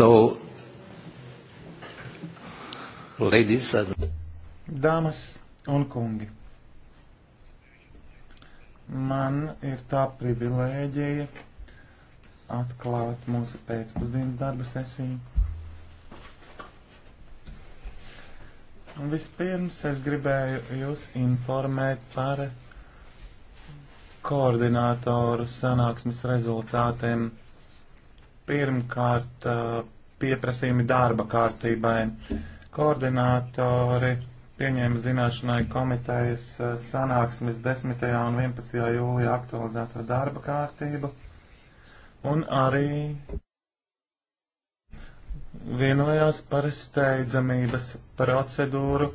So, ladies and... Dāmas un kungi, man ir tā privilēģija atklāt mūsu pēcpusdienas darba sesiju. Un vispirms es gribēju jūs informēt par koordinātoru sanāksmes rezultātiem. Pirmkārt, pieprasījumi darba kārtībai. Koordinātori pieņēma zināšanai komitejas eh, sanāksmes 10. un 11. jūlijā aktualizēto darba kārtību un arī vienojās par steidzamības procedūru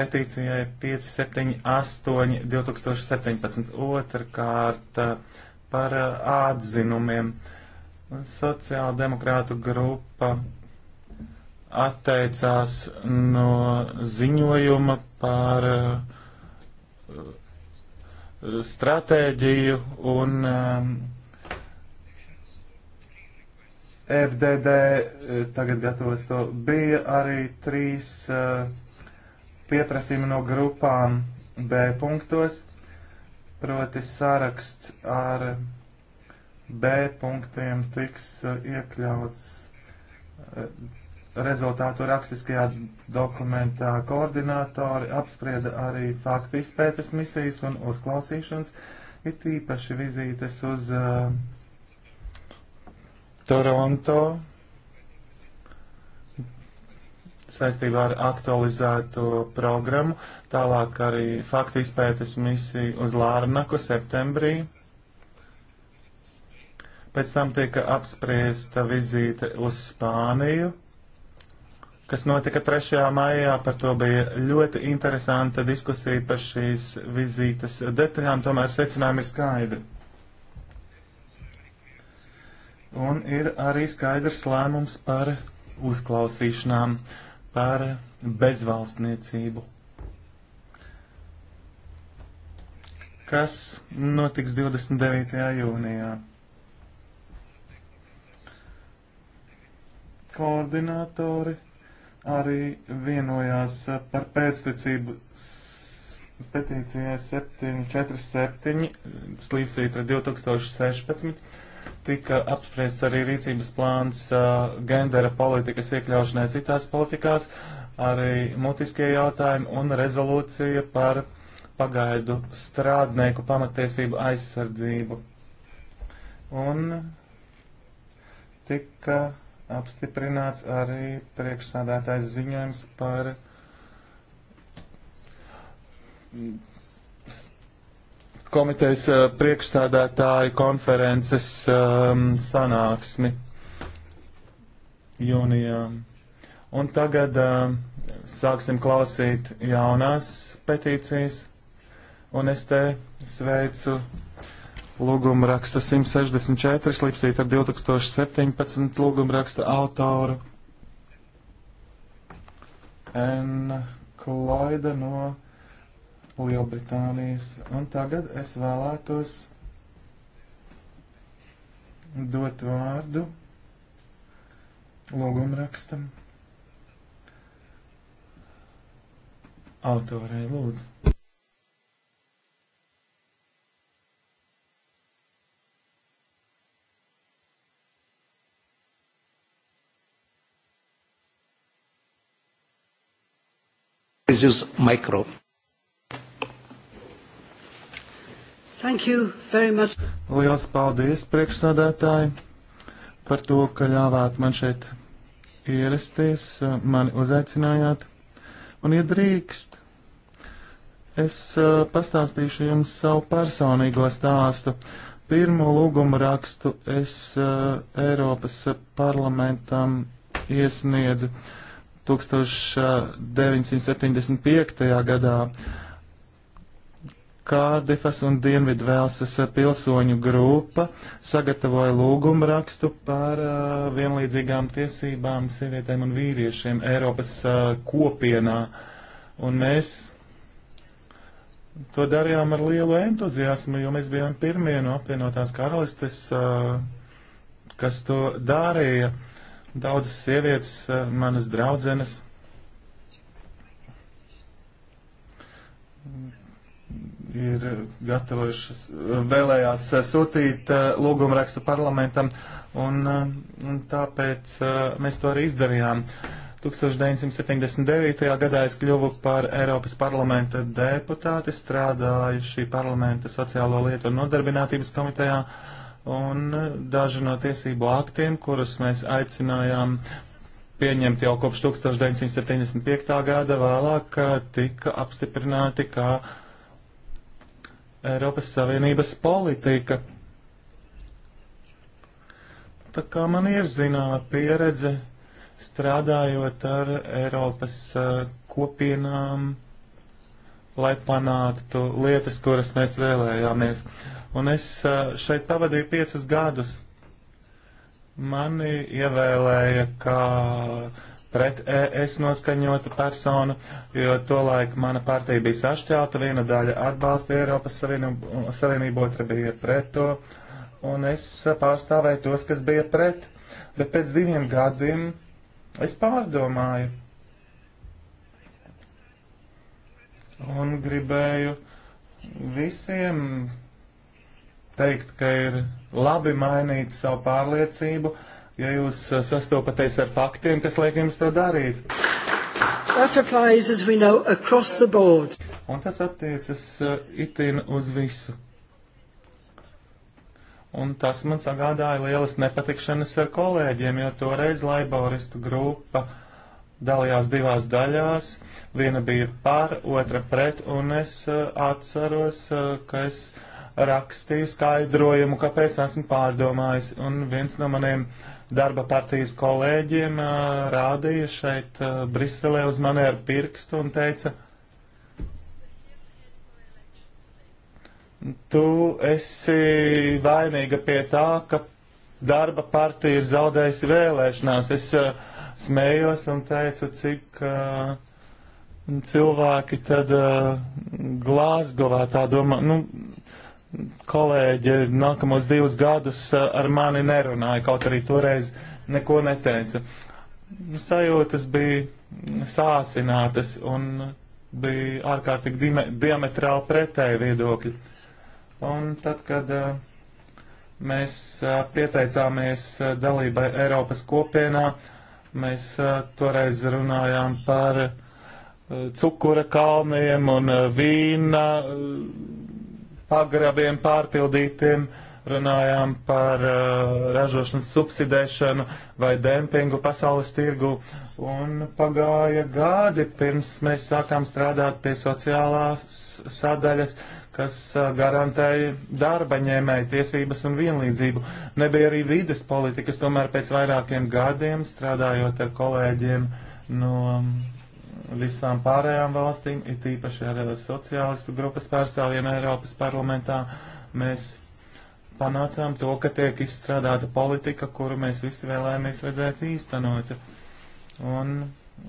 petīcijai 578 2017 otrkārt eh, par eh, atzinumiem. Uh, Sociāla demokrātu grupa atteicās no ziņojuma par eh, stratēģiju un eh, FDD eh, tagad gatavos to. Bija arī trīs pieprasījumi no grupām B punktos, proti saraksts ar B punktiem tiks uh, iekļauts uh, rezultātu rakstiskajā dokumentā. Koordinātori apsprieda arī faktu izpētes misijas un uzklausīšanas, it īpaši vizītes uz uh, Toronto saistībā ar aktualizēto programmu, tālāk arī faktu izpētes misiju uz Lārnaku septembrī Pēc tam tika apspriesta vizīte uz Spāniju, kas notika 3. maijā. Par to bija ļoti interesanta diskusija par šīs vizītes detaļām, tomēr secinājumi ir skaidri. Un ir arī skaidrs lēmums par uzklausīšanām, par bezvalstniecību. kas notiks 29. jūnijā. koordinātori arī vienojās par pēcticību petīcijai 747 slīdzītra 2016. Tika apspriests arī rīcības plāns uh, gendera politikas iekļaušanai citās politikās, arī mutiskie jautājumi un rezolūcija par pagaidu strādnieku pamatiesību aizsardzību. Un tika apstiprināts arī priekšsādātājs ziņojums par komitejas eh, priekšsādātāju konferences um, sanāksmi jūnijā. Un tagad uh, sāksim klausīt jaunās petīcijas, un es te sveicu lūguma raksta 164, slipsīt ar 2017 lūguma raksta autoru N. Kloida no Lielbritānijas. Un tagad es vēlētos dot vārdu lūguma rakstam. Autorei lūdzu. Please use micro. Thank you very much. Liels paldies, priekšsādātāji, par to, ka ļāvāt man šeit ierasties, mani uzaicinājāt. Un, ja drīkst, es uh, pastāstīšu jums savu personīgo stāstu. Pirmo lūgumu rakstu es uh, Eiropas parlamentam iesniedzu. Uh, 1975. Eh, gadā Kārdifas un Dienvidvēlsas eh, pilsoņu grupa sagatavoja lūgumu rakstu par uh, vienlīdzīgām tiesībām sievietēm un vīriešiem Eiropas uh, kopienā. Un mēs to darījām ar lielu entuziasmu, jo mēs bijām pirmie no apvienotās karalistes, uh, kas to darīja. Uh, Daudzas sievietes, eh, manas draudzenes, ir gatavojušas, vēlējās eh, sūtīt eh, lūgumu rakstu parlamentam, un, un tāpēc mēs to arī izdarījām. 1979. gadā es kļuvu par Eiropas parlamenta deputāti, strādāju šī parlamenta sociālo lietu un nodarbinātības komitejā. Uh, un daži no tiesību aktiem, kurus mēs aicinājām pieņemt jau kopš 1975. gada vēlāk, tika apstiprināti kā Eiropas Savienības politika. Tā kā man ir zināma pieredze strādājot ar Eiropas eh, kopienām, lai panāktu lietas, kuras mēs vēlējāmies un es šeit pavadīju piecus gadus. Mani ievēlēja kā pret ES noskaņotu personu, jo tolaik mana partija bija sašķelta, viena daļa atbalsta Eiropas Savienību, Savienību otra bija pret to, un es pārstāvēju tos, kas bija pret, bet pēc diviem gadiem es pārdomāju un gribēju visiem teikt, ka ir labi mainīt savu pārliecību, ja jūs eh, sastopaties ar faktiem, kas liek jums to darīt. Applies, know, Un tas attiecas eh, itin uz visu. Un tas man sagādāja lielas nepatikšanas ar kolēģiem, jo toreiz laiboristu grupa dalījās divās daļās. Viena bija par, otra pret, un es uh, atceros, uh, ka es uh, rakstīju skaidrojumu, kāpēc esmu pārdomājis. Un viens no maniem darba partijas kolēģiem uh, rādīja šeit uh, Briselē uz mani ar pirkstu un teica, tu esi vainīga pie tā, ka darba partija ir zaudējusi vēlēšanās. Es uh, smējos un teicu, cik uh, cilvēki tad uh, Glāzgovā tā domā. Nu, kolēģi nākamos divus gadus eh, ar mani nerunāja, kaut arī toreiz neko neteica. Sajūtas bija sāsinātas un bija ārkārtīgi diametrāli pretēji viedokļi. Un tad, kad eh, mēs eh, pieteicāmies dalībai Eiropas kopienā, mēs toreiz runājām par cukura kalniem un vīna agrabiem pārpildītiem, runājām par uh, ražošanas subsidēšanu vai dempingu pasaules tirgu, un pagāja gadi pirms mēs sākām strādāt pie sociālās sadaļas, kas uh, garantēja darba ņēmēju tiesības un vienlīdzību. Nebija arī vides politikas, tomēr pēc vairākiem gadiem strādājot ar kolēģiem no. Um, visām pārējām valstīm, it īpaši ar sociālistu grupas pārstāvjiem Eiropas parlamentā, mēs panācām to, ka tiek izstrādāta politika, kuru mēs visi vēlējāmies redzēt īstenot. Un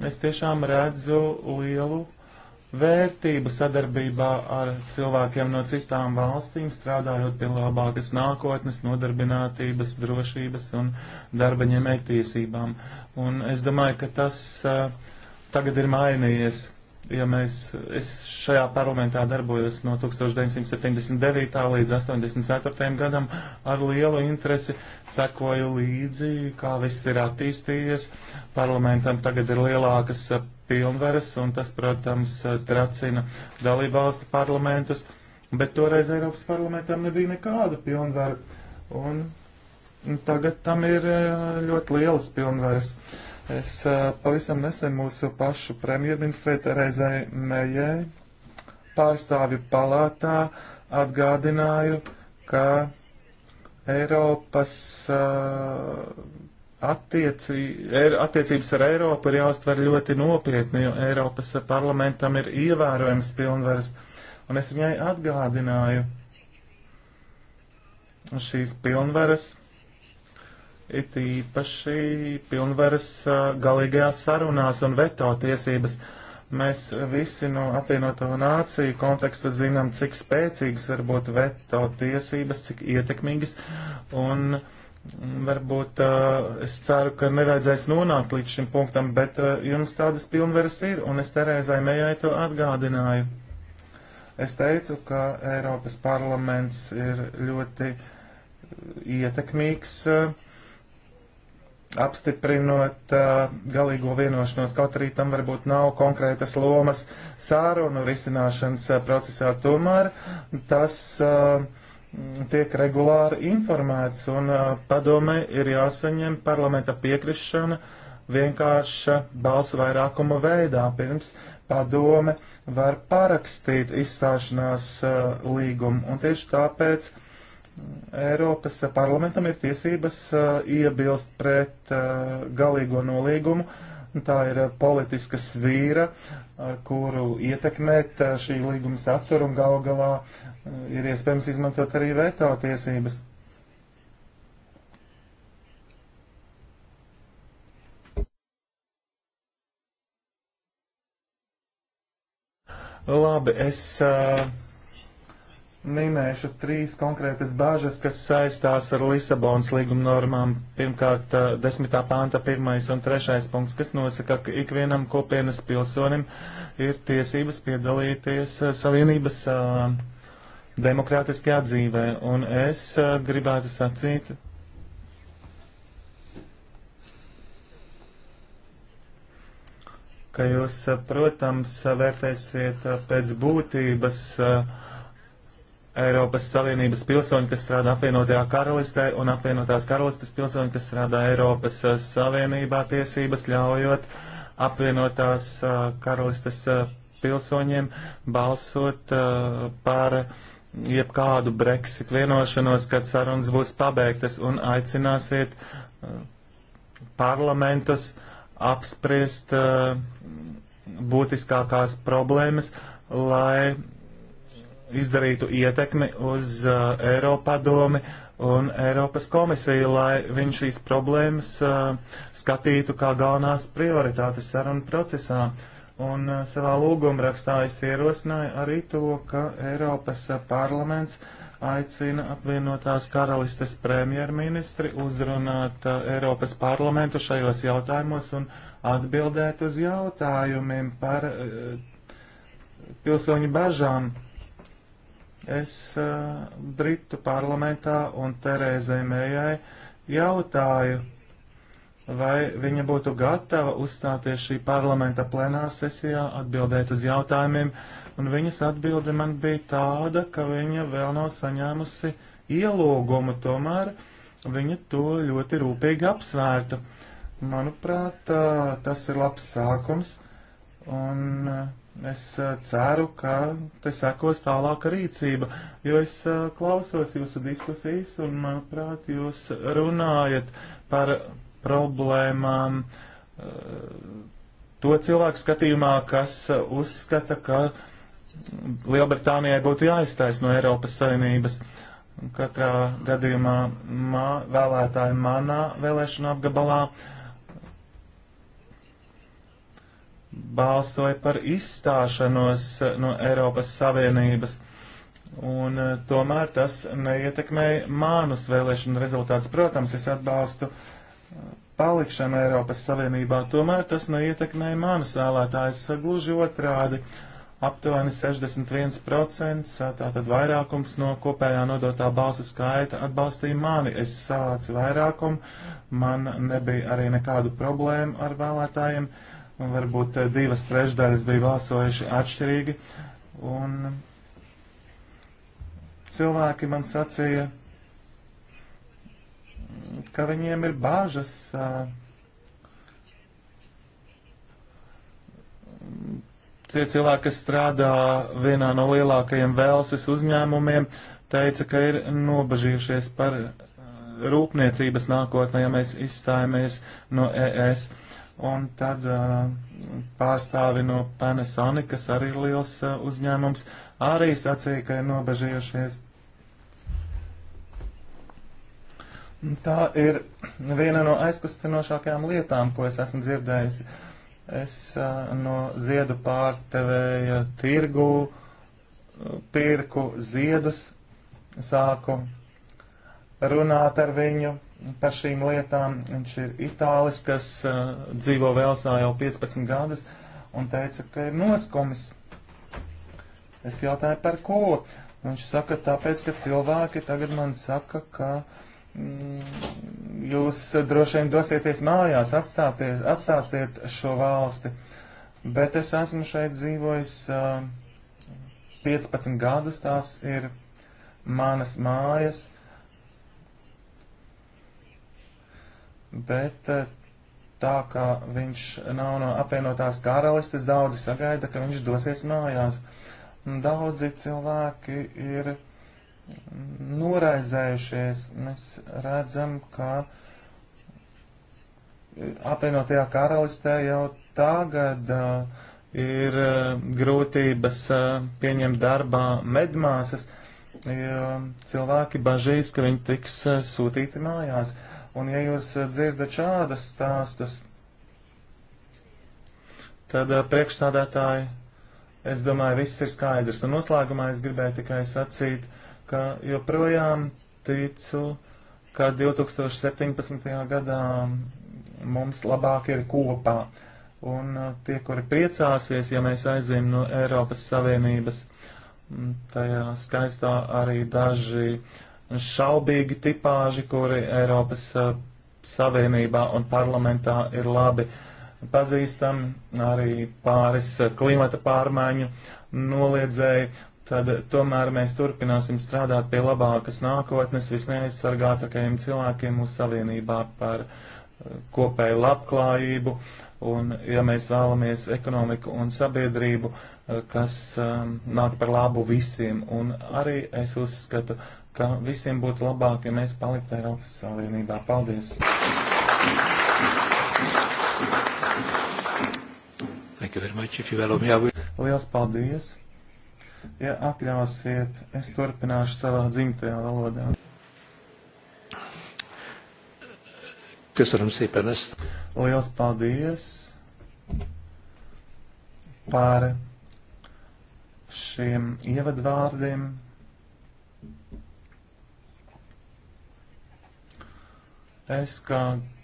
es tiešām redzu lielu vērtību sadarbībā ar cilvēkiem no citām valstīm, strādājot pie labākas nākotnes, nodarbinātības, drošības un darba ņemētiesībām. Un es domāju, ka tas uh, tagad ir mainījies. Ja mēs, es šajā parlamentā darbojos no 1979. līdz 84. gadam ar lielu interesi, sekoju līdzi, kā viss ir attīstījies. Parlamentam tagad ir lielākas eh, pilnveres, un tas, protams, eh, tracina dalībvalstu parlamentus, bet toreiz Eiropas parlamentam nebija nekāda pilnvera, un tagad tam ir eh, ļoti lielas pilnveres. Uh, Es pavisam nesen mūsu pašu premjerministrē Terezai Mejai pārstāvju palātā atgādināju, ka Eiropas attiecī, attiecības ar Eiropu ir jāuztver ļoti nopietni, jo Eiropas parlamentam ir ievērojams pilnvaras. Un es viņai atgādināju šīs pilnvaras it īpaši pilnvaras galīgajās sarunās un veto tiesības. Mēs visi no apvienoto nāciju konteksta zinām, cik spēcīgas var būt veto tiesības, cik ietekmīgas, un mm, varbūt uh, es ceru, ka nevajadzēs nonākt līdz šim punktam, bet uh, jums tādas pilnvaras ir, un es Terezai Mejai to atgādināju. Es teicu, ka Eiropas parlaments ir ļoti ietekmīgs. Uh, apstiprinot uh, galīgo vienošanos, kaut arī tam varbūt nav konkrētas lomas sārunu risināšanas uh, procesā, tomēr tas uh, tiek regulāri informēts un uh, padome ir jāsaņem parlamenta piekrišana vienkārša balsu vairākuma veidā pirms padome var parakstīt izstāšanās uh, līgumu. Un tieši tāpēc uh, Eiropas parlamentam ir tiesības uh, iebilst pret uh, galīgo nolīgumu. Tā ir uh, politiska svīra, ar kuru ietekmēt uh, šī līguma saturu un gal galā uh, ir iespējams izmantot arī veto tiesības. Labi, es uh, minēšu trīs konkrētas bāžas, kas saistās ar Lisabonas līguma normām. Pirmkārt, desmitā panta pirmais un trešais punkts, kas nosaka, ka ikvienam kopienas pilsonim ir tiesības piedalīties savienības uh, demokrātiskajā dzīvē. Un es uh, gribētu sacīt. ka jūs, protams, vērtēsiet pēc būtības uh, Eiropas Savienības pilsoņi, kas strādā apvienotajā karalistē, un apvienotās karalistes pilsoņi, kas strādā Eiropas eh, Savienībā tiesības, ļaujot apvienotās eh, karalistes eh, pilsoņiem balsot par jebkādu Brexit vienošanos, kad sarunas būs pabeigtas, un aicināsiet parlamentus apspriest būtiskākās problēmas, lai izdarītu ietekmi uz uh, Eiropadomi un Eiropas komisiju, lai viņš šīs problēmas uh, skatītu kā galvenās prioritātes sarunu procesā. Un uh, savā lūgumrakstā es ierosināju arī to, ka Eiropas uh, parlaments aicina apvienotās karalistes premjerministri uzrunāt uh, Eiropas parlamentu šajos jautājumos un atbildēt uz jautājumiem par uh, pilsoņu bažām Es uh, Britu parlamentā un Terēzai Mējai jautāju, vai viņa būtu gatava uzstāties šī parlamenta plenāra sesijā, atbildēt uz jautājumiem, un viņas atbilde man bija tāda, ka viņa vēl nav saņēmusi ielūgumu, tomēr viņa to ļoti rūpīgi apsvērtu. Manuprāt, tas ir labs sākums, un Es eh, ceru, ka te sekos tālāka rīcība, jo es eh, klausos jūsu diskusijas un, manuprāt, eh, jūs runājat par problēmām to cilvēku skatījumā, kas uzskata, ka Lielbritānijai būtu jāiztais no Eiropas Savienības. Katrā gadījumā mā, vēlētāji manā vēlēšana apgabalā uh, balsoja par izstāšanos no Eiropas Savienības. Un eh, tomēr tas neietekmēja manus vēlēšanu rezultātus. Protams, es atbalstu eh, palikšanu Eiropas Savienībā, tomēr tas neietekmēja manus vēlētājus. Gluži otrādi, aptuveni 61%, eh, tātad vairākums no kopējā nodotā balsu skaita atbalstīja mani. Es savācu vairākumu, man nebija arī nekādu problēmu ar vēlētājiem. Uh, varbūt eh, divas trešdaļas bija balsojuši atšķirīgi, un cilvēki man sacīja, ka viņiem ir bāžas tie cilvēki, kas strādā vienā no lielākajiem vēlses uzņēmumiem, teica, ka ir nobažījušies par rūpniecības nākotnē, ja mēs izstājamies no ES un tad uh, pārstāvi no Panasonic, kas arī ir liels uh, uzņēmums, arī sacīja, ka ir nobežījušies. Tā ir viena no aizkustinošākajām lietām, ko es esmu dzirdējusi. Es uh, no ziedu pārtevēja tirgu pirku ziedus, sāku runāt ar viņu par šīm lietām. Viņš ir itālis, kas uh, dzīvo Velsā jau 15 gadus un teica, ka ir noskomis. Es jautāju, par ko? Viņš saka, tāpēc, ka cilvēki tagad man saka, ka mm, jūs droši vien dosieties mājās, atstāsiet šo valsti. Bet es esmu šeit dzīvojis uh, 15 gadus, tās ir manas mājas. Uh, bet eh, tā kā viņš nav no apvienotās karalistes, daudzi sagaida, ka viņš dosies mājās. Daudzi cilvēki ir noraizējušies. Mēs redzam, ka apvienotajā karalistē jau tagad uh, ir uh, grūtības uh, pieņemt darbā medmāsas, jo cilvēki bažīs, ka viņi tiks uh, sūtīti mājās. Uh, Un ja jūs eh, dzirdat šādas stāstus, tad eh, priekšsādātāji, es domāju, viss ir skaidrs. Un noslēgumā es gribēju tikai sacīt, ka joprojām ticu, ka 2017. gadā mums labāk ir kopā. Un eh, tie, kuri priecāsies, ja mēs aizim no Eiropas Savienības, tajā skaistā arī daži uh, šaubīgi tipāži, kuri Eiropas uh, Savienībā un parlamentā ir labi pazīstami, arī pāris klimata pārmaiņu noliedzēji, tad tomēr mēs turpināsim strādāt pie labākas nākotnes visneaizsargātākajiem cilvēkiem mūsu savienībā par kopēju labklājību, un ja mēs vēlamies ekonomiku un sabiedrību, kas um, nāk par labu visiem, un arī es uzskatu, ka visiem būtu labāk, ja mēs paliktu Eiropas Savienībā. Paldies! Much, will... Lielas paldies! Ja atļausiet, es turpināšu savā dzimtajā valodā. Köszönöm szépen ezt. Liels paldies par šiem ievadvārdiem. Es kā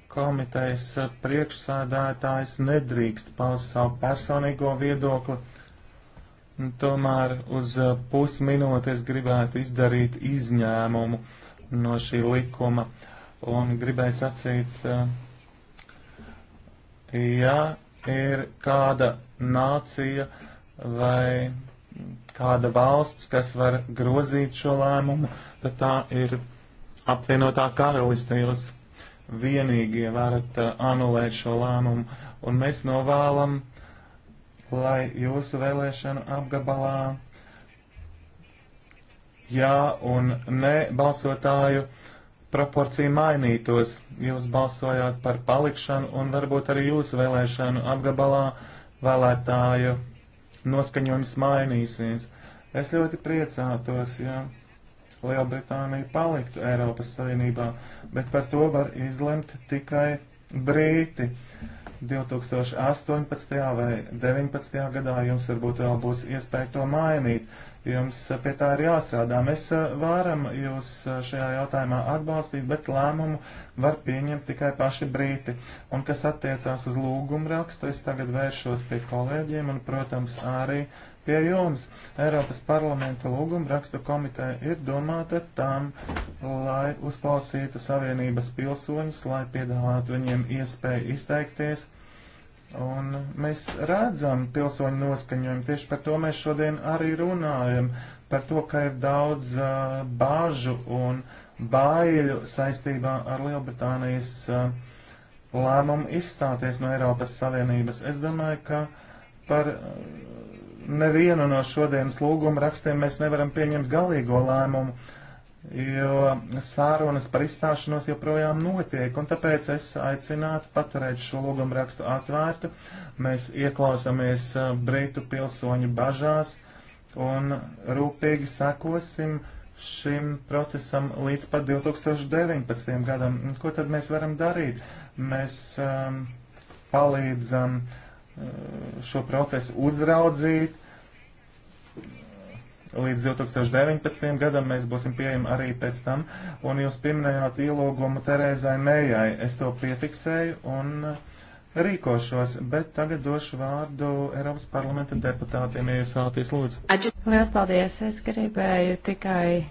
komitejas priekšsādātājs nedrīkst paust savu personīgo viedokli. Tomēr uz uh, pusminūti es gribētu izdarīt izņēmumu no šī likuma. Un gribēju sacīt, uh, ja ir kāda nācija vai kāda valsts, kas var grozīt šo lēmumu, tad tā ir apvienotā karaliste, jūs vienīgie varat eh, anulēt šo lēmumu, un mēs novēlam, lai jūsu vēlēšanu apgabalā jā un nē balsotāju proporcija mainītos. Jūs balsojāt par palikšanu un varbūt arī jūsu vēlēšanu apgabalā vēlētāju noskaņojums mainīsies. Es ļoti priecātos, jā. Ja Lielbritānija paliktu Eiropas Savienībā, bet par to var izlemt tikai brīti. 2018. vai 2019. gadā jums varbūt vēl būs iespēja to mainīt. Jums pie tā ir jāstrādā. Mēs eh, varam jūs eh, šajā jautājumā atbalstīt, bet lēmumu var pieņemt tikai paši brīti. Un kas attiecās uz lūgumu rakstu, es tagad vēršos pie kolēģiem un, protams, arī pie jums. Eiropas parlamenta lūguma raksta komiteja ir domāta tam, lai uzklausītu Savienības pilsoņus, lai piedāvātu viņiem iespēju izteikties. Un mēs redzam pilsoņu noskaņojumu, tieši par to mēs šodien arī runājam, par to, ka ir daudz uh, bāžu un baiļu saistībā ar Lielbritānijas uh, lēmumu izstāties no Eiropas Savienības. Es domāju, ka par uh, nevienu no šodienas lūguma rakstiem mēs nevaram pieņemt galīgo lēmumu, jo sārunas par izstāšanos joprojām notiek, un tāpēc es aicinātu paturēt šo lūguma rakstu atvērtu. Mēs ieklausāmies eh, Britu pilsoņu bažās un rūpīgi sekosim šim procesam līdz pat 2019. gadam. Ko tad mēs varam darīt? Mēs um, palīdzam. Um, Eh, šo procesu uzraudzīt. Līdz 2019. gadam mēs būsim pieejami arī pēc tam, un jūs pieminējāt ielūgumu Terezai Mējai. Es to piefiksēju un eh, rīkošos, bet tagad došu vārdu Eiropas parlamenta deputātiem, ja jūs vēlaties lūdzu. Lielas paldies! Es gribēju tikai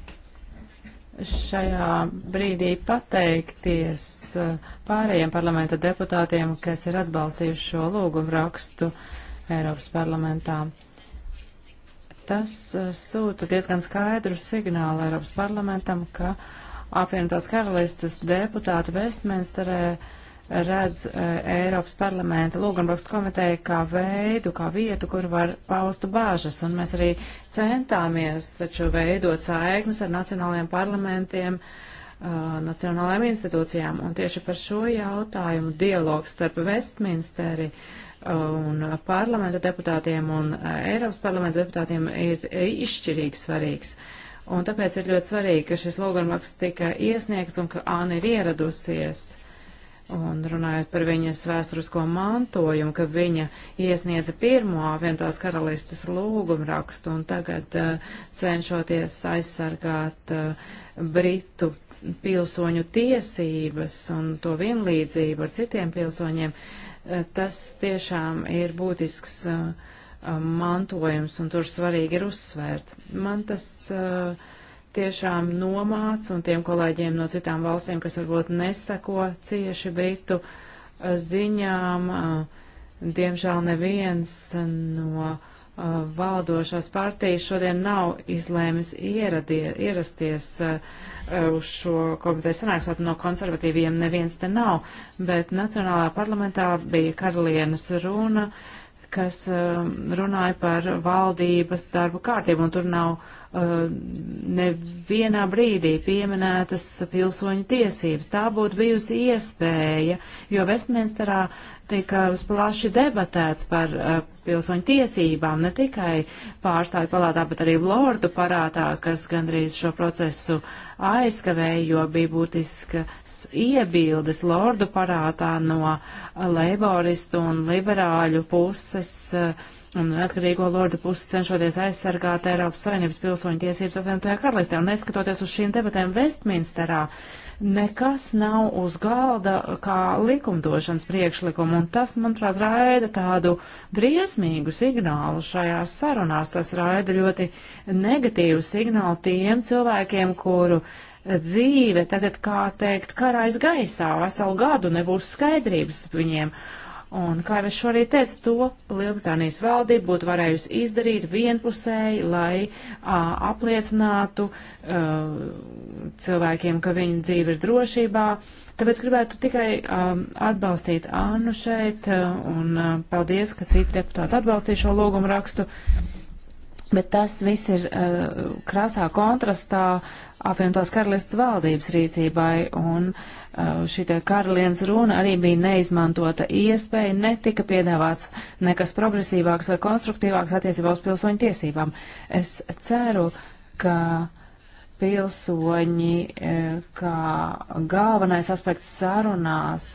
šajā brīdī pateikties. Uh, pārējiem parlamenta deputātiem, kas ir atbalstījuši šo lūgumu rakstu Eiropas parlamentā. Tas eh, sūta diezgan skaidru signālu Eiropas parlamentam, ka apvienotās karalistas deputāti Vestminsterē redz eh, Eiropas parlamenta lūgumrakstu komiteju kā veidu, kā vietu, kur var paustu bāžas. Un mēs arī centāmies taču veidot saiknes ar nacionālajiem parlamentiem. Uh, Uh, nacionālajām institūcijām. Un tieši par šo jautājumu dialogs starp Vestminsteri uh, un parlamenta deputātiem un uh, Eiropas parlamenta deputātiem ir izšķirīgi svarīgs. Un tāpēc ir ļoti svarīgi, ka šis logumraksts tika iesniegts un ka Āna ir ieradusies. Un runājot par viņas vēsturisko mantojumu, ka viņa iesniedza pirmo vienotās karalistes lūgumrakstu un tagad uh, cenšoties aizsargāt uh, Britu pilsoņu tiesības un to vienlīdzību ar citiem pilsoņiem, eh, tas tiešām ir būtisks eh, mantojums un tur svarīgi ir uzsvērt. Man tas eh, tiešām nomāca un tiem kolēģiem no citām valstīm, kas varbūt nesako cieši Britu ziņām, diemžēl neviens no. Uh, Uh, valdošās partijas šodien nav izlēmis ieradie, ierasties uh, uh, uz šo komiteju sanāksot no konservatīviem neviens te nav, bet Nacionālā parlamentā bija karalienes runa, kas um, runāja par valdības darbu kārtību, un tur nav nevienā brīdī pieminētas pilsoņu tiesības. Tā būtu bijusi iespēja, jo Vestminsterā uh, tika plaši debatēts par uh, pilsoņu tiesībām, ne tikai pārstāvju palātā, bet arī lordu parātā, kas gandrīz šo procesu aizkavēja, jo bija būtiskas iebildes lordu parātā no eh, leiboristu un liberāļu puses. Uh, un atkarīgo lordu pusi cenšoties aizsargāt Eiropas Savienības pilsoņu tiesības apvienotajā karalistē. Un neskatoties uz šīm debatēm Vestminsterā, uh, nekas nav uz galda kā likumdošanas priekšlikumu, un tas, manuprāt, raida tādu briesmīgu signālu šajās sarunās. Tas raida ļoti negatīvu signālu tiem cilvēkiem, kuru dzīve tagad, kā teikt, karājas gaisā, veselu gadu nebūs skaidrības viņiem. Uh, Un, kā jau es šorīt teicu, to Lielbritānijas valdība būtu varējusi izdarīt vienpusēji, lai a, apliecinātu a, cilvēkiem, ka viņu dzīve ir drošībā. Tāpēc gribētu tikai a, atbalstīt Annu šeit, a, un a, paldies, ka citi deputāti atbalstīja šo lūgumu rakstu. A, Bet tas viss ir uh, eh, krasā kontrastā apvienotās karalists valdības rīcībai, un uh, šī karalienes runa arī bija neizmantota iespēja, netika piedāvāts nekas progresīvāks vai konstruktīvāks attiecībā uz pilsoņu tiesībām. Es ceru, ka pilsoņi, eh, kā galvenais aspekts sarunās,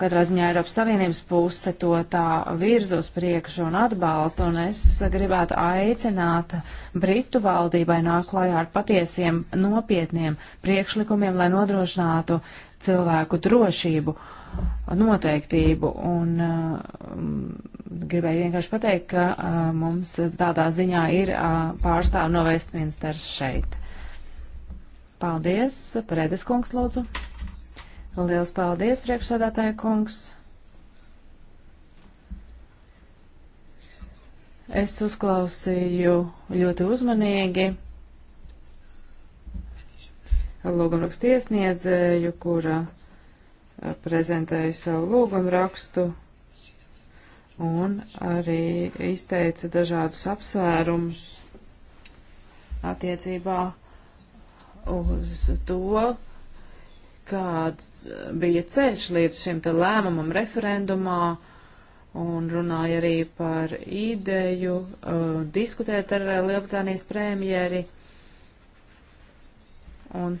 katrā ziņā Eiropas Savienības puse to tā virz uz priekšu un atbalsta, un es gribētu aicināt Britu valdībai nāk klajā ar patiesiem nopietniem priekšlikumiem, lai nodrošinātu cilvēku drošību, noteiktību, un uh, gribēju vienkārši pateikt, ka uh, mums tādā ziņā ir uh, pārstāv no Vestminsters šeit. Paldies, Predes kungs, lūdzu. Liels paldies, priekšsādātāja kungs! Es uzklausīju ļoti uzmanīgi lūgumrakstu iesniedzēju, kura eh, prezentēja savu lūgumrakstu un arī izteica dažādus apsvērumus attiecībā uz to, kāds eh, bija ceļš līdz šim te lēmumam referendumā un runāja arī par ideju uh, diskutēt ar eh, Lielbritānijas premjeri. Un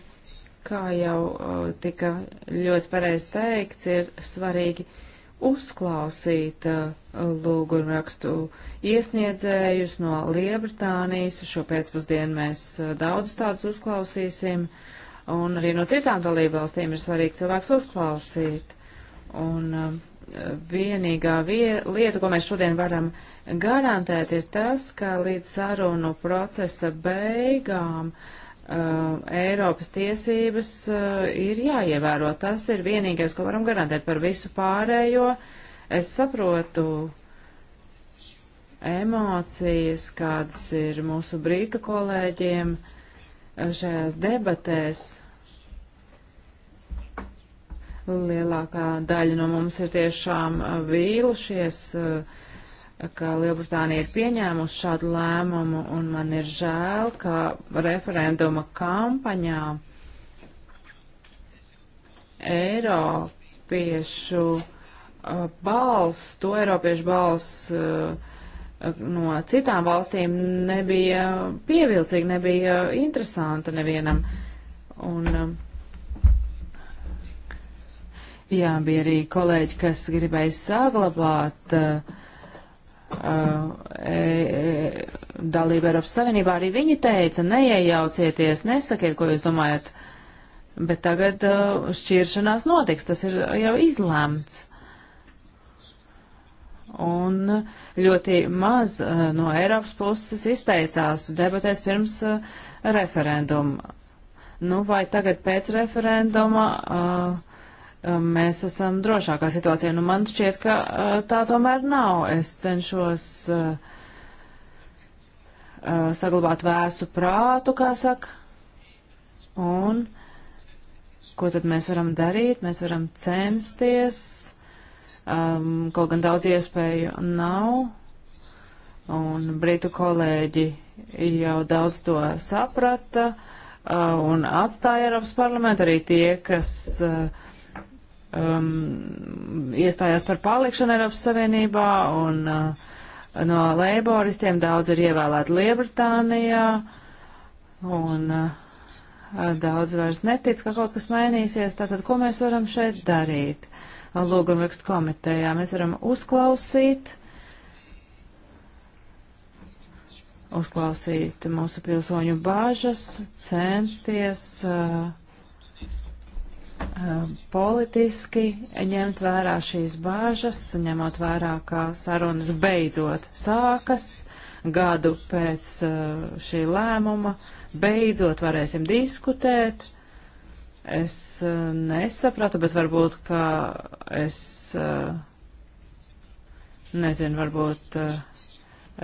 kā jau uh, tika ļoti pareizi teikts, ir svarīgi uzklausīt uh, lūgumrakstu iesniedzējus no Lielbritānijas. Šo pēcpusdienu mēs uh, daudz tādus uzklausīsim. Uh, un arī no citām dalībvalstīm ir svarīgi cilvēks uzklausīt. Un um, vienīgā vie, lieta, ko mēs šodien varam garantēt, ir tas, ka līdz sarunu procesa beigām uh, Eiropas tiesības uh, ir jāievēro. Tas ir vienīgais, ko varam garantēt par visu pārējo. Es saprotu emocijas, kādas ir mūsu brītu kolēģiem. Uh, šajās debatēs. Lielākā daļa no mums ir tiešām vīlušies, ka Lielbritānija ir pieņēmusi šādu lēmumu, un man ir žēl, ka referenduma kampaņā Eiropiešu uh, balss, to Eiropiešu balss uh, no citām valstīm nebija pievilcīga, nebija interesanta nevienam. Un, um, jā, bija arī kolēģi, kas gribēja saglabāt uh, uh, e, dalību Eiropas Savienībā. Arī viņi teica, neiejaucieties, nesakiet, ko jūs domājat. Bet tagad uh, šķiršanās notiks, tas ir jau izlēmts un ļoti maz eh, no Eiropas puses izteicās debatēs pirms eh, referenduma. Nu, vai tagad pēc referenduma eh, mēs esam drošākā situācijā? Nu, man šķiet, ka tā tomēr nav. Es cenšos saglabāt vēsu prātu, kā saka. Un ko tad mēs varam darīt? Mēs varam censties um, kaut gan daudz iespēju nav, un britu kolēģi jau daudz to saprata uh, un atstāja Eiropas parlamentu, arī tie, kas uh, um, iestājās par palikšanu Eiropas Savienībā, un uh, no leiboristiem daudz ir ievēlēti Liebritānijā, un uh, daudz vairs netic, ka kaut kas mainīsies, tātad ko mēs varam šeit darīt? lūgumrakstu komitejā. Mēs varam uzklausīt, uzklausīt mūsu pilsoņu bāžas, censties uh, politiski ņemt vērā šīs bāžas, ņemot vērā, kā sarunas beidzot sākas gadu pēc šī lēmuma, beidzot varēsim diskutēt Es eh, nesapratu, bet varbūt, ka es eh, nezinu, varbūt eh,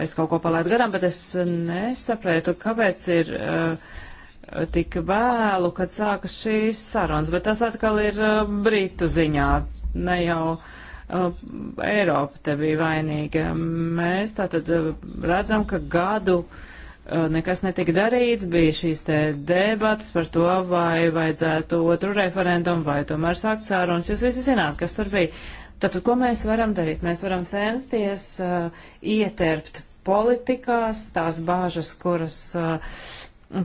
es kaut ko palaidu garām, bet es nesapratu, kāpēc ir tik vēlu, kad sākas šīs sarunas, bet tas atkal ir Britu ziņā, ne jau. Eiropa te bija vainīga. Mēs tātad redzam, ka gadu uh, Eh, nekas netika darīts, bija šīs te debatas par to, vai vajadzētu otru referendumu, vai tomēr sākt sārunas. Jūs visi zināt, kas tur bija. Tātad, ko mēs varam darīt? Mēs varam censties uh, ieterpt politikās tās bāžas, kuras uh,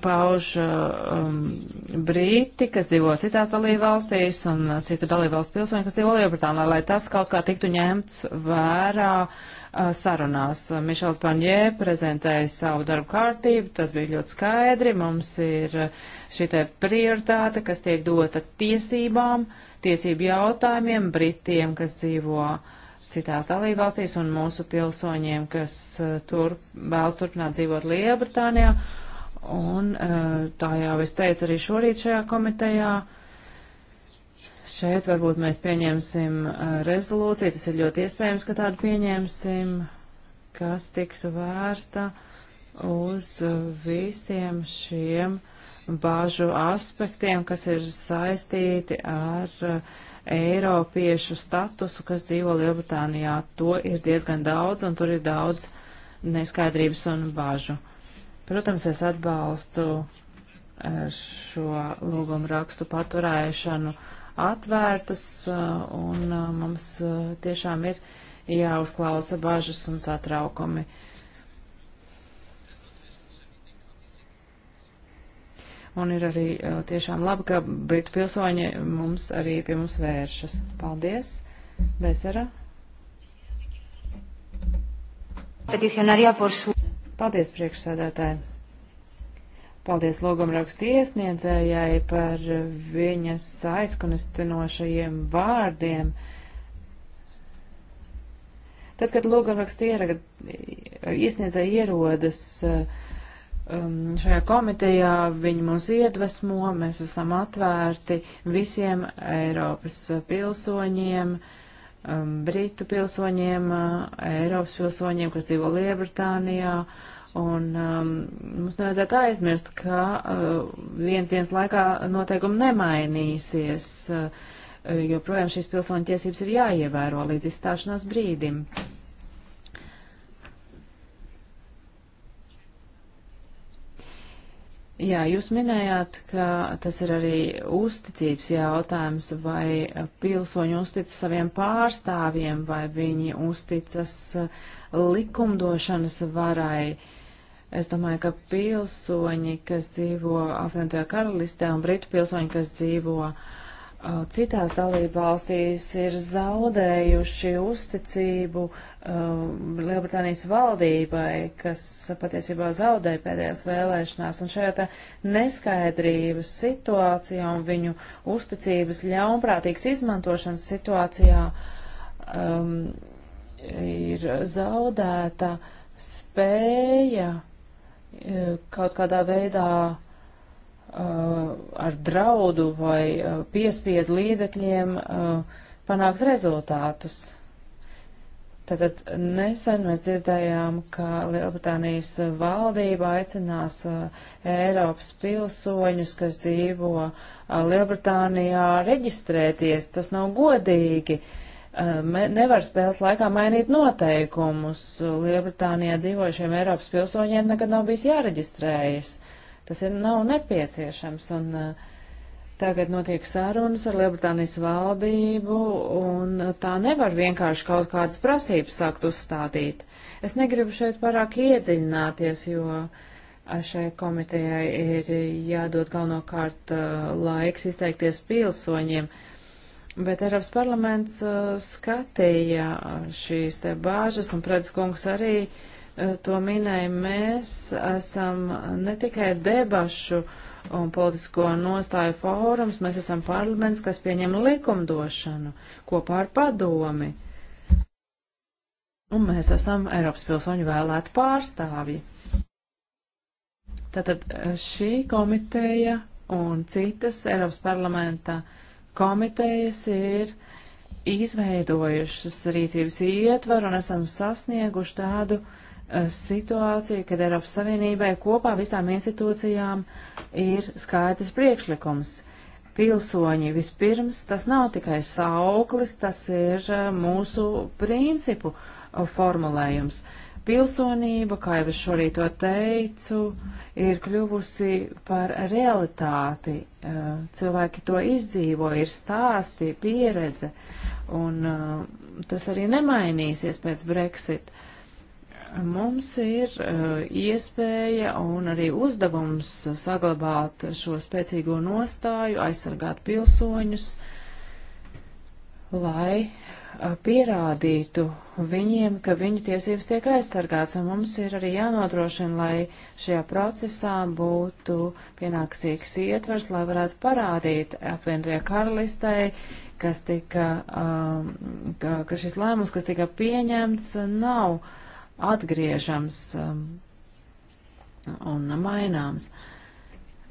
pauž um, brīti, kas dzīvo citās dalībvalstīs un citu dalībvalstu pilsoņi, kas dzīvo Lielbritānijā, lai tas kaut kā tiktu ņemts vērā. Uh, Uh, sarunās. Uh, Mišels Banjē prezentēja savu darbu kārtību, tas bija ļoti skaidri, mums ir uh, šī te prioritāte, kas tiek dota tiesībām, tiesību jautājumiem, Britiem, kas dzīvo citās dalībvalstīs un mūsu pilsoņiem, kas tur vēlas turpināt dzīvot Lielbritānijā. Un tā jau es teicu arī šorīt šajā komitejā. Uh, Šeit varbūt mēs pieņemsim uh, rezolūciju, tas ir ļoti iespējams, ka tādu pieņemsim, kas tiks vērsta uz uh, visiem šiem bāžu aspektiem, kas ir saistīti ar uh, Eiropiešu statusu, kas dzīvo Lielbritānijā. To ir diezgan daudz, un tur ir daudz neskaidrības un bāžu. Protams, es atbalstu šo lūgumu rakstu paturēšanu uh, atvērtus, uh, un uh, mums uh, tiešām ir jāuzklausa bažas un satraukumi. Un ir arī tiešām labi, ka Britu pilsoņi mums arī pie mums vēršas. Paldies, Bezera. Paldies, priekšsēdētāji. Paldies logumrakstu iesniedzējai par viņas aizkunistinošajiem vārdiem. Tad, kad logumrakstu iesniedzēji ierodas um, šajā komitejā, viņi mūs iedvesmo, mēs esam atvērti visiem Eiropas pilsoņiem, um, Britu pilsoņiem, uh, Eiropas pilsoņiem, kas dzīvo Liebritānijā Un um, mums nevajadzētu aizmirst, ka uh, viens dienas laikā noteikumi nemainīsies, uh, jo projām šīs pilsoņu tiesības ir jāievēro līdz izstāšanās brīdim. Jā, jūs minējāt, ka tas ir arī uzticības jautājums, vai pilsoņi uzticas saviem pārstāvjiem, vai viņi uzticas uh, likumdošanas varai. Uh, Es domāju, ka pilsoņi, kas dzīvo apvienotajā karalistē un britu pilsoņi, kas dzīvo uh, citās dalība valstīs, ir zaudējuši uzticību uh, Lielbritānijas valdībai, kas patiesībā zaudēja pēdējās vēlēšanās. Un šajā neskaidrības situācijā un viņu uzticības ļaunprātīgas izmantošanas situācijā um, ir zaudēta spēja E, kaut kādā veidā e, ar draudu vai e, piespiedu līdzekļiem panākt rezultātus. Tātad nesen mēs dzirdējām, ka Lielbritānijas valdība aicinās Eiropas pilsoņus, kas dzīvo Lielbritānijā, reģistrēties. Tas nav godīgi. Uh, Eh, nevar spēles laikā mainīt noteikumus. Lielbritānijā dzīvojušiem Eiropas pilsoņiem nekad nav bijis jāreģistrējas. Tas ir nav nepieciešams. Un, eh, tagad notiek sarunas ar Lielbritānijas valdību, un tā nevar vienkārši kaut kādas prasības sākt uzstādīt. Es negribu šeit pārāk iedziļināties, jo eh, šai komitejai ir jādod galvenokārt laiks izteikties pilsoņiem. Uh, Bet Eiropas parlaments uh, skatīja uh, šīs te bāžas, un Pretskungs arī uh, to minēja. Mēs esam ne tikai debašu un politisko nostāju fórums, mēs esam parlaments, kas pieņem likumdošanu kopā ar padomi. Un mēs esam Eiropas pilsoņu vēlēti pārstāvji. Tātad šī komiteja un citas Eiropas parlamenta uh, komitejas ir izveidojušas rīcības ietvaru un esam sasnieguši tādu uh, situāciju, kad Eiropas Savienībai kopā visām institūcijām ir skaidrs priekšlikums. Pilsoņi vispirms, tas nav tikai sauklis, tas ir uh, mūsu principu uh, formulējums. Uh, Pilsonība, kā jau es šorīt to teicu, ir kļuvusi par realitāti. Eh, cilvēki to izdzīvo, ir stāsti, pieredze, un eh, tas arī nemainīsies pēc Brexit. Mums ir eh, iespēja un arī uzdevums saglabāt šo spēcīgo nostāju, aizsargāt pilsoņus, lai uh, pierādītu viņiem, ka viņu tiesības tiek aizsargāts, un mums ir arī jānodrošina, lai šajā procesā būtu pienāksīgs ietvers, lai varētu parādīt apvienotajā karalistei, kas tika, ka, ka šis lēmums, kas tika pieņemts, nav atgriežams un maināms. Uh,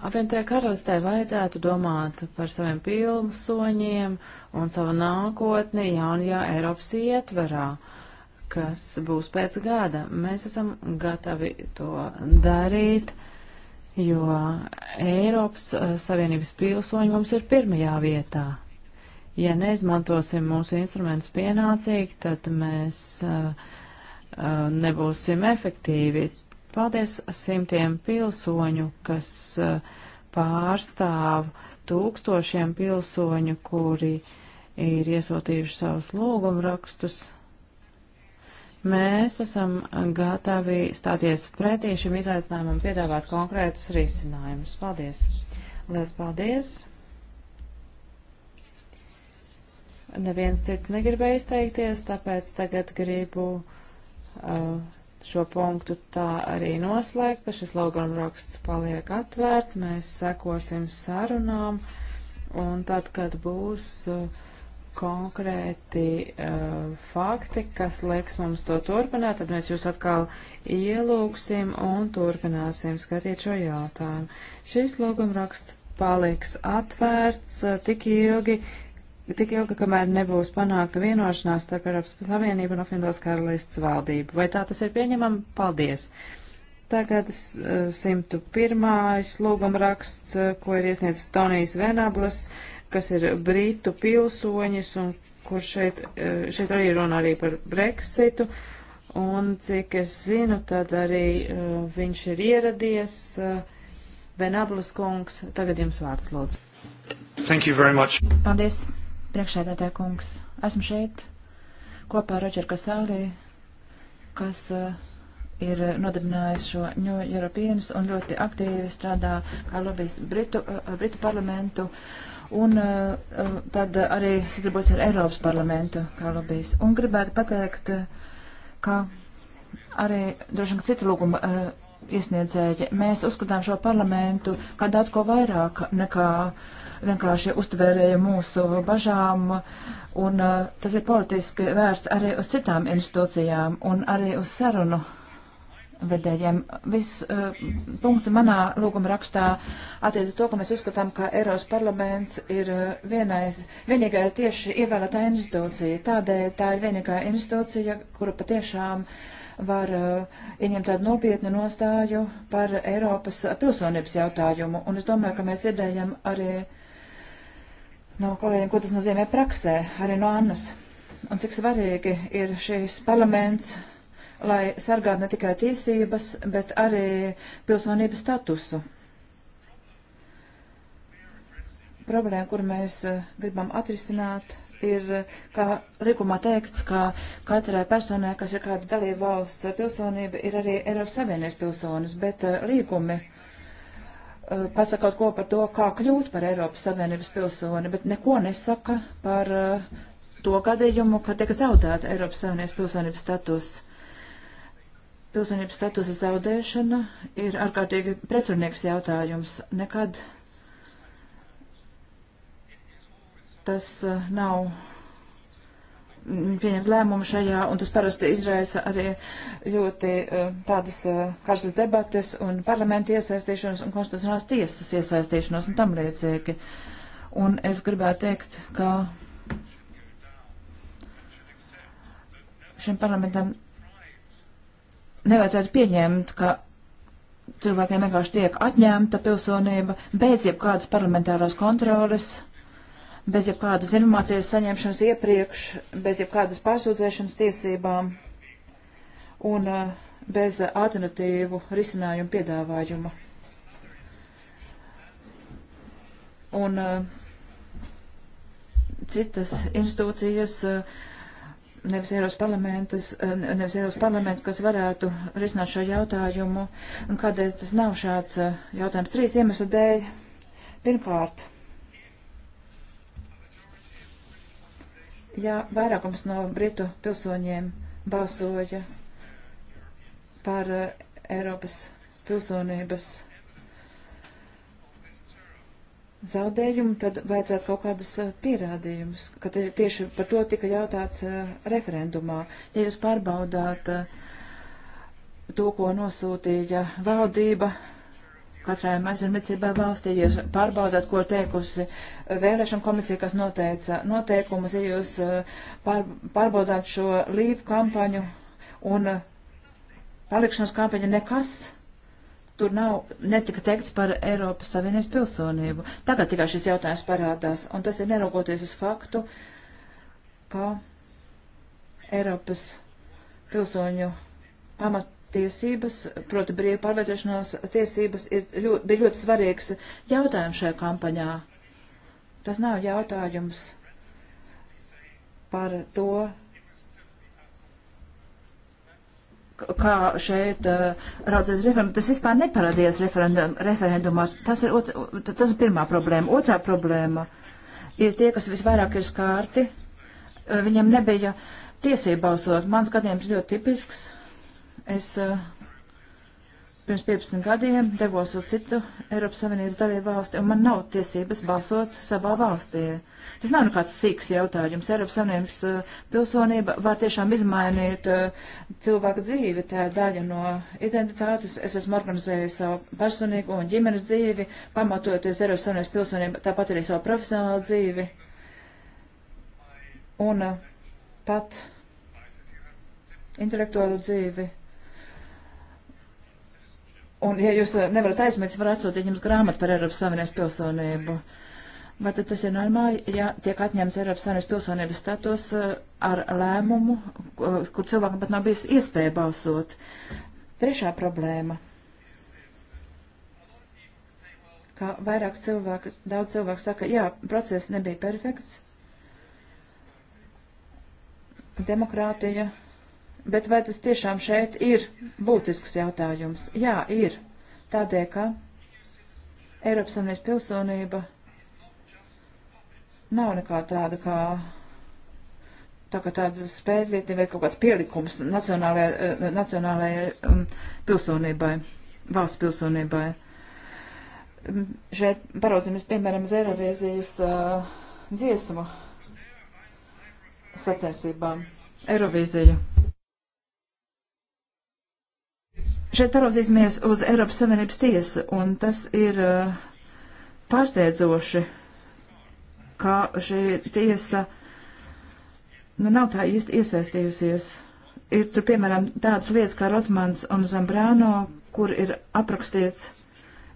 Apvienotajā karalistē vajadzētu domāt par saviem pilsoņiem un savu nākotni jaunajā Eiropas ietverā, kas būs pēc gada. Mēs esam gatavi to darīt, jo Eiropas eh, Savienības pilsoņi mums ir pirmajā vietā. Ja neizmantosim mūsu instrumentus pienācīgi, tad mēs uh, nebūsim efektīvi. Paldies simtiem pilsoņu, kas eh, pārstāv tūkstošiem pilsoņu, kuri ir iesūtījuši savus lūgumrakstus. Mēs esam gatavi stāties pretī šim izaicinājumam, piedāvāt konkrētus risinājumus. Paldies! Lielas paldies! Neviens cits negribēja izteikties, tāpēc tagad gribu. Uh, šo punktu tā arī noslēgta. Šis logumraksts paliek atvērts, mēs sekosim sarunām, un tad, kad būs uh, konkrēti uh, fakti, kas lieks mums to turpināt, tad mēs jūs atkal ielūksim un turpināsim skatīt šo jautājumu. Šis logumraksts paliks atvērts uh, tik ilgi, tik ilgi, kamēr nebūs panākta vienošanās starp Eiropas Savienību un apvienotās karalists valdību. Vai tā tas ir pieņemam? Paldies! Tagad 101. lūguma raksts, ko ir iesniedzis Tonijs Venablas, kas ir brītu pilsoņis un kurš šeit, eh, šeit arī runā arī par Brexitu. Un cik es zinu, tad arī eh, viņš ir ieradies. Eh, Venablas kungs, tagad jums vārds lūdzu. Thank you very much. Paldies. Priekšsēdētāja kungs, esmu šeit kopā ar Rodžeru Kasālī, kas uh, ir nodibinājis šo New Europeans un ļoti aktīvi strādā kā lobbyis Britu, uh, Britu parlamentu un uh, tad arī sadarbos ar Eiropas parlamentu kā lobbyis. Un gribētu pateikt, ka arī droši vien citu lūgumu uh, iesniedzēji, mēs uzskatām šo parlamentu kā daudz ko vairāk nekā uh, vienkārši uztvērēja mūsu bažām, un uh, tas ir politiski vērsts arī uz citām institūcijām un arī uz sarunu vedējiem. Viss uh, punkts manā lūguma rakstā attiecas to, ka mēs uzskatām, ka Eiropas parlaments ir uh, vienais, vienīgā tieši ievēlētā institūcija. Tādēļ tā ir vienīgā institūcija, kura patiešām var uh, ieņemt tādu nopietnu nostāju par Eiropas pilsonības jautājumu. Un es domāju, ka mēs dzirdējam arī. Uh, no kolēģiem, ko tas nozīmē praksē, arī no Annas. Un cik svarīgi ir šīs parlaments, lai sargātu ne tikai tiesības, bet arī pilsonības statusu. Problēma, kur mēs eh, gribam atrisināt, ir, eh, kā likumā teikts, ka katrai personai, kas ir kāda dalība valsts pilsonība, ir arī Eiropas Savienības pilsonis, bet eh, līgumi uh, pasakot ko par to, kā kļūt par Eiropas Savienības pilsoni, bet neko nesaka par uh, to gadījumu, ka tiek zaudēta Eiropas Savienības pilsonības status. Pilsonības statusa zaudēšana ir ārkārtīgi pretrunīgs jautājums. Nekad tas uh, nav pieņemt lēmumu šajā, un tas parasti izraisa arī ļoti e, tādas e, karstas debates un parlamenta iesaistīšanos un konstitucionālās tiesas iesaistīšanos un tam liecīgi. Un es gribētu teikt, ka šim parlamentam nevajadzētu pieņemt, ka cilvēkiem vienkārši tiek atņemta pilsonība bez jebkādas parlamentārās kontrolas. Mm bez jebkādas informācijas saņemšanas iepriekš, bez jebkādas pārsūdzēšanas tiesībām un uh, bez alternatīvu risinājumu piedāvājuma. Un uh, citas institūcijas, uh, nevis Eiropas parlamentas, nevis Eiropas parlaments, kas varētu risināt šo jautājumu, un kādēļ tas nav šāds jautājums trīs iemeslu dēļ. Pirmkārt, ja vairākums no Britu pilsoņiem balsoja par eh, Eiropas pilsonības zaudējumu, tad vajadzētu kaut kādus eh, pierādījumus, ka tieši par to tika jautāts eh, referendumā. Ja jūs pārbaudāt to, ko nosūtīja valdība katrai mazumniecībai valstī. Jūs pārbaudāt, ko teikusi vēlēšana komisija, kas noteica noteikumus, ja jūs eh, pār, pārbaudāt šo līvu kampaņu un eh, palikšanas kampaņu nekas. Tur nav netika teikts par Eiropas Savienības pilsonību. Tagad tikai šis jautājums parādās, un tas ir neraugoties uz faktu, ka Eiropas pilsoņu pamat tiesības, proti brīvu pārvietošanos tiesības, ir ļoti, bija ļoti svarīgs jautājums šajā kampaņā. Tas nav jautājums par to, kā šeit uh, raudzēs referendumu. Tas vispār neparādījās referendumā. Tas ir, ot, tas ir pirmā problēma. Otrā problēma ir tie, kas visvairāk ir skārti. Uh, Viņam nebija tiesība balsot. Mans gadījums ļoti tipisks. Uh, Es eh, pirms 15 gadiem devos uz citu Eiropas Savienības dalību valsti, un man nav tiesības balsot savā valstī. Tas nav nekāds sīks jautājums. Eiropas Savienības eh, pilsonība var tiešām izmainīt eh, cilvēku dzīvi, tā daļa no identitātes. Es esmu organizējis savu personīgo un ģimenes dzīvi, pamatojoties Eiropas Savienības pilsonību, tāpat arī savu profesionālo dzīvi. Un pat intelektuālu dzīvi. Un, ja jūs eh, nevarat aizmirst, var atsūtīt jums grāmatu par Eiropas Savienības pilsonību. Vai tad tas ir normāli, ja tiek atņemts Eiropas Savienības pilsonības status eh, ar lēmumu, kur cilvēkam pat nav bijusi iespēja balsot? Trešā problēma. Kā vairāk cilvēku, daudz cilvēku saka, jā, process nebija perfekts. Demokrātija Bet vai tas tiešām šeit ir būtisks jautājums? Jā, ir. Tādēļ, ka Eiropas Savienības pilsonība nav nekā tāda kā tā kā tāda spēļvietne vai kaut kāds pielikums nacionālajai, eh, nacionālajai um, pilsonībai, valsts pilsonībai. Um, šeit paraudzamies, piemēram, Zēraviezijas uh, dziesmu sacensībām, Eirovīziju. Šeit paraudzīsimies uz Eiropas Savienības tiesu, un tas ir eh, pārsteidzoši, ka šī tiesa nu, nav tā īsti iesaistījusies. Ir tur, piemēram, tādas lietas kā Rotmans un Zambrāno, kur ir aprakstīts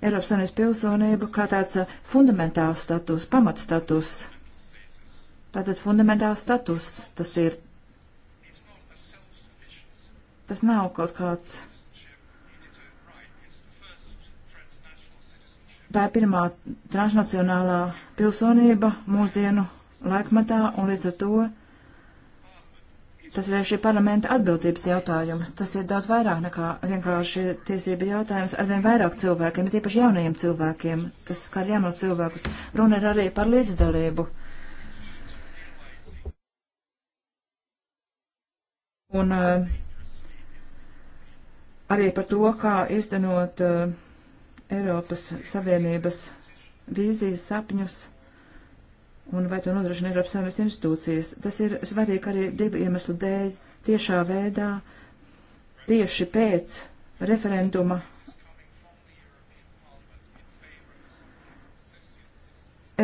Eiropas Savienības pilsonība kā tāds eh, fundamentāls status, pamatstatus. Tātad fundamentāls status tas ir. Tas nav kaut kāds tā ir pirmā transnacionālā pilsonība mūsdienu laikmatā, un līdz ar to tas ir šī parlamenta atbildības jautājums. Tas ir daudz vairāk nekā vienkārši tiesība jautājums arvien vairāk cilvēkiem, ir tīpaši jaunajiem cilvēkiem, kas skar jaunos cilvēkus. Runa ir arī par līdzdalību. Un uh, arī par to, kā izdenot uh, eh, Eiropas Savienības vīzijas sapņus un vai to nodrošina Eiropas Savienības institūcijas. Tas ir svarīgi arī divu iemeslu dēļ tiešā veidā tieši pēc referenduma.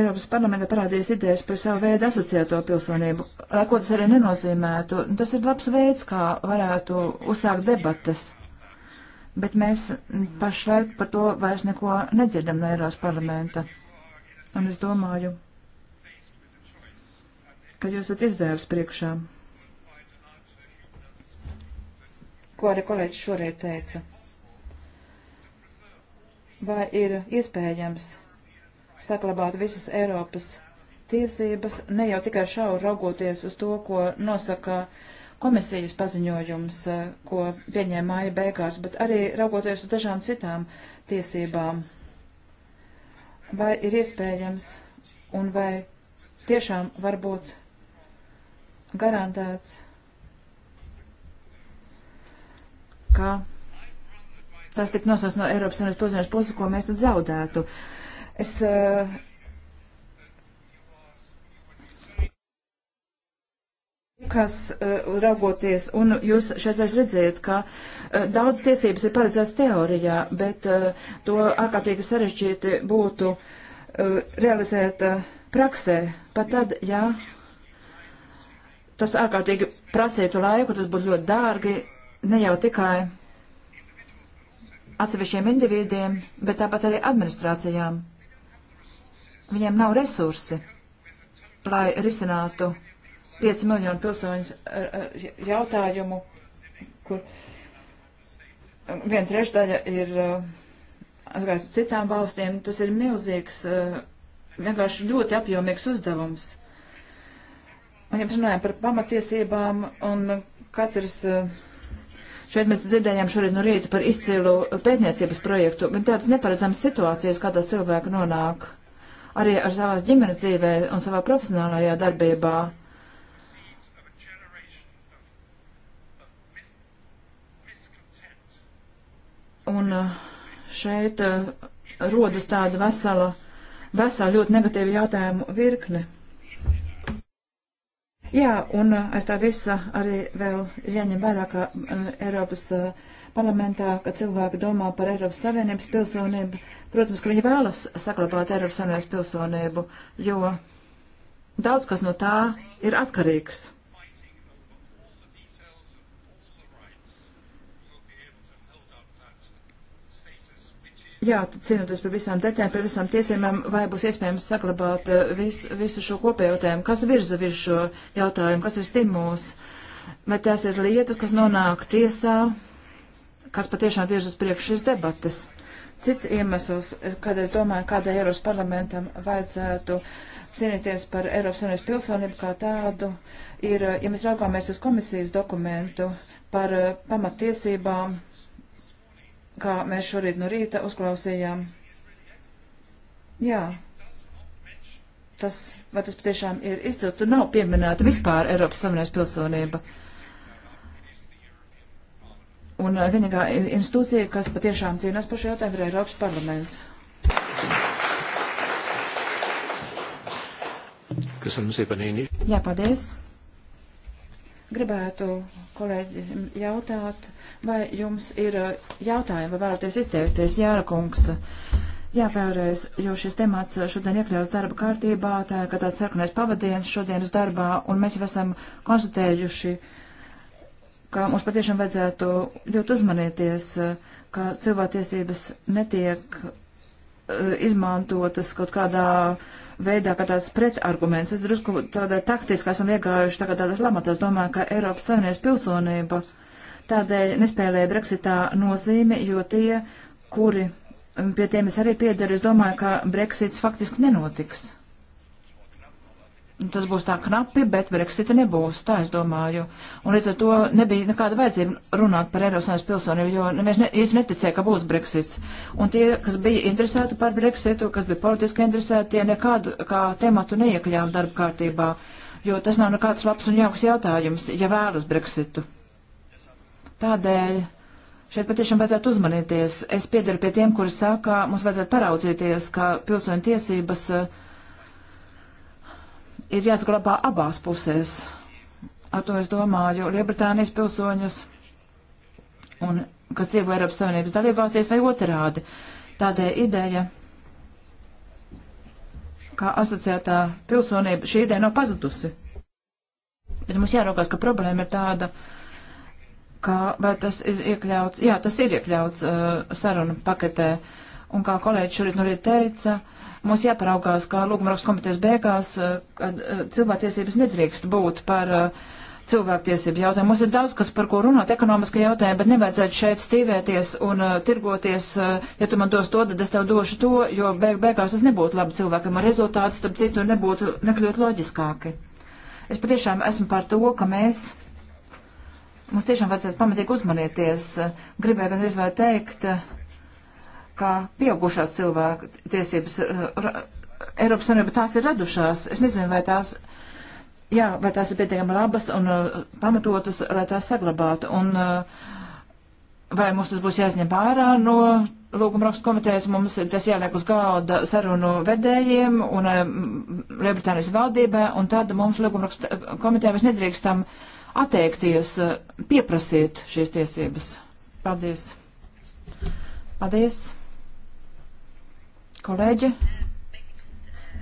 Eiropas parlamenta parādījis idejas par savu veidu asociēto pilsonību, lai ko tas arī nenozīmētu. Tas ir labs veids, kā varētu uzsākt debatas bet mēs pašlaik par to vairs neko nedzirdam no Eiropas parlamenta. Un es domāju, ka jūs esat izvēles priekšā, ko arī kolēģis šoreiz teica. Vai ir iespējams saglabāt visas Eiropas tiesības, ne jau tikai šauri raugoties uz to, ko nosaka uh, komisijas paziņojums, eh, ko pieņēma māja beigās, bet arī raugoties uz dažām citām tiesībām. Vai ir iespējams un vai tiešām var būt garantēts, ka tas tik nosauc no Eiropas Savienības paziņojums puses, ko mēs tad zaudētu? Es uh, kas uh, raugoties, un jūs šeit vairs redzējat, ka uh, daudz tiesības ir paredzēts teorijā, bet uh, to ārkārtīgi sarežģīti būtu realizēt praksē. Pat tad, ja tas ārkārtīgi prasītu laiku, tas būtu ļoti dārgi, ne jau tikai atsevišķiem individiem, bet tāpat arī administrācijām. Viņiem nav resursi, lai risinātu 5 miljonu pilsoņu eh, eh, jautājumu, kur viena trešdaļa ir eh, aizgājusi uz citām valstīm. Tas ir milzīgs, vienkārši ļoti apjomīgs uzdevums. Un, ja mēs runājam par pamatiesībām, un katrs, šeit mēs dzirdējām šorīt no rīta par izcilu pētniecības projektu, bet tādas neparedzamas situācijas, kādās cilvēki nonāk arī ar savās ģimenes dzīvē un savā profesionālajā darbībā Un uh, šeit uh, rodas tāda vesela, vesela ļoti negatīva jautājumu virkne. Jā, un uh, aiz tā visa arī vēl jāņem vērā, ka Eiropas parlamentā, ka cilvēki domā par Eiropas Savienības pilsonību. Protams, ka viņi vēlas saglabāt Eiropas Savienības pilsonību, jo daudz kas no tā ir atkarīgs Jā, cīnoties par visām detaļām, par visām tiesībām, vai būs iespējams saglabāt eh, vis, visu šo kopējo jautājumu, kas virza virs šo jautājumu, kas ir stimuls, vai tās ir lietas, kas nonāk tiesā, kas patiešām virza uz priekšu šīs debatas. Cits iemesls, kad es domāju, kādai Eiropas parlamentam vajadzētu cīnīties par Eiropas Savienības pilsonību kā tādu, ir, ja mēs raugāmies uz komisijas dokumentu par eh, pamatiesībām, kā mēs šorīt no rīta uzklausījām. Jā, tas, vai tas patiešām ir izcils, tur nav pieminēta vispār Eiropas Savienības pilsonība. Un eh, vienīgā institūcija, kas patiešām cīnās par šo jautājumu, ir Eiropas parlaments. Kas ar mums ir panīni? Jā, paldies. Gribētu kolēģiem jautāt, vai jums ir eh, jautājumi, vai vēlaties izteikties, Jāra kungs. Jā, vēlreiz, jo šis temats šodien iekļaus darba kārtībā, tā kā tāds sarkanais pavadiens šodienas darbā, un mēs jau esam konstatējuši, ka mums patiešām vajadzētu ļoti uzmanieties, ka cilvēktiesības netiek eh, izmantotas kaut kādā uh, veidā, kā tāds pretarguments. Es drusku tādā taktiski esam iegājuši tagad tā tādas lamatās. Domāju, ka Eiropas Savienības pilsonība tādēļ nespēlēja Brexitā nozīmi, jo tie, kuri pie tiem es arī piederu, es domāju, ka Brexits faktiski nenotiks. Tas būs tā knapi, bet Brexita nebūs, tā es domāju. Un līdz ar to nebija nekāda vajadzība runāt par Eiropas Savienības pilsonību, jo neviens ne, īsti neticēja, ka būs Brexits. Un tie, kas bija interesēti par Brexitu, kas bija politiski interesēti, tie nekādu kā tematu neiekļāva darba kārtībā, jo tas nav nekāds labs un jauks jautājums, ja vēlas Brexitu. Tādēļ. Šeit patiešām vajadzētu uzmanīties. Es piedaru pie tiem, kuri saka, mums vajadzētu paraudzīties, ka pilsoņu tiesības uh, ir jāsaglabā abās pusēs. Ar to es domāju Liebritānijas pilsoņus, un, kas dzīvo Eiropas Savienības dalībvalstīs vai otrādi. Tādēļ ideja, kā asociētā pilsonība, šī ideja nav pazudusi. Bet mums jāraukās, ka problēma ir tāda, ka vai tas ir iekļauts, jā, tas ir iekļauts uh, sarunu paketē. Un kā kolēģi šorīt no nu rīta teica, uh, Mums jāparaugās, kā Lūgumraks komitejas beigās, eh, kad eh, cilvēktiesības nedrīkst būt par eh, cilvēktiesību jautājumu. Mums ir daudz, kas par ko runāt, ekonomiski jautājumi, bet nevajadzētu šeit stīvēties un uh, tirgoties, uh, ja tu man dos to, tad es tev došu to, jo beig beigās tas nebūtu labi cilvēkam, ar rezultātu starp citu nebūtu nekļūt loģiskāki. Es patiešām esmu par to, ka mēs. Mums tiešām vajadzētu pamatīgi uzmanieties. Gribēju gan es vai teikt, uh, kā pieaugušās cilvēku tiesības eh, Eiropas Savienība tās ir radušās. Es nezinu, vai tās, jā, vai tās ir pietiekami labas un eh, pamatotas, lai tās saglabātu. Un eh, vai mums tas būs jāizņem ārā no lūgumrakstu komitejas, mums tas jāliek uz galda sarunu vedējiem un Lielbritānijas valdībā, un tad mums lūgumrakstu komitejā mēs nedrīkstam atteikties, pieprasīt šīs tiesības. Paldies. Paldies. Kolēģi,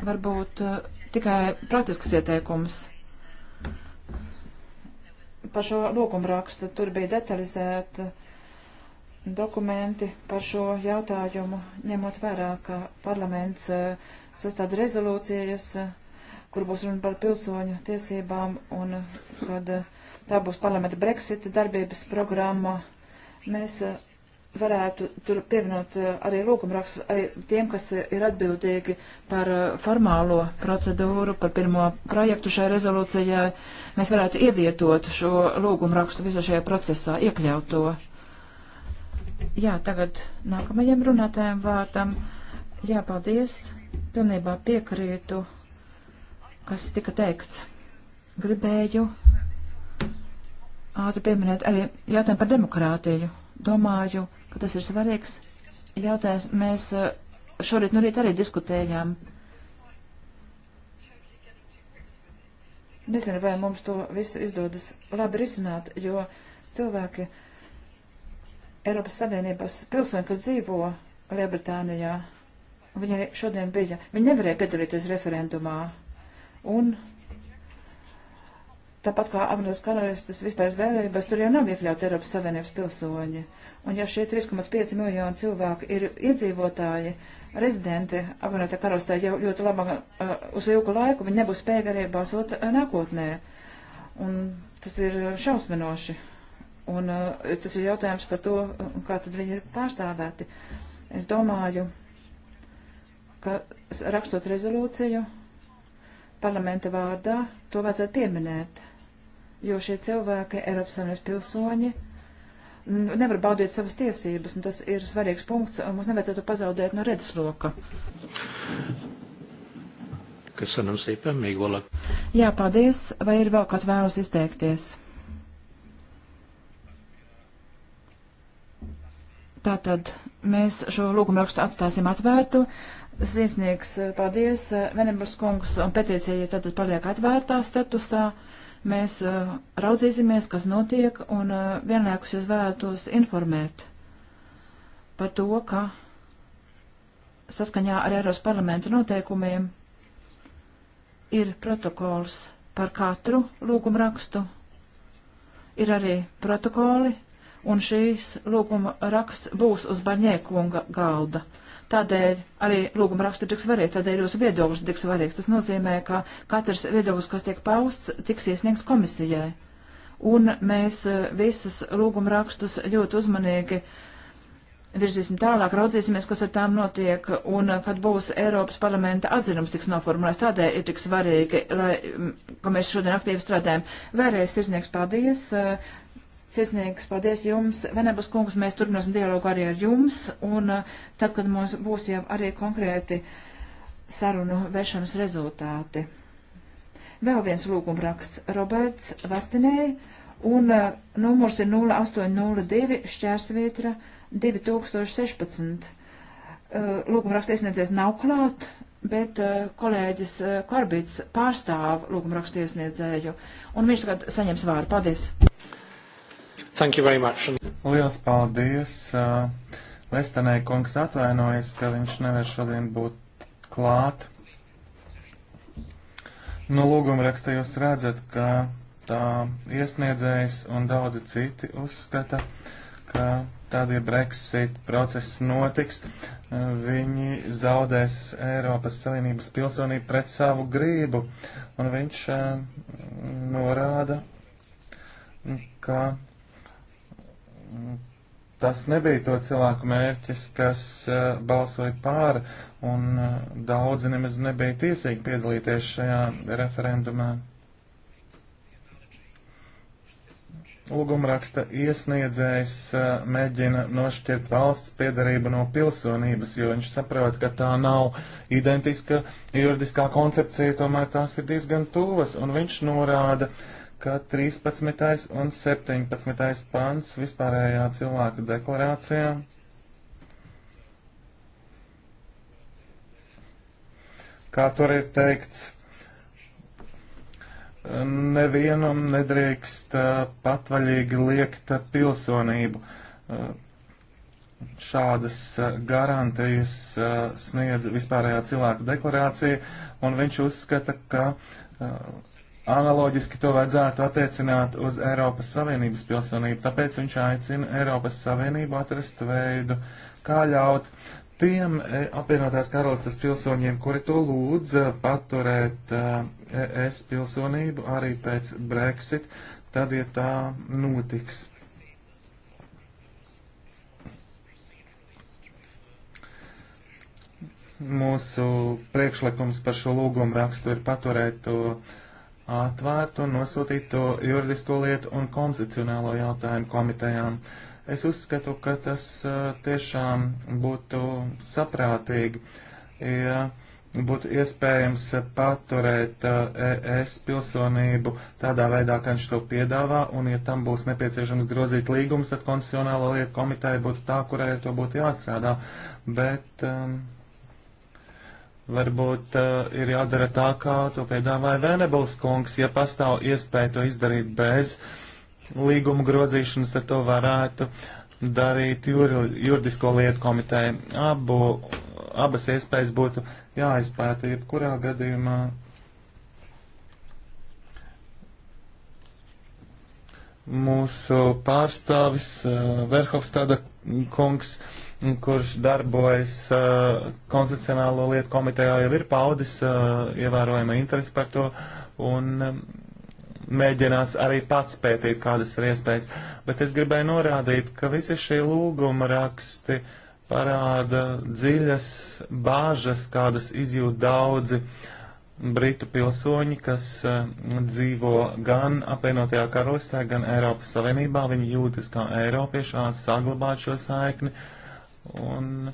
varbūt eh, tikai praktisks ieteikums. Par šo lūgumu rakstu tur bija detalizēta dokumenti par šo jautājumu, ņemot vērā, ka parlaments eh, sastāda rezolūcijas, eh, kur būs runa par pilsoņu tiesībām un kad tā būs parlamenta Brexit darbības programma. Mēs varētu tur pievienot eh, arī lūgumrakstu arī eh, tiem, kas eh, ir atbildīgi par formālo procedūru, par pirmo projektu šajā rezolūcijā. Mēs varētu ievietot šo lūgumrakstu visā šajā procesā, iekļaut to. Jā, tagad nākamajam runātājam vārtam. Jā, paldies. Pilnībā piekrītu, kas tika teikts. Gribēju ātri pieminēt arī jautājumu par demokrātiju. Domāju, ka tas ir svarīgs jautājums. Mēs eh, šorīt nu rīt arī diskutējām. Nezinu, vai mums to visu izdodas labi risināt, jo cilvēki Eiropas Savienības pilsoņi, kas dzīvo Lielbritānijā, viņi šodien bija, viņi nevarēja piedalīties referendumā. Un Tāpat kā Agnēs Karalistas vispār zvērības, tur jau nav iekļauti Eiropas Savienības pilsoņi. Un ja šie 3,5 miljoni cilvēki ir iedzīvotāji, rezidenti Agnēta Karalistā jau ļoti labi uh, uz ilgu laiku, viņi nebūs spējīgi arī balsot uh, nākotnē. Un tas ir šausminoši. Un uh, tas ir jautājums par to, uh, kā tad viņi ir pārstāvēti. Es domāju, ka rakstot rezolūciju parlamenta vārdā, to vajadzētu pieminēt jo šie cilvēki, Eiropas Savienības pilsoņi, nevar baudīt savas tiesības, un tas ir svarīgs punkts, un mums nevajadzētu pazaudēt no redzesloka. Köszönöm szépen, még valaki. Jā, paldies. Vai ir vēl kāds vēlas izteikties? Tātad mēs šo lūgumu rakstu atstāsim atvērtu. Zirdnieks, paldies. Eh, Venembras kungs un petīcija tātad paliek atvērtā statusā. Mēs uh, raudzīsimies, kas notiek, un uh, vienlaikus jūs vēlētos informēt par to, ka saskaņā ar Eiros parlamenta noteikumiem ir protokols par katru lūgumu rakstu, ir arī protokoli, un šīs lūguma raksts būs uz Baņēkunga galda. Uh, Tādēļ arī lūguma raksts ir tik svarīgs, tādēļ jūsu viedoklis ir tik svarīgs. Tas nozīmē, ka katrs viedoklis, kas tiek pausts, tiks iesniegts komisijai. Un mēs eh, visas lūguma rakstus ļoti uzmanīgi virzīsim tālāk, raudzīsimies, kas ar tām notiek, un kad būs Eiropas parlamenta atzinums tiks noformulēts. Tādēļ ir tik svarīgi, lai, mm, ka mēs šodien aktīvi strādājam. Vēlreiz sirsnieks paldies eh, Sirsnīgs paldies jums, Venebas kungs, mēs turpināsim dialogu arī ar jums, un uh, tad, kad mums būs jau arī konkrēti sarunu vešanas rezultāti. Vēl viens lūgumraksts Roberts Vastinēji, un uh, numurs ir 0802 šķērsvītra 2016. Lūgumraksts iesniedzies nav klāt, bet uh, kolēģis Korbīts pārstāv lūgumrakstu iesniedzēju, un viņš tagad saņems vārdu. Paldies! Thank you very much. Lielas paldies. Uh, Lestanē kungs atvainojas, ka viņš nevar šodien būt klāt. No nu, lūguma raksta jūs redzat, ka tā iesniedzējs un daudzi citi uzskata, ka tādie Brexit process notiks, viņi zaudēs Eiropas Savienības pilsonību pret savu grību. Un viņš uh, norāda, ka tas nebija to cilvēku mērķis, kas uh, balsoja pār, un uh, daudzi nemaz nebija tiesīgi piedalīties šajā referendumā. Lūgumraksta iesniedzējs uh, mēģina nošķirt valsts piedarību no pilsonības, jo viņš saprot, ka tā nav identiska juridiskā koncepcija, tomēr tās ir diezgan tuvas, un viņš norāda, uh, ka 13. un 17. pants vispārējā cilvēku deklarācijā kā tur ir teikts, nevienam nedrīkst uh, patvaļīgi liekt pilsonību. Uh, šādas uh, garantijas sniedz vispārējā cilvēku deklarācija, un viņš uzskata, ka Analoģiski to vajadzētu attiecināt uz Eiropas Savienības pilsonību, tāpēc viņš aicina Eiropas Savienību atrast veidu, kā ļaut tiem e, apvienotās karalistas pilsoņiem, kuri to lūdz paturēt e, ES pilsonību arī pēc Brexit, tad, ja tā notiks. Mūsu priekšlikums par šo lūgumu rakstu ir paturēt to uh, atvērtu un nosūtītu to juridisko lietu un konstitucionālo jautājumu komitejām. Es uzskatu, ka tas tiešām būtu saprātīgi, ja būtu iespējams paturēt ES pilsonību tādā veidā, kā viņš to piedāvā, un ja tam būs nepieciešams grozīt līgumus, tad konstitucionālo lietu komiteja būtu tā, kurai to būtu jāstrādā. Bet, um, Varbūt uh, ir jādara tā, kā to piedāvāja Venebles kungs, ja pastāv iespēja to izdarīt bez līguma grozīšanas, tad to varētu darīt juri, juridisko lietu komiteju. Abu, abas iespējas būtu jāizpēta, jebkurā gadījumā. Mūsu pārstāvis uh, eh, Verhofstada kungs uh, kurš darbojas uh, konstitucionālo lietu komitejā, jau ir paudis uh, ievērojama interesi par to un um, mēģinās arī pats pētīt, kādas ir iespējas. Bet es gribēju norādīt, ka visi šie lūguma raksti parāda dziļas bāžas, kādas izjūt daudzi britu pilsoņi, kas uh, dzīvo gan apvienotajā karalistē, gan Eiropas Savienībā. Viņi jūtas kā Eiropieši, saglabāt šo saikni. Uh, Un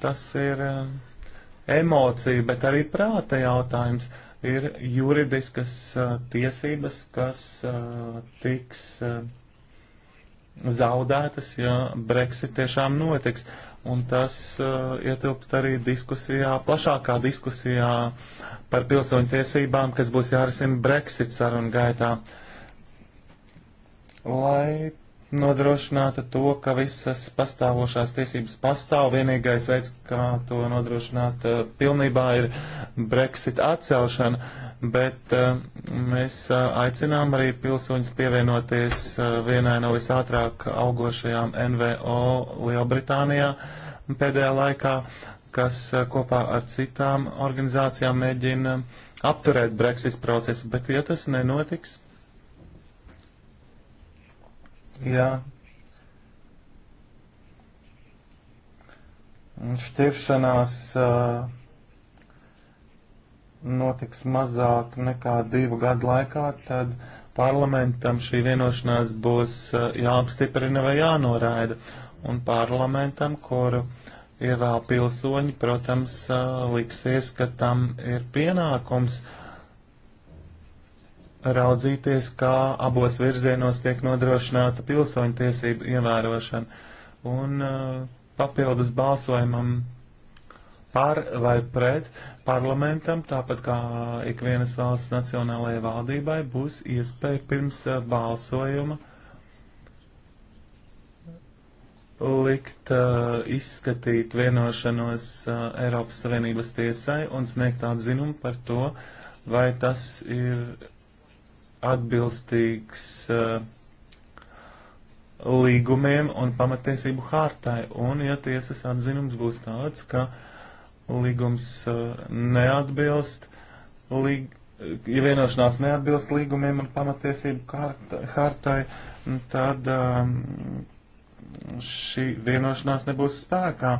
tas ir eh, emocija, bet arī prāta jautājums. Ir juridiskas eh, tiesības, kas eh, tiks zaudētas, ja Brexit tiešām notiks. Un tas uh, ietilpst arī diskusijā, plašākā diskusijā par pilsoņu tiesībām, kas būs jārisina Brexit sarunu gaitā. Lai nodrošinātu to, ka visas pastāvošās tiesības pastāv. Vienīgais veids, kā to nodrošināt eh, pilnībā, ir Brexit atcelšana, bet eh, mēs eh, aicinām arī pilsoņus pievienoties vienai no visātrāk augošajām NVO Lielbritānijā pēdējā laikā, kas kopā ar citām organizācijām mēģina apturēt Brexit procesu, bet ja tas nenotiks, ja šķiršanās uh, notiks mazāk nekā divu gadu laikā, tad parlamentam šī vienošanās būs uh, jāapstiprina vai jānoraida. Un parlamentam, kuru ievēl pilsoņi, protams, uh, liksies, ka tam ir pienākums uh, raudzīties, kā abos virzienos tiek nodrošināta pilsoņu tiesību ievērošana. Un uh, papildus balsojumam par vai pret parlamentam, tāpat kā ikvienas valsts nacionālajai valdībai, būs iespēja pirms uh, balsojuma likt uh, izskatīt vienošanos uh, Eiropas Savienības tiesai un sniegt atzinumu par to, vai tas ir atbilstīgs uh, līgumiem un pamatiesību hārtai. Un, ja tiesas atzinums būs tāds, ka līgums uh, neatbilst, līg, ja vienošanās neatbilst līgumiem un pamatiesību hārtai, tad um, šī vienošanās nebūs spēkā.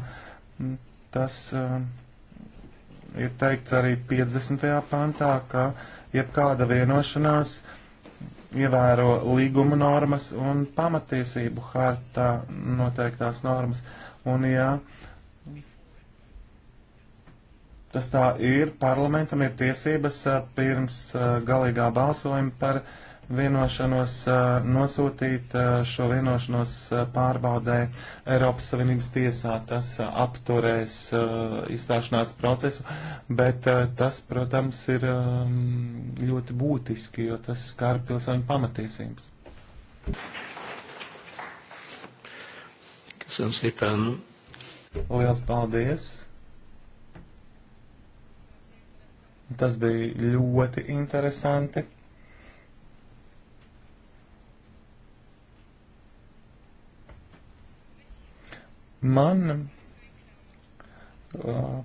Tas um, ir teikts arī 50. pantā, ka jebkāda vienošanās ievēro līguma normas un pamatiesību hartā noteiktās normas. Un ja tas tā ir, parlamentam ir tiesības eh, pirms eh, galīgā balsojuma par uh, vienošanos nosūtīt šo vienošanos pārbaudē Eiropas Savienības tiesā. Tas apturēs izstāšanās procesu, bet tas, protams, ir ļoti būtiski, jo tas skar pilsoņu pamatiesības. Köszönöm szépen. Liels paldies! Tas bija ļoti interesanti. Man,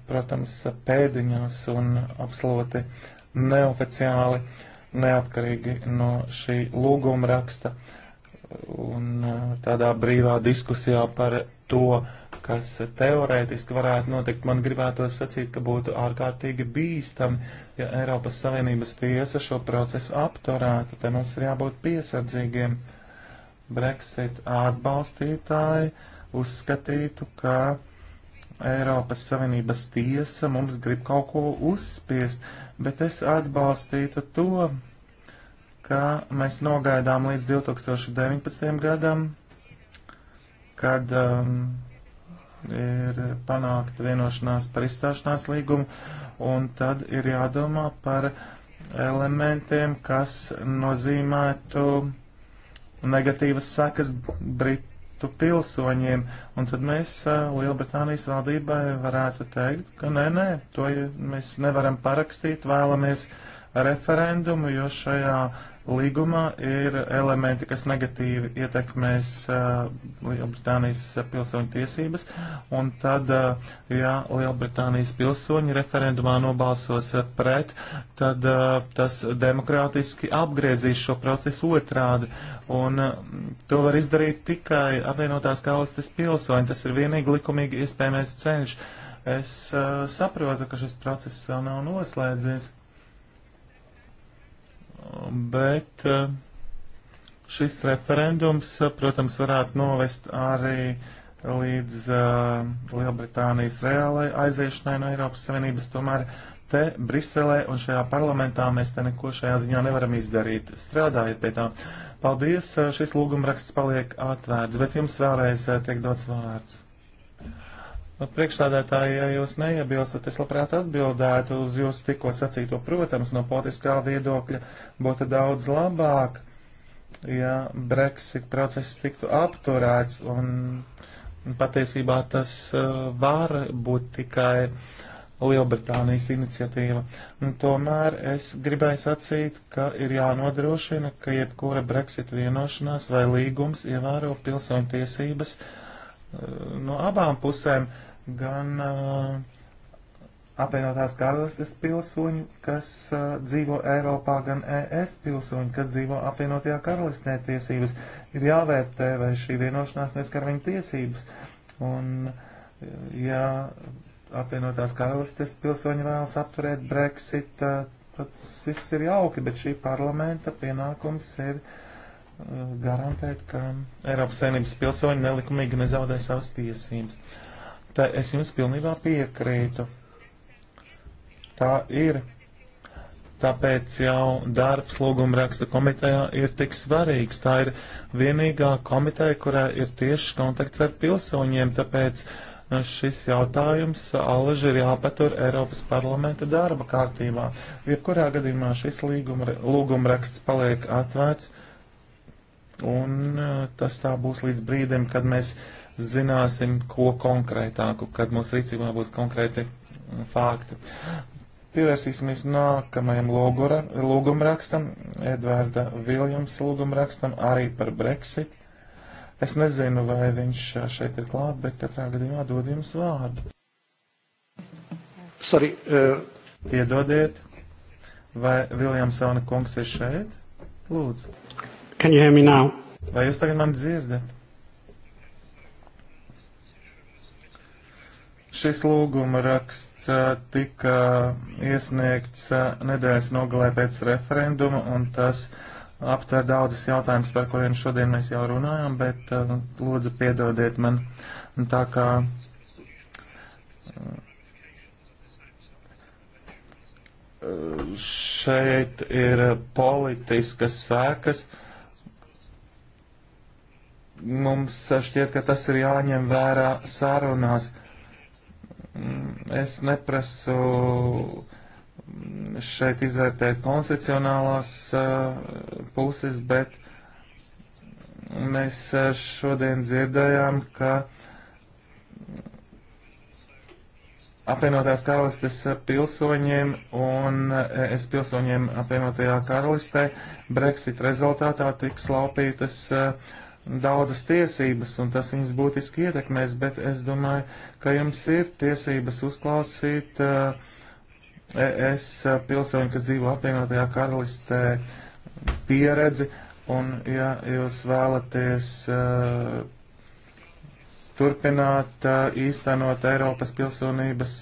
protams, pēdiņās un absolūti neoficiāli, neatkarīgi no šī lūguma raksta un tādā brīvā diskusijā par to, kas teorētiski varētu notikt, man gribētos sacīt, ka būtu ārkārtīgi bīstami, ja Eiropas Savienības tiesa šo procesu apturētu. Te mums ir jābūt piesardzīgiem. Brexit atbalstītāji uzskatītu, ka Eiropas Savienības tiesa mums grib kaut ko uzspiest, bet es atbalstītu to, ka mēs nogaidām līdz 2019. gadam, kad um, ir panākta vienošanās par izstāšanās līgumu, un tad ir jādomā par elementiem, kas nozīmētu negatīvas sekas Brit notiktu pilsoņiem, un tad mēs Lielbritānijas valdībai varētu teikt, ka nē, nē, to mēs nevaram parakstīt, vēlamies referendumu, jo šajā uh, Līgumā ir elementi, kas negatīvi ietekmēs uh, Lielbritānijas pilsoņu tiesības, un tad, uh, ja Lielbritānijas pilsoņi referendumā nobalsos pret, tad uh, tas demokrātiski apgriezīs šo procesu otrādi, un uh, to var izdarīt tikai apvienotās kaulistes pilsoņi. Tas ir vienīgi likumīgi iespējamais ceļš. Es uh, saprotu, ka šis process vēl nav noslēdzies bet eh, šis referendums, eh, protams, varētu novest arī līdz eh, Lielbritānijas reālai aiziešanai no Eiropas Savienības. Tomēr te Briselē un šajā parlamentā mēs te neko šajā ziņā nevaram izdarīt. Strādājiet pie tā. Paldies, šis lūgumraksts paliek atvērts, bet jums vēlreiz tiek dots vārds. Nu, Priekšstādētāji, ja jūs neiebilstat, es labprāt atbildētu uz jūsu tikko sacīto. Protams, no politiskā viedokļa būtu daudz labāk, ja Brexit process tiktu apturēts, un patiesībā tas eh, var būt tikai Lielbritānijas iniciatīva. Un tomēr es gribēju sacīt, ka ir jānodrošina, ka jebkura Brexit vienošanās vai līgums ievēro pilsoņu tiesības eh, no abām pusēm. Uh, gan uh, apvienotās karalistes pilsoņi, kas uh, dzīvo Eiropā, gan ES pilsoņi, kas dzīvo apvienotajā karalistē tiesības. Ir jāvērtē, vai šī vienošanās neskar viņu tiesības. Un, ja apvienotās karalistes pilsoņi vēlas apturēt Brexit, uh, tad viss ir jauki, bet šī parlamenta pienākums ir garantēt, ka Eiropas saimnības pilsoņi nelikumīgi nezaudē savas tiesības. Te es jums pilnībā piekrītu. Tā ir. Tāpēc jau darbs lūguma raksta komitejā ir tik svarīgs. Tā ir vienīgā komiteja, kurā ir tieši kontakts ar pilsoņiem, tāpēc uh, šis jautājums uh, alaži ir jāpatur Eiropas parlamenta darba kārtībā. Jebkurā gadījumā šis līguma, lūguma raksts paliek atvērts, un uh, tas tā būs līdz brīdim, kad mēs zināsim, ko konkrētāku, kad mūsu rīcībā būs konkrēti mm, fakti. Pievērsīsimies nākamajam logura, lūgumrakstam, Edvarda Viljams lūgumrakstam, arī par Brexit. Es nezinu, vai viņš šeit ir klāt, bet katrā gadījumā dod jums vārdu. Sorry, uh... Piedodiet, vai Viljams Sauna kungs ir šeit? Lūdzu. Can you hear me now? Vai jūs tagad man dzirdat? Šis lūguma raksts tika iesniegts nedēļas nogalē pēc referenduma, un tas aptver daudzas jautājumas, par kuriem šodien mēs jau runājam, bet lūdzu piedodiet man tā kā. Šeit ir politiskas sēkas. Mums šķiet, ka tas ir jāņem vērā sarunās Mm, es neprasu mm, šeit izvērtēt koncepcionālās eh, puses, bet mēs eh, šodien dzirdējām, ka apvienotās karalistes pilsoņiem un eh, es pilsoņiem apvienotajā karalistē Brexit rezultātā tiks laupītas uh, daudzas tiesības, un tas viņas būtiski ietekmēs, bet es domāju, ka jums ir tiesības uzklausīt uh, es pilsoņu, kas dzīvo apvienotajā karalistē, pieredzi, un ja jūs vēlaties uh, turpināt uh, īstenot Eiropas pilsonības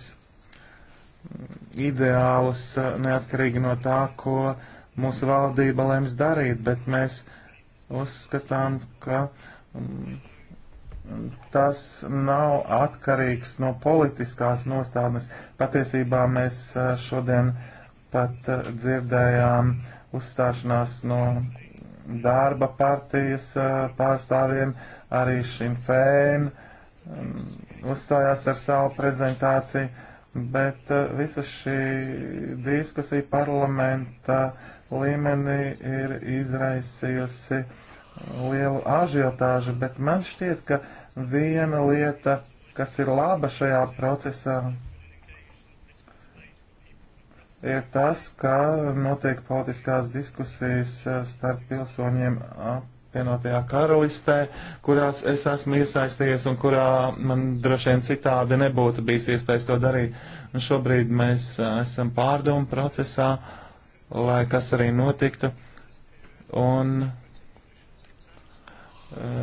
ideālus, uh, neatkarīgi no tā, ko mūsu valdība lems darīt, bet mēs uzskatām, ka mm, tas nav atkarīgs no politiskās nostādnes. Patiesībā mēs e, šodien pat e, dzirdējām uzstāšanās no darba partijas e, pārstāvjiem, arī šim fēn mm, uzstājās ar savu prezentāciju, bet visa šī diskusija parlamenta uh, līmenī ir izraisījusi lielu ažiotāžu, bet man šķiet, ka viena lieta, kas ir laba šajā procesā, ir tas, ka notiek politiskās diskusijas starp pilsoņiem apvienotajā karalistē, kurās es esmu iesaistījies un kurā man droši vien citādi nebūtu bijis iespējas to darīt. Un šobrīd mēs uh, esam pārdomu procesā lai kas arī notiktu. Un eh,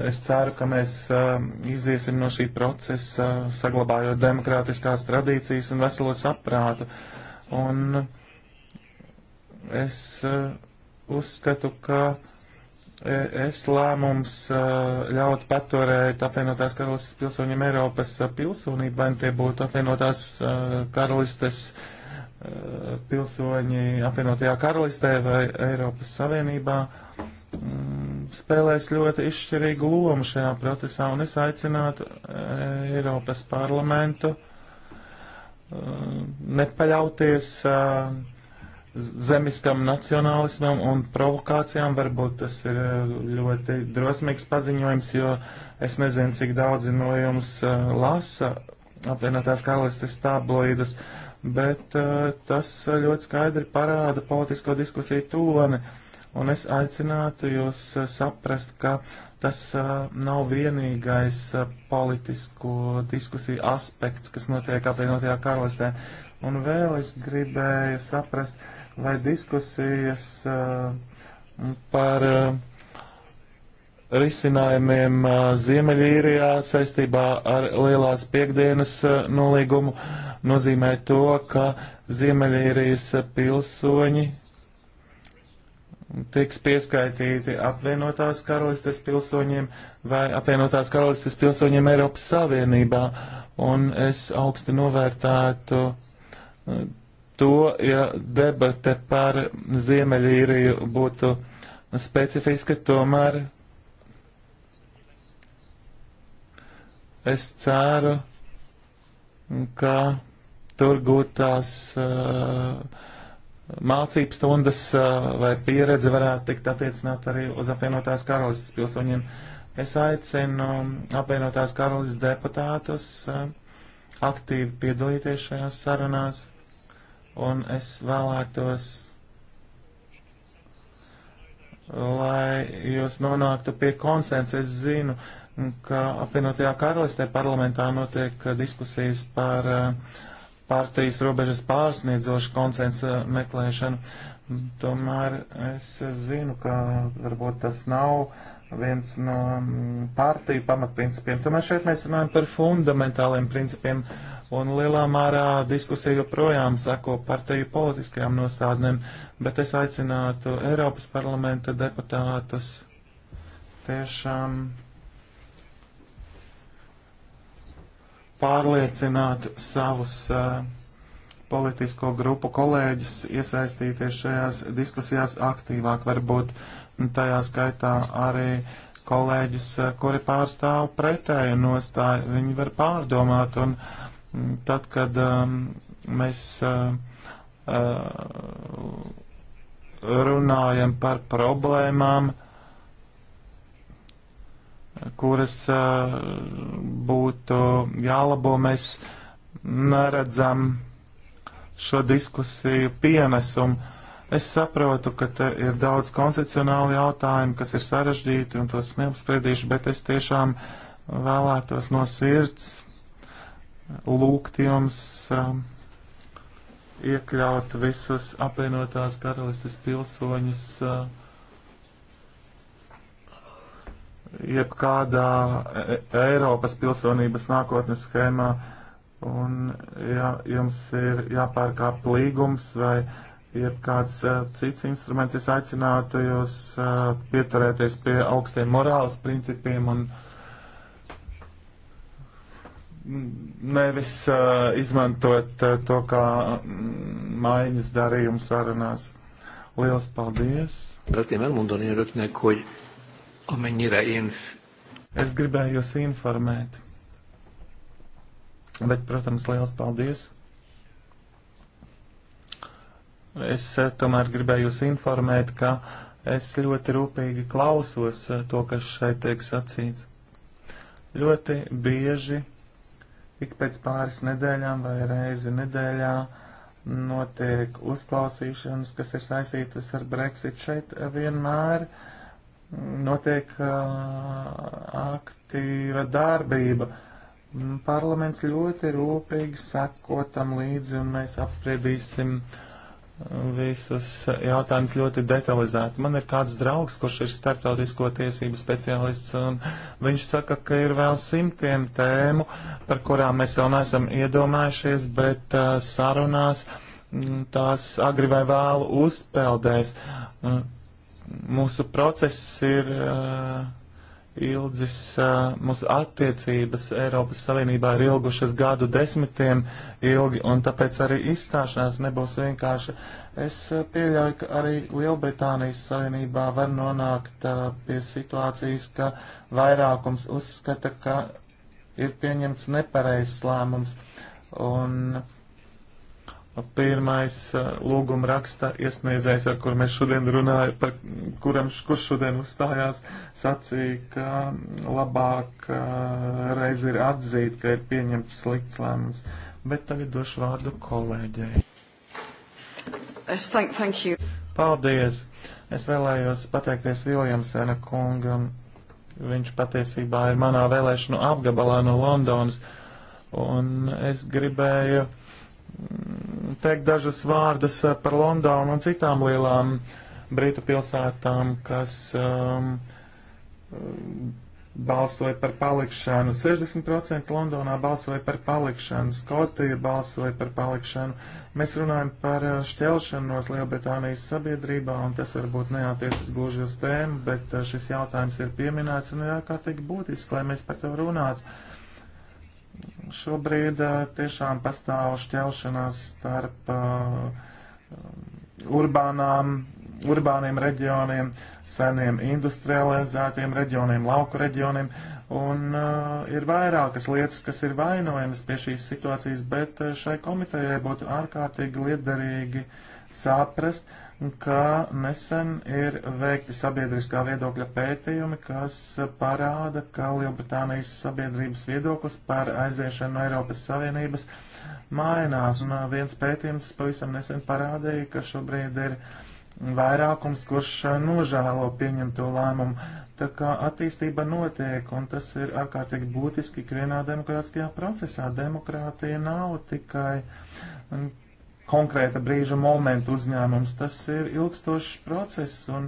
es ceru, ka mēs eh, iziesim no šī procesa, saglabājot demokrātiskās tradīcijas un veselo saprātu. Un es eh, uzskatu, ka es lēmums ļaut paturēt apvienotās karalistes pilsoņiem Eiropas pilsonību, vai tie būtu apvienotās karalistes uh, pilsoņi apvienotajā karalistē vai Eiropas Savienībā mm, spēlēs ļoti izšķirīgu lomu šajā procesā, un es aicinātu eh, Eiropas parlamentu mm, nepaļauties eh, zemiskam nacionālismam un provokācijām. Varbūt tas ir eh, ļoti drosmīgs paziņojums, jo es nezinu, cik daudzi no jums lasa apvienotās karalistes tabloīdus. Uh, bet uh, tas uh, ļoti skaidri parāda politisko diskusiju toni. Un es aicinātu jūs uh, saprast, ka tas uh, nav vienīgais uh, politisko diskusiju aspekts, kas notiek apvienotajā karalistē. Un vēl es gribēju saprast, vai diskusijas uh, par. Uh, risinājumiem Ziemeļīrijā saistībā ar Lielās piekdienas nolīgumu nozīmē to, ka Ziemeļīrijas pilsoņi tiks pieskaitīti apvienotās karalistes pilsoņiem vai apvienotās karalistes pilsoņiem Eiropas Savienībā. Un es augsti novērtētu to, ja debate par Ziemeļīriju būtu specifiska, tomēr Es ceru, ka tur gūtās uh, mācības stundas uh, vai pieredze varētu tikt attiecināt arī uz apvienotās karalistas pilsoņiem. Es aicinu um, apvienotās karalistas deputātus uh, aktīvi piedalīties šajās sarunās, un es vēlētos, lai jūs nonāktu pie konsensa. Es zinu, uh, ka apvienotajā karalistē parlamentā notiek uh, diskusijas par uh, partijas robežas pārsniedzošu konsensa meklēšanu. Tomēr es zinu, ka varbūt tas nav viens no mm, partiju pamatprincipiem. Tomēr šeit mēs runājam par fundamentāliem principiem un lielā mērā diskusija joprojām sako partiju politiskajām nostādnēm, bet es aicinātu Eiropas parlamenta deputātus tiešām. Um, pārliecināt savus uh, politisko grupu kolēģus iesaistīties šajās diskusijās aktīvāk, varbūt tajā skaitā arī kolēģus, eh, kuri pārstāv pretēju nostāju, viņi var pārdomāt, un mm, tad, kad um, mēs uh, uh, runājam par problēmām, kuras būtu jālabo. Mēs neredzam šo diskusiju pienesumu. Es saprotu, ka te ir daudz koncepcionāli jautājumi, kas ir sarežģīti un tos neapspriedīšu, bet es tiešām vēlētos no sirds lūgt jums um, iekļaut visus apvienotās karalistes pilsoņus uh, jebkādā e- e- Eiropas pilsonības nākotnes schēmā. Un, ja jums ir jāpārkāp līgums vai jebkāds e, cits instruments, es aicinātu jūs pieturēties pie augstiem morāles principiem un nevis izmantot to kā mm, maiņas darījumu sarunās. Liels paldies! Tratiem elmondanéröknek, hogy Amennyire én... Es gribēju jūs informēt. Bet, protams, liels paldies. Es eh, tomēr gribēju jūs informēt, ka es ļoti rūpīgi klausos eh, to, kas šeit tiek sacīts. Ļoti bieži, ik pēc pāris nedēļām vai reizi nedēļā, notiek uzklausīšanas, kas ir saistītas ar Brexit šeit eh, vienmēr. Uh, notiek aktīva darbība. Parlaments ļoti rūpīgi sako tam līdzi, un mēs apspriedīsim visus jautājumus ļoti detalizēti. Man ir kāds draugs, kurš ir starptautisko tiesību speciālists, un viņš saka, ka ir vēl simtiem tēmu, par kurām mēs vēl neesam iedomājušies, bet uh, sarunās tās agri vai vēlu uzpeldēs. Uh, mūsu process ir uh, ilgs, uh, mūsu attiecības Eiropas Savienībā ir ilgušas gadu desmitiem ilgi, un tāpēc arī izstāšanās nebūs vienkārši. Es uh, pieļauju, ka arī Lielbritānijas Savienībā var nonākt uh, pie situācijas, ka vairākums uzskata, ka ir pieņemts nepareizs lēmums. Un, uh, Pirmais uh, lūguma raksta iesniedzējs, ar kur mēs šodien runājam, par kuram, kurš šodien uzstājās, sacīja, ka labāk uh, reiz ir atzīt, ka ir pieņemts slikts lēmums. Bet tagad došu vārdu kolēģei. Es thank, thank you. Paldies! Es vēlējos pateikties Viljamsena kungam. Viņš patiesībā ir manā vēlēšanu apgabalā no Londonas, un es gribēju teikt dažus vārdus eh, par Londonu un citām lielām Britu pilsētām, kas um, eh, balsoja par palikšanu. 60% Londonā balsoja par palikšanu, Skotija balsoja par palikšanu. Mēs runājam par eh, šķelšanos Lielbritānijas sabiedrībā, un tas varbūt neatiecas gluži uz tēmu, bet šis jautājums ir pieminēts un ir ārkārtīgi būtisks, lai mēs par to runātu. Šobrīd eh, tiešām pastāv šķelšanās starp eh, urbānām, urbāniem reģioniem, seniem industrializētiem reģioniem, lauku reģioniem. Un uh, ir vairākas lietas, kas ir vainojamas pie šīs situācijas, bet šai komitejai būtu ārkārtīgi liederīgi saprast, uh, ka nesen ir veikti sabiedriskā viedokļa pētījumi, kas parāda, ka Lielbritānijas sabiedrības viedoklis par aiziešanu no Eiropas Savienības mainās. Un viens pētījums pavisam nesen parādīja, ka šobrīd ir vairākums, kurš nožēlo pieņemto lēmumu. Tā kā attīstība notiek, un tas ir ārkārtīgi būtiski ikvienā demokrātiskajā procesā. Demokrātija nav tikai konkrēta brīža momentu uzņēmums. Tas ir ilgstošs process un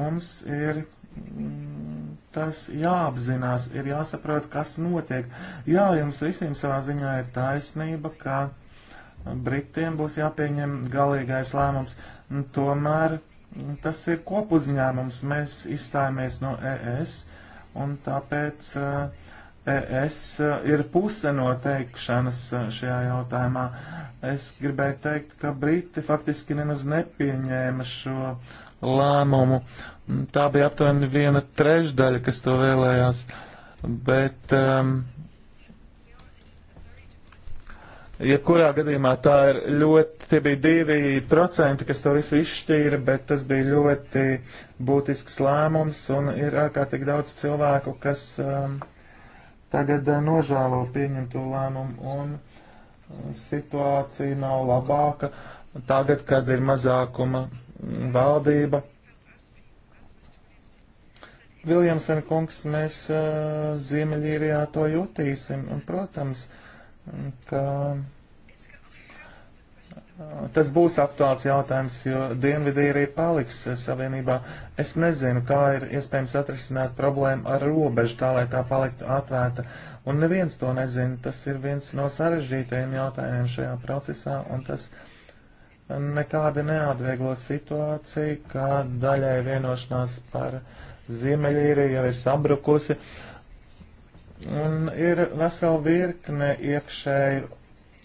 mums ir mm, tas jāapzinās, ir jāsaprot, kas notiek. Jā, jums visiem savā ziņā ir taisnība, ka Britiem būs jāpieņem galīgais lēmums. Tomēr tas ir kopuzņēmums, mēs izstājāmies no ES un tāpēc uh, ES e, ir puse no teikšanas e, šajā jautājumā. Es gribēju teikt, ka Briti faktiski nemaz nepieņēma šo lēmumu. Tā bija aptuveni viena trešdaļa, kas to vēlējās. Bet, um, jebkurā ja gadījumā tā ir ļoti, tie bija divi procenti, kas to visu izšķīra, bet tas bija ļoti būtisks lēmums un ir ārkārtīgi daudz cilvēku, kas um, tagad eh, nožēlo pieņemto lēmumu un eh, situācija nav labāka tagad, kad ir mazākuma mm, valdība. Viljamsen kungs, mēs uh, Ziemeļīrijā to jutīsim, un, protams, mm, ka. Uh, Tas būs aktuāls jautājums, jo Dienvidīrija paliks savienībā. Es nezinu, kā ir iespējams atrisināt problēmu ar robežu, tā lai tā paliktu atvērta. Un neviens to nezina. Tas ir viens no sarežģītajiem jautājumiem šajā procesā, un tas nekādi neatvieglo situāciju, kā daļai vienošanās par Ziemeļīriju jau ir sabrukusi. Un ir vesela virkne iekšēju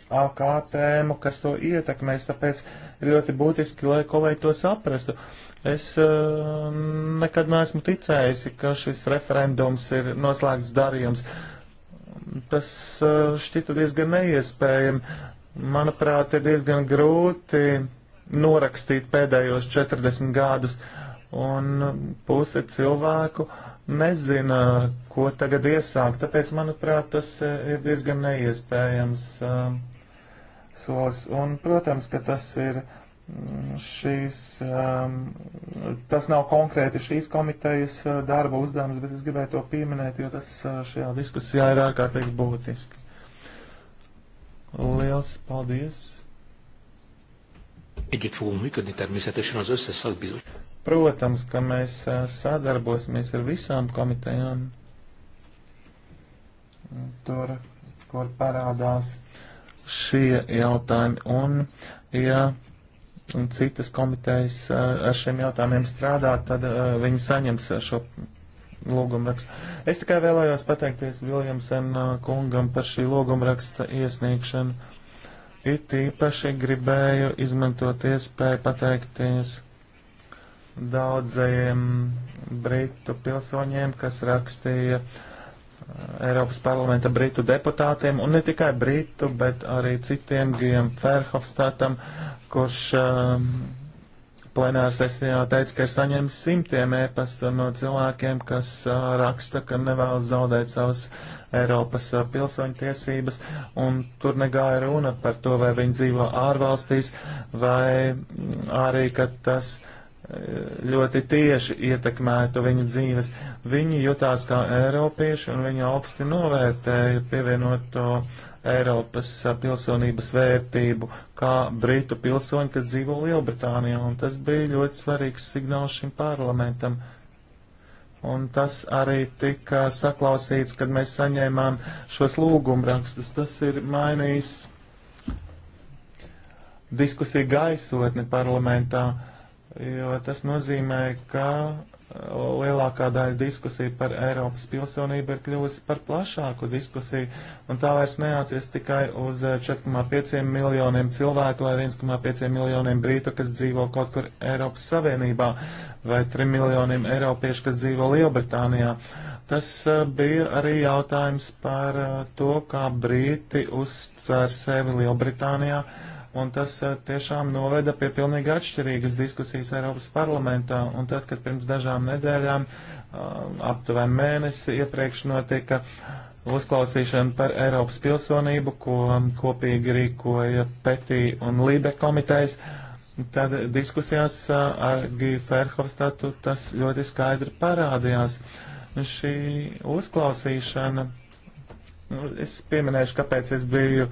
AK tēmu, kas to ietekmēs, tāpēc ir ļoti būtiski, lai kolēģi to saprastu. Es uh, nekad neesmu ticējusi, ka šis referendums ir noslēgts darījums. Tas uh, šķita diezgan neiespējami. Manuprāt, ir diezgan grūti norakstīt pēdējos 40 gadus, un puse cilvēku nezina, ko tagad iesākt. Tāpēc, manuprāt, tas uh, ir diezgan neiespējams. Uh, solis. Un, protams, ka tas ir mm, šīs, um, tas nav konkrēti šīs komitejas uh, darba uzdevums, bet es gribēju to pieminēt, jo tas uh, šajā diskusijā ir ārkārtīgi būtiski. Liels paldies! Együtt fogunk működni természetesen az összes szakbizottság. Protams, ka mēs uh, sadarbosimies ar visām komitejām, tur, kur parādās uh, šie jautājumi. Un, ja citas komitejas eh, ar šiem jautājumiem strādā, tad eh, viņi saņems eh, šo lūgumrakstu. Es tikai vēlējos pateikties Viljamsen kungam par šī lūgumraksta iesniegšanu. It īpaši gribēju izmantot iespēju pateikties daudzajiem britu pilsoņiem, kas rakstīja uh, Eiropas parlamenta britu deputātiem un ne tikai britu, bet arī citiem Gijam Ferhofstatam, kurš uh, plenāra sesijā teica, ka ir saņēmis simtiem ēpastu no cilvēkiem, kas uh, raksta, ka nevēlas zaudēt savas Eiropas uh, pilsoņu tiesības, un tur negāja runa par to, vai viņi dzīvo ārvalstīs, vai arī, ka tas. Uh, ļoti tieši ietekmētu viņu dzīves. Viņi jutās kā eiropieši un viņi augsti novērtēja pievienoto Eiropas pilsonības vērtību kā britu pilsoņi, kas dzīvo Lielbritānijā, un tas bija ļoti svarīgs signāls šim parlamentam. Un tas arī tika saklausīts, kad mēs saņēmām šos lūgumrakstus. Tas ir mainījis diskusiju gaisotni parlamentā. Uh, jo tas nozīmē, ka uh, lielākā daļa diskusija par Eiropas pilsonību ir kļuvusi par plašāku diskusiju, un tā vairs neācies tikai uz 4,5 uh, miljoniem cilvēku vai 1,5 miljoniem brītu, kas dzīvo kaut kur Eiropas Savienībā, vai 3 miljoniem eiropiešu, kas dzīvo Lielbritānijā. Tas uh, bija arī jautājums par to, kā brīti uztver sevi Lielbritānijā un tas eh, tiešām noveda pie pilnīgi atšķirīgas diskusijas Eiropas parlamentā. Un tad, kad pirms dažām nedēļām, eh, aptuveni mēnesi iepriekš notika uzklausīšana par Eiropas pilsonību, ko kopīgi rīkoja Petī un Lībe komitejas, tad diskusijās eh, ar Gīju Ferhofstatu tas ļoti skaidri parādījās. Šī uzklausīšana nu, Es pieminēšu, kāpēc es biju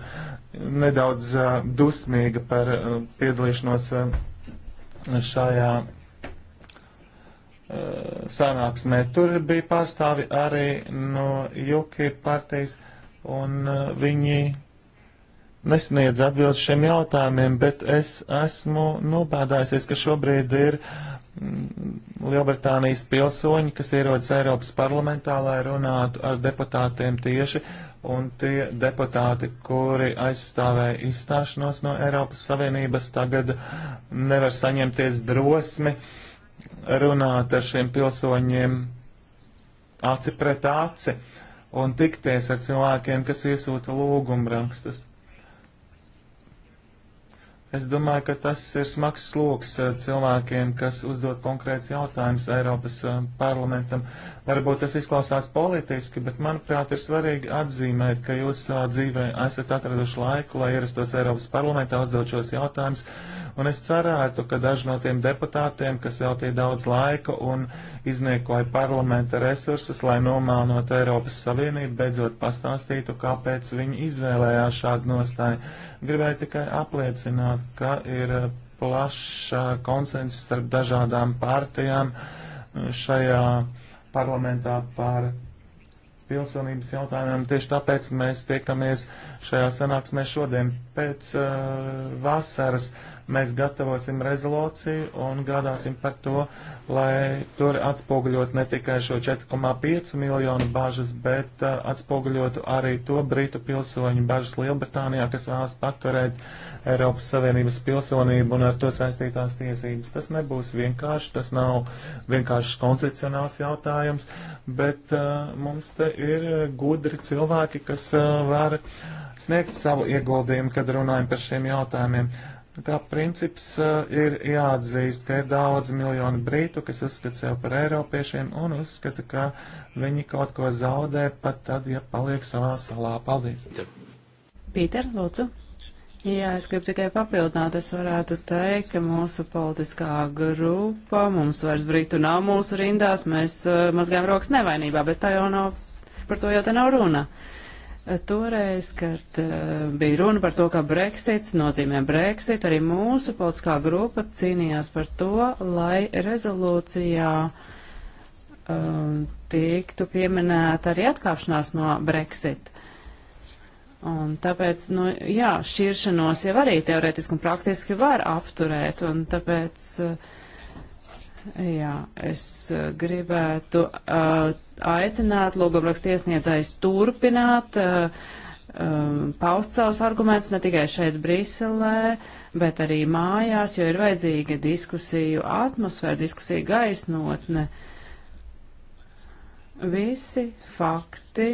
nedaudz uh, dusmīga par uh, piedalīšanos uh, šajā sanāksmē. Tur bija pārstāvi arī no UKIP partijas, un viņi nesniedz atbildes šiem jautājumiem, bet es esmu nobādājusies, ka šobrīd ir mm, Lielbritānijas pilsoņi, kas ierodas Eiropas parlamentā, lai runātu ar deputātiem tieši un tie deputāti, kuri aizstāvēja izstāšanos no Eiropas Savienības, tagad nevar saņemties drosmi runāt ar šiem pilsoņiem aci pret aci un tikties ar cilvēkiem, kas iesūta lūgumrakstus. Es domāju, ka tas ir smags sloks eh, cilvēkiem, kas uzdod konkrēts jautājums Eiropas eh, parlamentam. Varbūt tas izklausās politiski, bet manuprāt ir svarīgi atzīmēt, ka jūs eh, dzīvē esat atraduši laiku, lai ierastos Eiropas parlamentā, uzdod šos jautājumus Un es cerētu, ka daži no tiem deputātiem, kas veltīja daudz laika un izniekoja parlamenta resursus, lai nomēlnot Eiropas Savienību, beidzot pastāstītu, kāpēc viņi izvēlējās šādu nostāju. Gribēju tikai apliecināt, ka ir plašs konsensus starp dažādām partijām šajā parlamentā par pilsonības jautājumiem. Tieši tāpēc mēs tiekamies šajā sanāksmē šodien pēc uh, vasaras. Mēs gatavosim rezolūciju un gādāsim par to, lai tur atspoguļot ne tikai šo 4,5 miljonu bažas, bet uh, atspoguļotu arī to Britu pilsoņu bažas Lielbritānijā, kas vēlas paturēt Eiropas Savienības pilsonību un ar to saistītās tiesības. Tas nebūs vienkārši, tas nav vienkārši koncepcionāls jautājums, bet uh, mums te ir gudri cilvēki, kas uh, var sniegt savu ieguldījumu, kad runājam par šiem jautājumiem kā princips eh, ir jāatzīst, ka ir daudz miljonu brītu, kas uzskata sev par eiropiešiem un uzskata, ka viņi kaut ko zaudē pat tad, ja paliek savā salā. Paldies! Pīter, lūdzu! Jā, es gribu tikai papildināt, es varētu teikt, ka mūsu politiskā grupa, mums vairs brītu nav mūsu rindās, mēs uh, mazgājam rokas nevainībā, bet tā jau nav, par to jau te nav runa. Uh, Toreiz, kad eh, bija runa par to, ka Brexits nozīmē Brexit, arī mūsu politiskā grupa cīnījās par to, lai rezolūcijā um, tiktu pieminēta arī atkāpšanās no Brexit. Un tāpēc, nu, jā, šķiršanos jau arī teoretiski un praktiski var apturēt, un tāpēc, eh, jā, es gribētu uh, aicināt lūgumrakstu iesniedzējus turpināt, uh, um, paust savus argumentus ne tikai šeit Briselē, bet arī mājās, jo ir vajadzīga diskusiju atmosfēra, diskusija gaisnotne. Visi fakti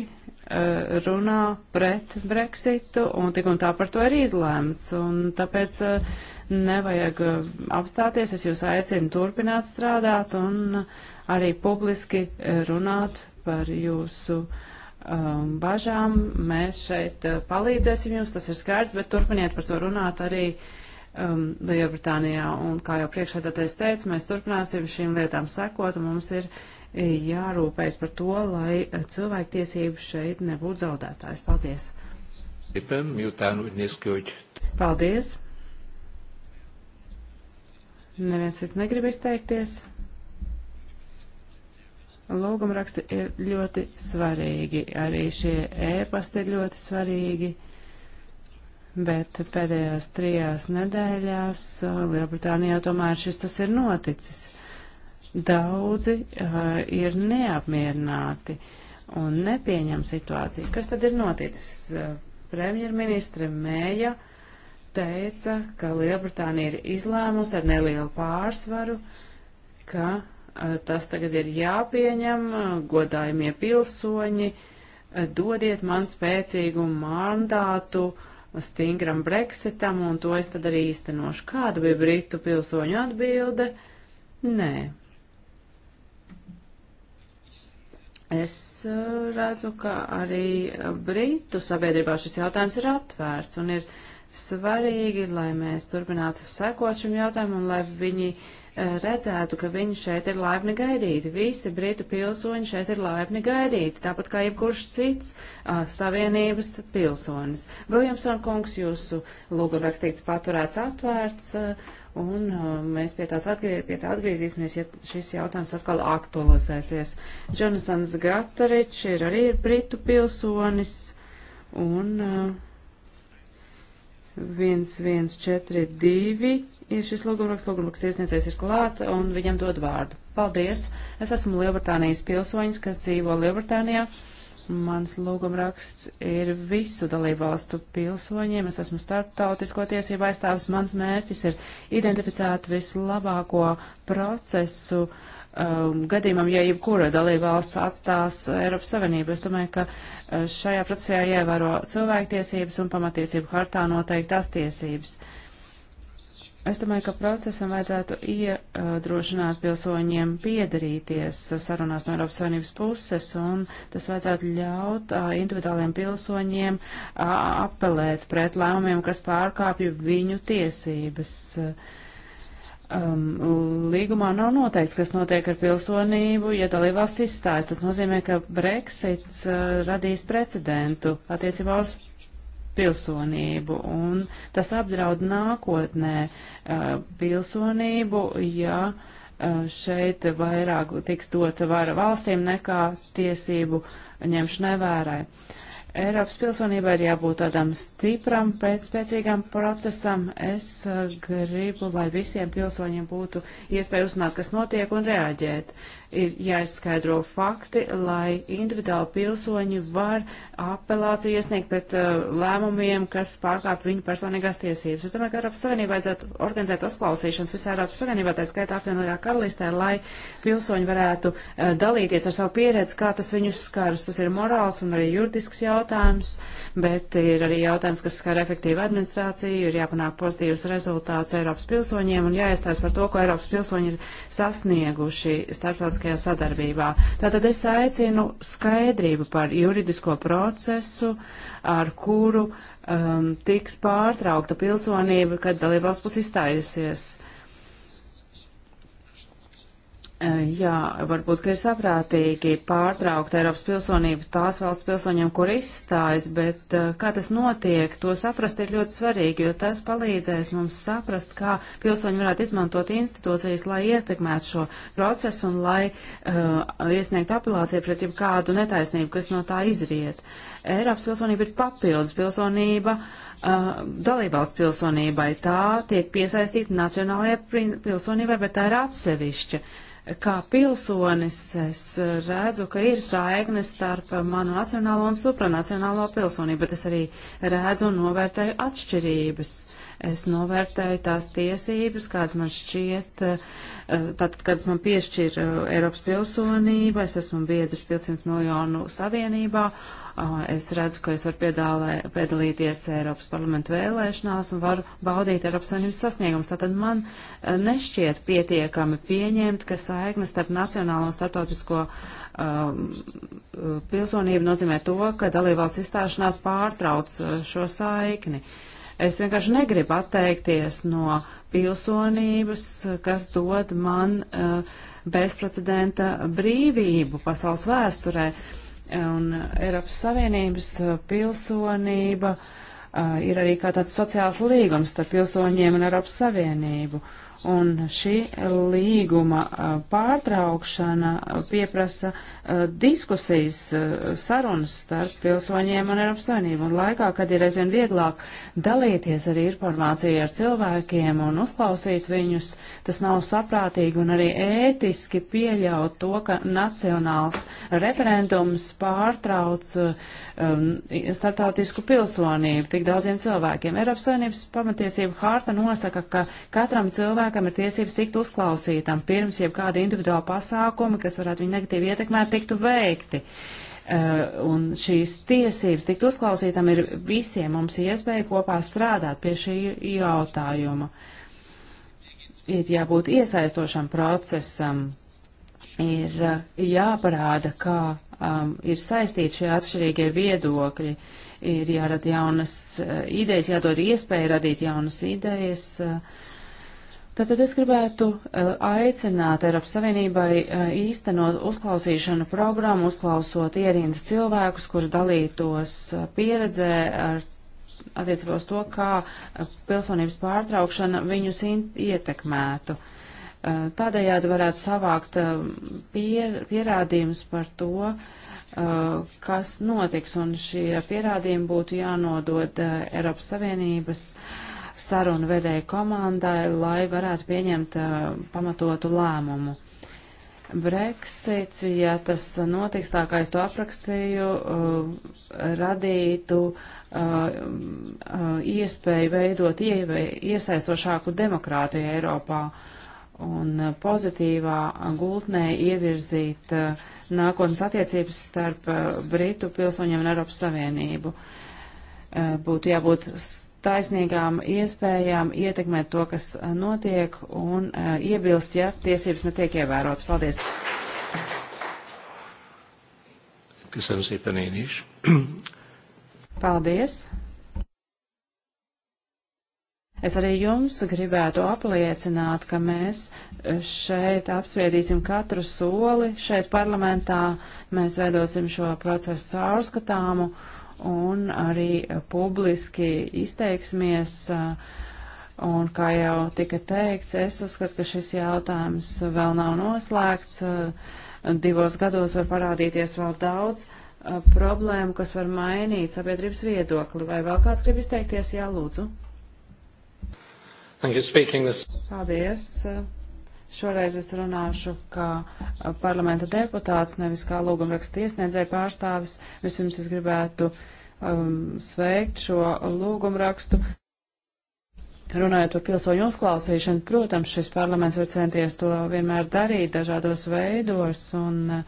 Eh, runā pret Brexitu, un tik un tā par to ir izlēmts. Un tāpēc eh, nevajag eh, apstāties, es jūs aicinu turpināt strādāt un arī publiski runāt par jūsu um, bažām. Mēs šeit palīdzēsim jums, tas ir skaidrs, bet turpiniet par to runāt arī um, Lielbritānijā. Un kā jau priekšsēdētais teica, mēs turpināsim šīm lietām sekot, un mums ir jārūpējas par to, lai cilvēktiesības šeit nebūtu zaudētājs. Paldies! Paldies! Neviens cits negrib izteikties. Lūgumraksti ir ļoti svarīgi, arī šie ēpasti ir ļoti svarīgi, bet pēdējās trijās nedēļās uh, Lielbritānijā tomēr šis tas ir noticis. Daudzi uh, ir neapmierināti un nepieņem situāciju. Kas tad ir noticis? Uh, Premjerministra Mēja teica, ka Lielbritānija ir izlēmusi ar nelielu pārsvaru, ka uh, tas tagad ir jāpieņem, uh, godājumie pilsoņi, uh, dodiet man spēcīgu mandātu, uh, stingram Brexitam, un to es tad arī īstenošu. Kāda bija Britu pilsoņu atbilde? Nē. Es eh, redzu, ka arī Britu sabiedrībā šis jautājums ir atvērts un ir svarīgi, lai mēs turpinātu sekot šim jautājumam un lai viņi eh, redzētu, ka viņi šeit ir laipni gaidīti. Visi Britu pilsoņi šeit ir laipni gaidīti, tāpat kā jebkurš cits a, eh, savienības pilsonis. Viljamson kungs, jūsu lūgumrakstīts paturēts atvērts. A, un uh, mēs pie, tās atgrie, pie tā atgriezīsimies, ja šis jautājums atkal aktualizēsies. Jonasans Gatarič ir arī ir Britu pilsonis, un 1142 uh, ir šis lūgumraks, lūgumraks tiesniecais ir klāt, un viņam dod vārdu. Paldies! Es esmu Lielbritānijas pilsoņis, kas dzīvo Lielbritānijā. Mans lūgumraksts ir visu dalībvalstu pilsoņiem. Es esmu starptautisko tiesību aizstāvis. Mans mērķis ir identificēt vislabāko procesu um, gadījumam, ja jebkura dalībvalsts atstās Eiropas Savienību. Es domāju, ka uh, šajā procesā jāievēro cilvēktiesības un pamatiesību hartā noteiktās tiesības. Uh, Es domāju, ka procesam vajadzētu iedrošināt pilsoņiem piedarīties sarunās no Eiropas Savienības puses, un tas vajadzētu ļaut uh, individuāliem pilsoņiem uh, apelēt pret lēmumiem, kas pārkāpja viņu tiesības. Um, līgumā nav noteikts, kas notiek ar pilsonību, ja dalībvalsts izstājas. Tas nozīmē, ka Brexits uh, radīs precedentu attiecībā uz pilsonību, un tas apdraud nākotnē pilsonību, ja šeit vairāk tiks dota vara valstīm nekā tiesību ņemšanai vērai. Eiropas pilsonībai ir jābūt tādam stipram, pēcspēcīgam procesam. Es gribu, lai visiem pilsoņiem būtu iespēja uzzināt, kas notiek un reaģēt ir jāizskaidro fakti, lai individuāli pilsoņi var apelāciju iesniegt pret uh, lēmumiem, kas pārkāp viņu personīgās tiesības. Es domāju, ka Eiropas Savienībā vajadzētu organizēt uzklausīšanas visā Eiropas Savienībā, tā skaitā apvienotajā karalistē, lai pilsoņi varētu uh, dalīties ar savu pieredzi, kā tas viņus skars. Tas ir morāls un arī juridisks jautājums, bet ir arī jautājums, kas skar efektīvu administrāciju, ir jāpanāk pozitīvs rezultāts Eiropas pilsoņiem un jāiestājas par to, ko Eiropas pilsoņi ir sasnieguši starptautiskā starptautiskajā sadarbībā. Tātad es aicinu skaidrību par juridisko procesu, ar kuru um, tiks pārtraukta pilsonība, kad dalībvalsts būs izstājusies. Eh, jā, varbūt, ka ir saprātīgi pārtraukt Eiropas pilsonību tās valsts pilsoņiem, kur izstājas, bet eh, kā tas notiek, to saprast ir ļoti svarīgi, jo tas palīdzēs mums saprast, kā pilsoņi varētu izmantot institūcijas, lai ietekmētu šo procesu un lai uh, iesniegtu apelāciju pret jau kādu netaisnību, kas no tā izriet. Eiropas pilsonība ir papildus pilsonība. Uh, dalībvalsts pilsonībai tā tiek piesaistīta nacionālajai pilsonībai, bet tā ir atsevišķa. Uh, Kā pilsonis es redzu, ka ir saiknes starp manu nacionālo un supranacionālo pilsonību, bet es arī redzu un novērtēju atšķirības. Uh, Es novērtēju tās tiesības, kādas man šķiet, eh, tātad, kādas man piešķir eh, Eiropas pilsonība. Es esmu biedrs 500 miljonu savienībā. Eh, es redzu, ka es varu piedālē, piedalīties Eiropas parlamentu vēlēšanās un varu baudīt Eiropas saimnības sasniegumus. Tātad man nešķiet pietiekami pieņemt, ka saiknes starp nacionālo un starptautisko pilsonību nozīmē to, ka dalībvalsts izstāšanās pārtrauc šo saikni. Uh, Es vienkārši negribu atteikties no pilsonības, kas dod man uh, bezprecedenta brīvību pasaules vēsturē. Un Eiropas Savienības eh, pilsonība uh, ir arī kā tāds sociāls līgums starp pilsoņiem un Eiropas Savienību. Uh, Un šī līguma pārtraukšana pieprasa diskusijas, sarunas starp pilsoņiem un Eiropas Savienību. Un laikā, kad ir aizvien vieglāk dalīties ar informāciju ar cilvēkiem un uzklausīt viņus, Tas nav saprātīgi un arī ētiski pieļaut to, ka nacionāls referendums pārtrauc um, startautisku pilsonību tik daudziem cilvēkiem. Eiropas Savienības pamatiesība harta nosaka, ka katram cilvēkam ir tiesības tikt uzklausītam pirms jebkāda individuāla pasākuma, kas varētu viņu negatīvi ietekmēt, tiktu veikti. Uh, un šīs tiesības tikt uzklausītam ir visiem mums iespēja kopā strādāt pie šī jautājuma. Uh, ir jābūt iesaistošam procesam, ir uh, jāparāda, kā um, ir saistīti šie atšķirīgie viedokļi, ir jārada jaunas uh, idejas, jādod iespēja radīt jaunas idejas. Uh, Tātad es gribētu uh, aicināt Eiropas Savienībai uh, īstenot uzklausīšanu programmu, uzklausot ierindas cilvēkus, kuri dalītos uh, pieredzē ar attiecībā uz to, kā eh, pilsonības pārtraukšana viņus ietekmētu. Eh, tādējādi varētu savākt eh, pier, pierādījumus par to, kas notiks, un šie pierādījumi būtu jānodod Eiropas Savienības sarunu vedēju komandai, lai varētu pieņemt pamatotu lēmumu. Brexits, ja tas notiks tā, kā es to aprakstīju, radītu uh, Uh, um, uh, iespēju veidot iesaistošāku demokrātiju Eiropā un uh, pozitīvā gultnē ievirzīt nākotnes attiecības starp Britu pilsoņiem un Eiropas Savienību. Būtu jābūt taisnīgām iespējām ietekmēt to, kas notiek, un iebilst, ja tiesības netiek ievērotas. Paldies! Köszönöm szépen én is. Paldies! Es arī jums gribētu apliecināt, ka mēs eh, šeit apspriedīsim katru soli šeit parlamentā, mēs veidosim šo procesu caurskatāmu un arī eh, publiski izteiksimies. Eh, un, kā jau tika teikts, es uzskatu, ka šis jautājums vēl nav noslēgts. Divos gados var parādīties vēl daudz problēmu, kas var mainīt sabiedrības viedokli. Vai vēl kāds grib izteikties? Jā, lūdzu. Paldies. Šoreiz es runāšu kā parlamenta deputāts, nevis kā lūgumraksta iesniedzēja pārstāvis. Vispirms es gribētu um, sveikt šo lūgumrakstu. Runājot par pilsoņu uzklausīšanu, protams, šis parlaments var centies to vienmēr darīt dažādos veidos, un eh,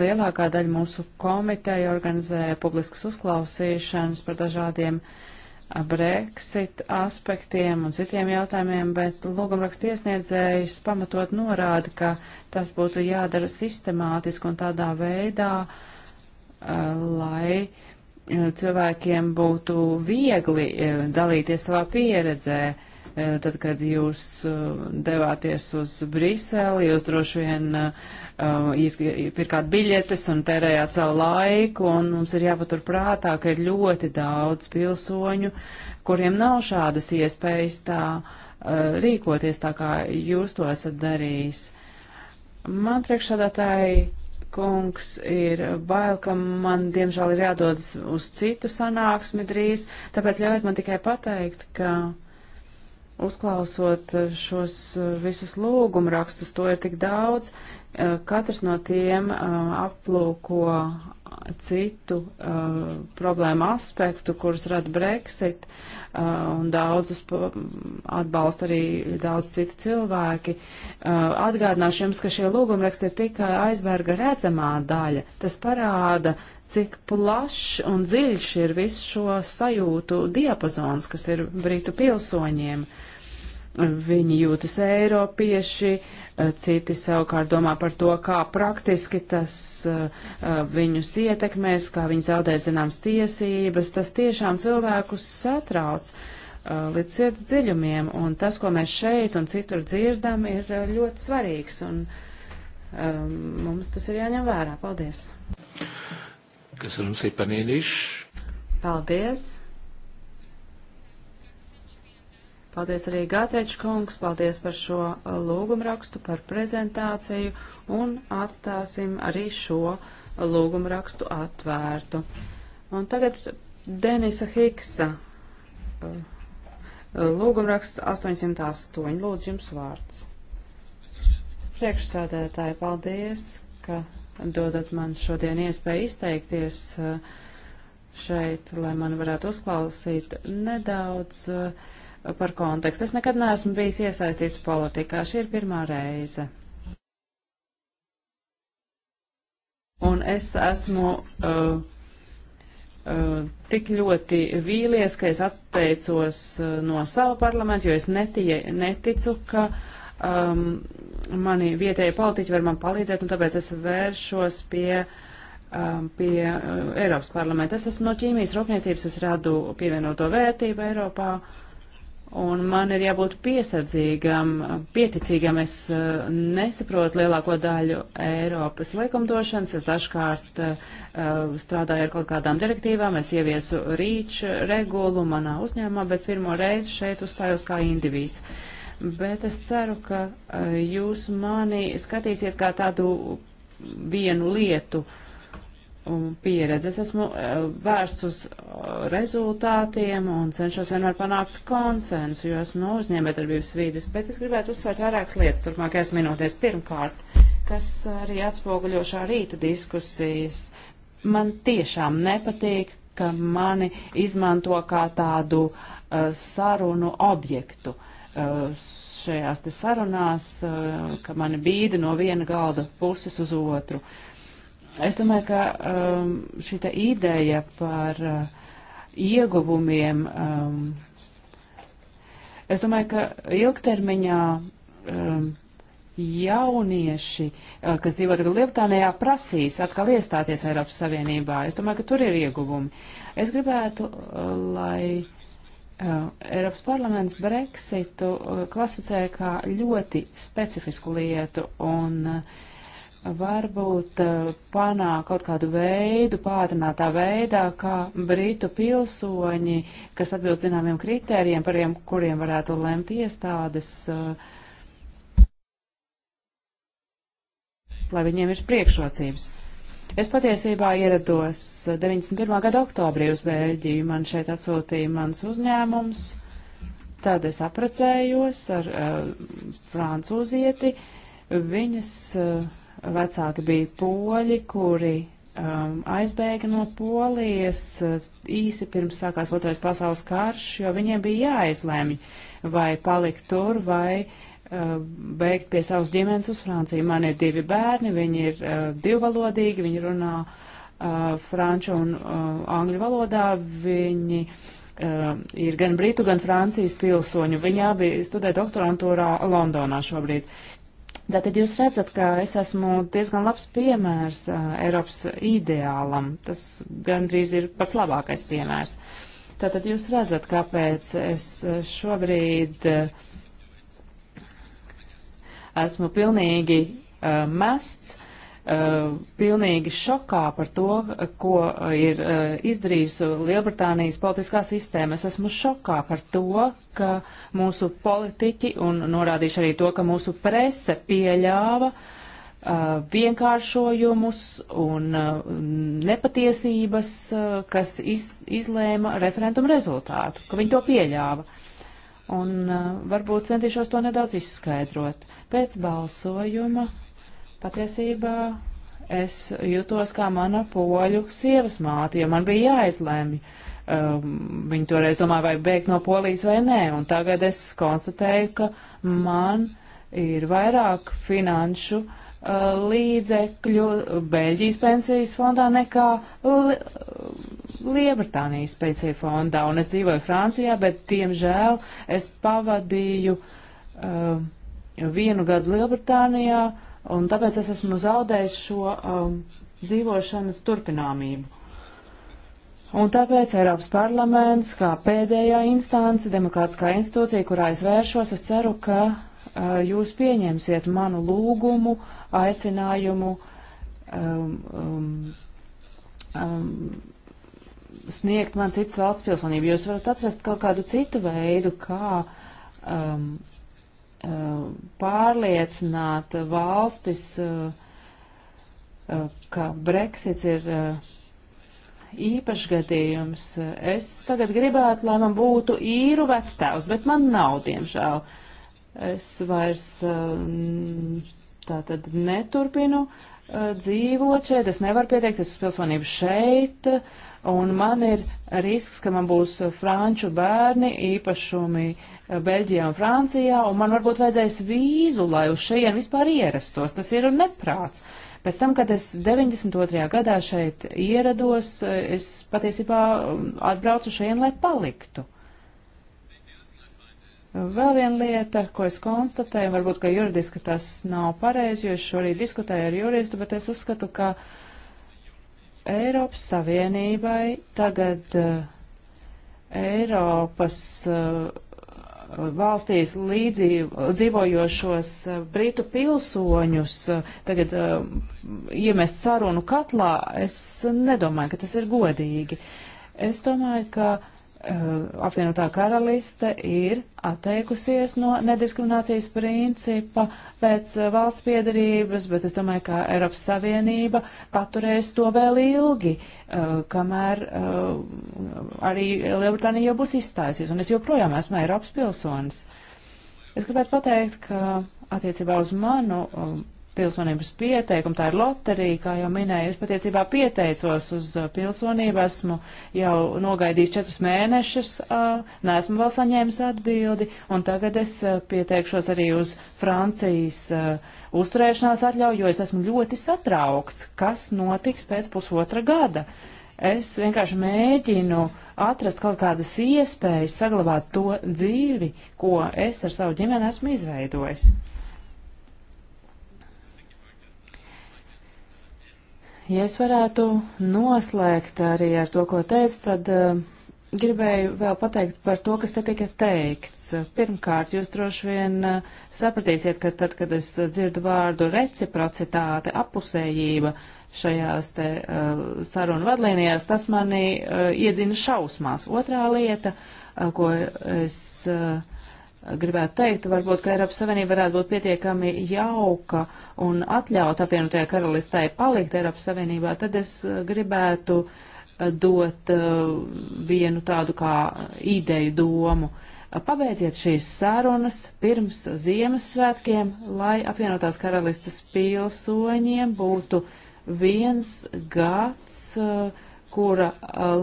lielākā daļa mūsu komiteja organizē publiskas uzklausīšanas par dažādiem eh, Brexit aspektiem un citiem jautājumiem, bet lūgumrakstu iesniedzējs pamatot norāda, ka tas būtu jādara sistemātiski un tādā veidā, eh, lai uh, Eh, cilvēkiem būtu viegli eh, dalīties savā pieredzē. Eh, tad, kad jūs devāties uz Briseli, jūs droši vien pirkāt biļetes un tērējāt savu laiku, un mums ir jāpatur prātā, ka ir ļoti daudz pilsoņu, kuriem nav šādas iespējas tā rīkoties tā, kā jūs to esat darījis. Man priekšādātāji kungs ir bail, ka man diemžēl ir jādodas uz citu sanāksmi drīz, tāpēc ļaujiet man tikai pateikt, ka uzklausot šos visus lūgumu rakstus, to ir tik daudz, e, katrs no tiem e, aplūko citu e, problēmu aspektu, kurus rada Brexit, Uh, un daudzus atbalsta arī daudz citu cilvēki. Uh, atgādināšu jums, ka šie lūgumraksti ir tikai uh, aizberga redzamā daļa. Tas parāda, cik plašs un dziļš ir visu šo sajūtu diapazons, kas ir Britu pilsoņiem. Viņi jūtas Eiropieši, uh, Eh, citi savukārt domā par to, kā praktiski tas eh, eh, viņus ietekmēs, kā viņi zaudēs zināmas tiesības. Tas tiešām cilvēkus satrauc līdz sirds dziļumiem, un tas, ko mēs šeit un citur dzirdam, ir ļoti svarīgs, un um, mums tas ir jāņem vērā. Paldies! Kas ir mums īpanīnišs? Paldies! Paldies arī Gātreča kungs, paldies par šo uh, lūgumrakstu, par prezentāciju un atstāsim arī šo uh, lūgumrakstu atvērtu. Un tagad Denisa Hiksa uh, lūgumraksts 808. Lūdzu, jums vārds. Priekšsādētāji, paldies, ka dodat man šodien iespēju izteikties šeit, lai man varētu uzklausīt nedaudz uh, par kontekstu. Es nekad neesmu bijis iesaistīts politikā. Šī ir pirmā reize. Un es esmu uh, uh, tik ļoti vīlies, ka es atteicos uh, no savu parlamentu, jo es netie, neticu, ka um, mani vietējie politiķi var man palīdzēt, un tāpēc es vēršos pie um, uh, pie Eiropas parlamenta. Es esmu no ķīmijas rūpniecības, es radu pievienoto vērtību Eiropā, Un man ir jābūt piesardzīgam, pieticīgam. Es uh, nesaprotu lielāko daļu Eiropas likumdošanas. Es dažkārt uh, strādāju ar kaut kādām direktīvām. Es ieviesu rīču regulu manā uzņēmumā, bet pirmo reizi šeit uzstājos kā individs. Bet es ceru, ka uh, jūs mani skatīsiet kā tādu vienu lietu. Uh, pieredzi. Es esmu eh, vērsts uz eh, rezultātiem un cenšos vienmēr panākt konsensu, jo esmu no uzņēmētarbības vīdes, bet es gribētu uzsvērt vairākas lietas turpmākajās minūtēs. Pirmkārt, kas arī atspoguļo šā rīta diskusijas, man tiešām nepatīk, ka mani izmanto kā tādu uh, sarunu objektu. Uh, šajās te sarunās, uh, ka mani bīda no viena galda puses uz otru. Uh, Es domāju, ka um, šī ideja par uh, ieguvumiem, um, es domāju, ka ilgtermiņā um, jaunieši, uh, kas dzīvo tagad Lielbritānijā, prasīs atkal iestāties Eiropas Savienībā. Es domāju, ka tur ir ieguvumi. Es gribētu, uh, lai. Uh, Eiropas parlaments Brexitu uh, klasificē kā ļoti specifisku lietu, un uh, varbūt eh, panāk kaut kādu veidu, pātrinātā veidā, kā britu pilsoņi, kas atbild zināmiem kritērijiem, par kuriem varētu lemt iestādes, eh, lai viņiem ir priekšrocības. Es patiesībā ierados 91. gada oktobrī uz Bēļģiju, man šeit atsūtīja mans uzņēmums, tad es aprecējos ar uh, francūzieti, viņas. Uh, Vecāki bija poļi, kuri um, aizbēga no Polijas uh, īsi pirms sākās otrais pasaules karš, jo viņiem bija jāizlemj, vai palikt tur, vai uh, beigt pie savas ģimenes uz Franciju. Man ir divi bērni, viņi ir uh, divvalodīgi, viņi runā uh, franču un uh, angļu valodā, viņi uh, ir gan britu, gan francijas pilsoņu. Viņi abi studē doktorantūrā Londonā šobrīd. Tātad jūs redzat, ka es esmu diezgan labs piemērs uh, Eiropas ideālam. Tas gandrīz ir pats labākais piemērs. Tātad jūs redzat, kāpēc es šobrīd uh, esmu pilnīgi uh, mests. Uh, uh, pilnīgi šokā par to, ko eh, ir uh, eh, izdarījusi Lielbritānijas politiskā sistēma. Es esmu šokā par to, ka mūsu politiķi, un norādīšu arī to, ka mūsu prese pieļāva uh, vienkāršojumus un nepatiesības, kas iz, izlēma referendumu rezultātu, ka viņi to pieļāva. Un varbūt centīšos to nedaudz izskaidrot. Pēc balsojuma Patiesībā es jutos kā mana poļu sievas māte, jo man bija jāizlemj. Um, viņa toreiz domāja, vai bēgt no polijas vai nē, un tagad es konstatēju, ka man ir vairāk finanšu uh, līdzekļu Beļģijas pensijas fondā nekā li Liebritānijas pensiju fondā, un es dzīvoju Francijā, bet, diemžēl, es pavadīju uh, vienu gadu Liebritānijā, uh, un tāpēc es esmu zaudējis šo um, dzīvošanas turpināmību. Un tāpēc Eiropas parlaments, kā pēdējā instance, demokrātiskā institūcija, kurā es vēršos, es ceru, ka uh, jūs pieņemsiet manu lūgumu, aicinājumu um, um, um, sniegt man citas valsts pilsonību. Jūs varat atrast kaut kādu citu veidu, kā um, Uh, pārliecināt valstis, uh, uh, ka Brexits ir īpašgadījums. Es tagad gribētu, lai man būtu īru vecstāvs, bet man nav, diemžēl. Es vairs tā tad neturpinu dzīvot šeit, es nevaru pieteikties uz pilsonību šeit. Uh, un man ir risks, ka man būs franču bērni īpašumi eh, Beļģijā un Francijā, un man varbūt vajadzēs vīzu, lai uz šajiem vispār ierastos. Tas ir neprāts. Pēc tam, kad es 92. gadā šeit ierados, eh, es patiesībā um, atbraucu šeit, lai paliktu. Vēl viena lieta, ko es konstatēju, varbūt, ka juridiski tas nav pareizi, jo es šorīt diskutēju ar juristu, bet es uzskatu, ka uh, Eiropas Savienībai tagad uh, Eiropas uh, valstīs līdzīvojošos uh, eh, britu pilsoņus tagad iemest sarunu katlā, es nedomāju, ka tas ir godīgi. Es domāju, ka Eh, apvienotā karaliste ir atteikusies no nediskriminācijas principa pēc eh, valsts piedarības, bet es domāju, ka Eiropas Savienība paturēs to vēl ilgi, eh, kamēr arī Lielbritānija jau būs izstājusies, un es joprojām esmu Eiropas pilsonis. Es gribētu pateikt, ka attiecībā uz manu um, pilsonības pieteikumu. Tā ir loterija, kā jau minēju. Es patiecībā pieteicos uz uh, pilsonību, esmu jau nogaidījis četrus mēnešus, uh, neesmu vēl saņēmis atbildi, un tagad es uh, pieteikšos arī uz Francijas uzturēšanās atļauju, jo es esmu ļoti satraukts, kas notiks pēc pusotra gada. Es vienkārši mēģinu atrast kaut kādas iespējas saglabāt to dzīvi, ko es ar savu ģimeni esmu izveidojis. Ja es varētu noslēgt arī ar to, ko teicu, tad uh, gribēju vēl pateikt par to, kas te tika teikts. Pirmkārt, jūs droši vien uh, sapratīsiet, ka tad, kad es dzirdu vārdu reciprocitāte, apusējība šajās te uh, sarunu vadlīnijās, tas mani iedzina šausmās. Otrā lieta, ko es gribētu teikt, varbūt, ka Eiropas Savienība varētu būt pietiekami jauka un atļaut apvienotajā karalistē palikt Eiropas Savienībā, tad es eh, gribētu eh, dot eh, vienu tādu kā ideju domu. Pabeidziet šīs sarunas pirms Ziemassvētkiem, lai apvienotās karalistas pilsoņiem būtu viens gads uh, kura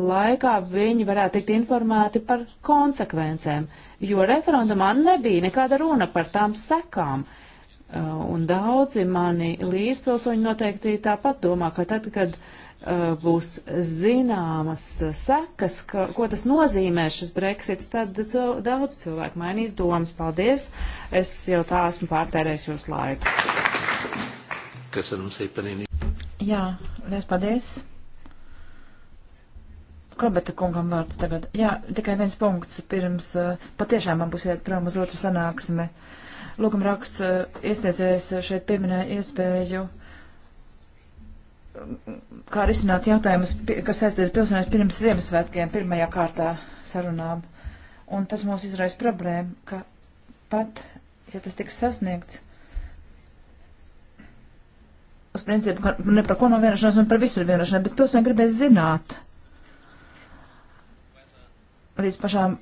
laikā viņi varētu tikt informēti par konsekvencēm, jo referendumā nebija nekāda runa par tām sekām. Un daudzi mani līdzpilsoņi noteikti tāpat domā, ka tad, kad būs zināmas sekas, ka, ko tas nozīmē šis Brexits, tad daudz cilvēku mainīs domas. Paldies! Es jau tā esmu pārtērējis jūsu laiku. Kas ar mums ir panīnī? Jā, liels paldies! Kobeta kungam vārds tagad. Jā, tikai viens punkts pirms, eh, patiešām man būs iet prom uz otru sanāksmi. Lūgum raksts eh, iesniedzējs šeit pieminēja iespēju, mm, kā risināt jautājumus, kas saistīti pilsonēs pirms Ziemassvētkiem, pirmajā kārtā sarunām. Un tas mums izraisa problēmu, ka pat, ja tas tiks sasniegts, uz principu, ka ne par ko nav vienošanās, un par visu ir vienošanās, bet pilsēni gribēs zināt līdz pašām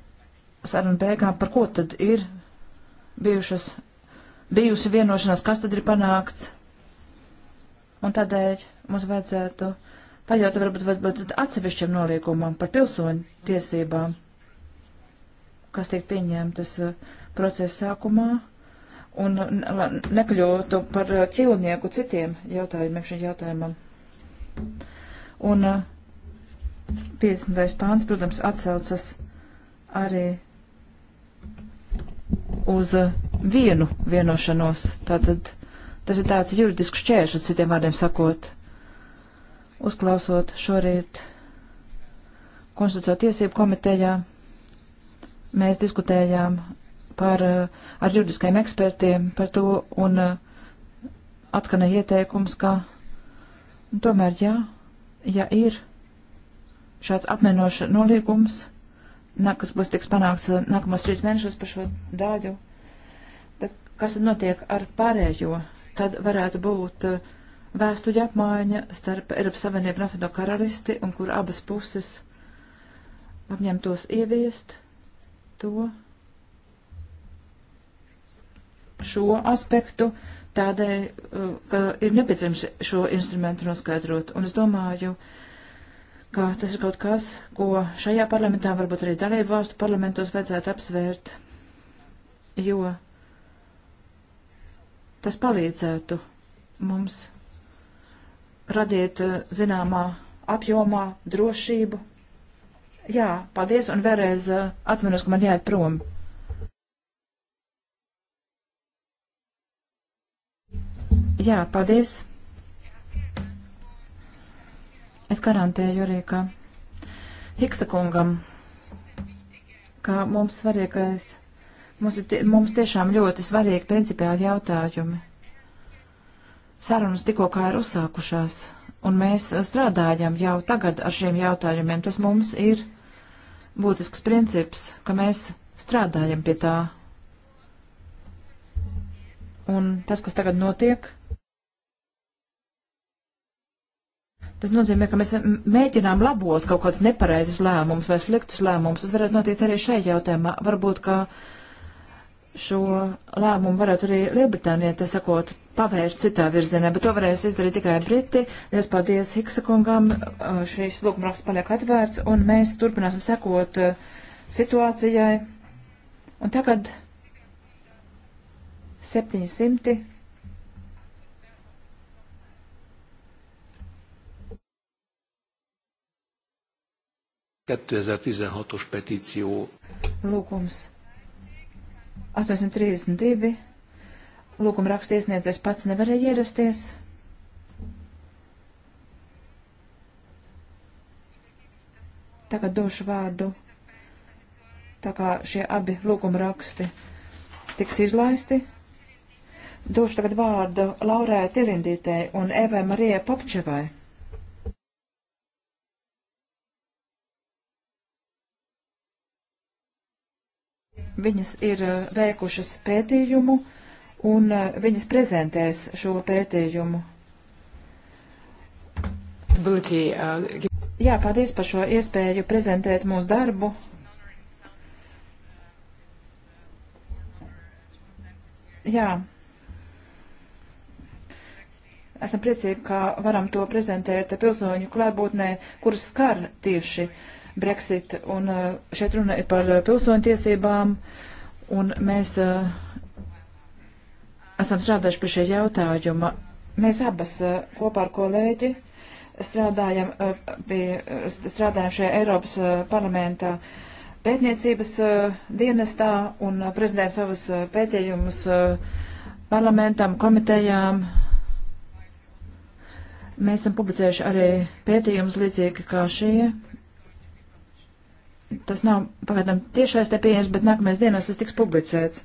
sarunu beigām, par ko tad ir bijušas, bijusi vienošanās, kas tad ir panākts. Un tādēļ mums vajadzētu pajautāt varbūt, varbūt atsevišķiem noliekumam par pilsoņu tiesībām, kas tiek pieņemtas uh, procesa sākumā, un uh, nekļūtu par uh, ķīlnieku citiem jautājumiem šim jautājumam. Un 50. pāns, protams, atsaucas arī uz vienu vienošanos. Tātad tas ir tāds juridisks šķēršļs, citiem vārdiem sakot. Uzklausot šorīt Konstitucionālo tiesību komitejā, mēs diskutējām par, ar juridiskiem ekspertiem par to un atskanēja ieteikums, ka tomēr jā, ja ir šāds apmienoša nolīgums, kas būs tiks panāks uh, nākamos trīs mēnešos par šo daļu, tad kas tad notiek ar pārējo? Tad varētu būt uh, vēstuļa apmaiņa starp Eiropas Savienību un Afrino karalisti, un kur abas puses apņemtos ieviest to šo aspektu, tādēļ, uh, ka ir nepieciešams šo instrumentu noskaidrot. Un es domāju, uh, ka tas ir kaut kas, ko šajā parlamentā, varbūt arī dalību valstu parlamentos vajadzētu apsvērt, jo tas palīdzētu mums radīt eh, zināmā apjomā drošību. Jā, paldies, un vēlreiz eh, atceros, ka man jāiet prom. Jā, paldies. Es garantēju arī, ka Hiksa kungam, ka mums svarīgais, mums, ir, mums tiešām ļoti svarīgi principiāli jautājumi. Sarunas tikko kā ir uzsākušās, un mēs strādājam jau tagad ar šiem jautājumiem. Tas mums ir būtisks princips, ka mēs strādājam pie tā. Un tas, kas tagad notiek, Tas nozīmē, ka mēs mēģinām labot kaut kādus nepareizus lēmumus vai sliktus lēmumus. Tas varētu notikt arī šajā jautājumā. Varbūt, ka šo lēmumu varētu arī Lielbritānija, tā sakot, pavērst citā virzienā, bet to varēs izdarīt tikai Briti. Es paldies Hiksa kungam, šīs lūgumraksts paliek atvērts, un mēs turpināsim sekot situācijai. Un tagad 700. 2016-os petíció. Lūgums 832. Lūguma raksta iesniedzējs pats nevarēja ierasties. Tagad došu vārdu. Tā kā šie abi lūguma raksti tiks izlaisti. Došu tagad vārdu Laurē Tilindītei un Evai Marijai Popčevai. Viņas ir eh, veikušas pētījumu un eh, viņas prezentēs šo pētījumu. Uh, Jā, paldies par šo iespēju prezentēt mūsu darbu. Jā. Esam priecīgi, ka varam to prezentēt pilsoņu klēbūtnē, kuras skar tieši uh, Brexit, un uh, šeit runa ir par uh, pilsoņu tiesībām, un mēs uh, esam strādājuši pie šī jautājuma. Mēs abas uh, kopā ar kolēģi strādājam, uh, pie, uh, strādājam šajā Eiropas parlamentā pētniecības dienestā un prezentējam savus pētījumus parlamentam, komitejām. Mēs esam publicējuši arī pētījumus līdzīgi kā šie, tas nav pagaidām tiešais te pieejams, bet nākamais dienās tas tiks publicēts.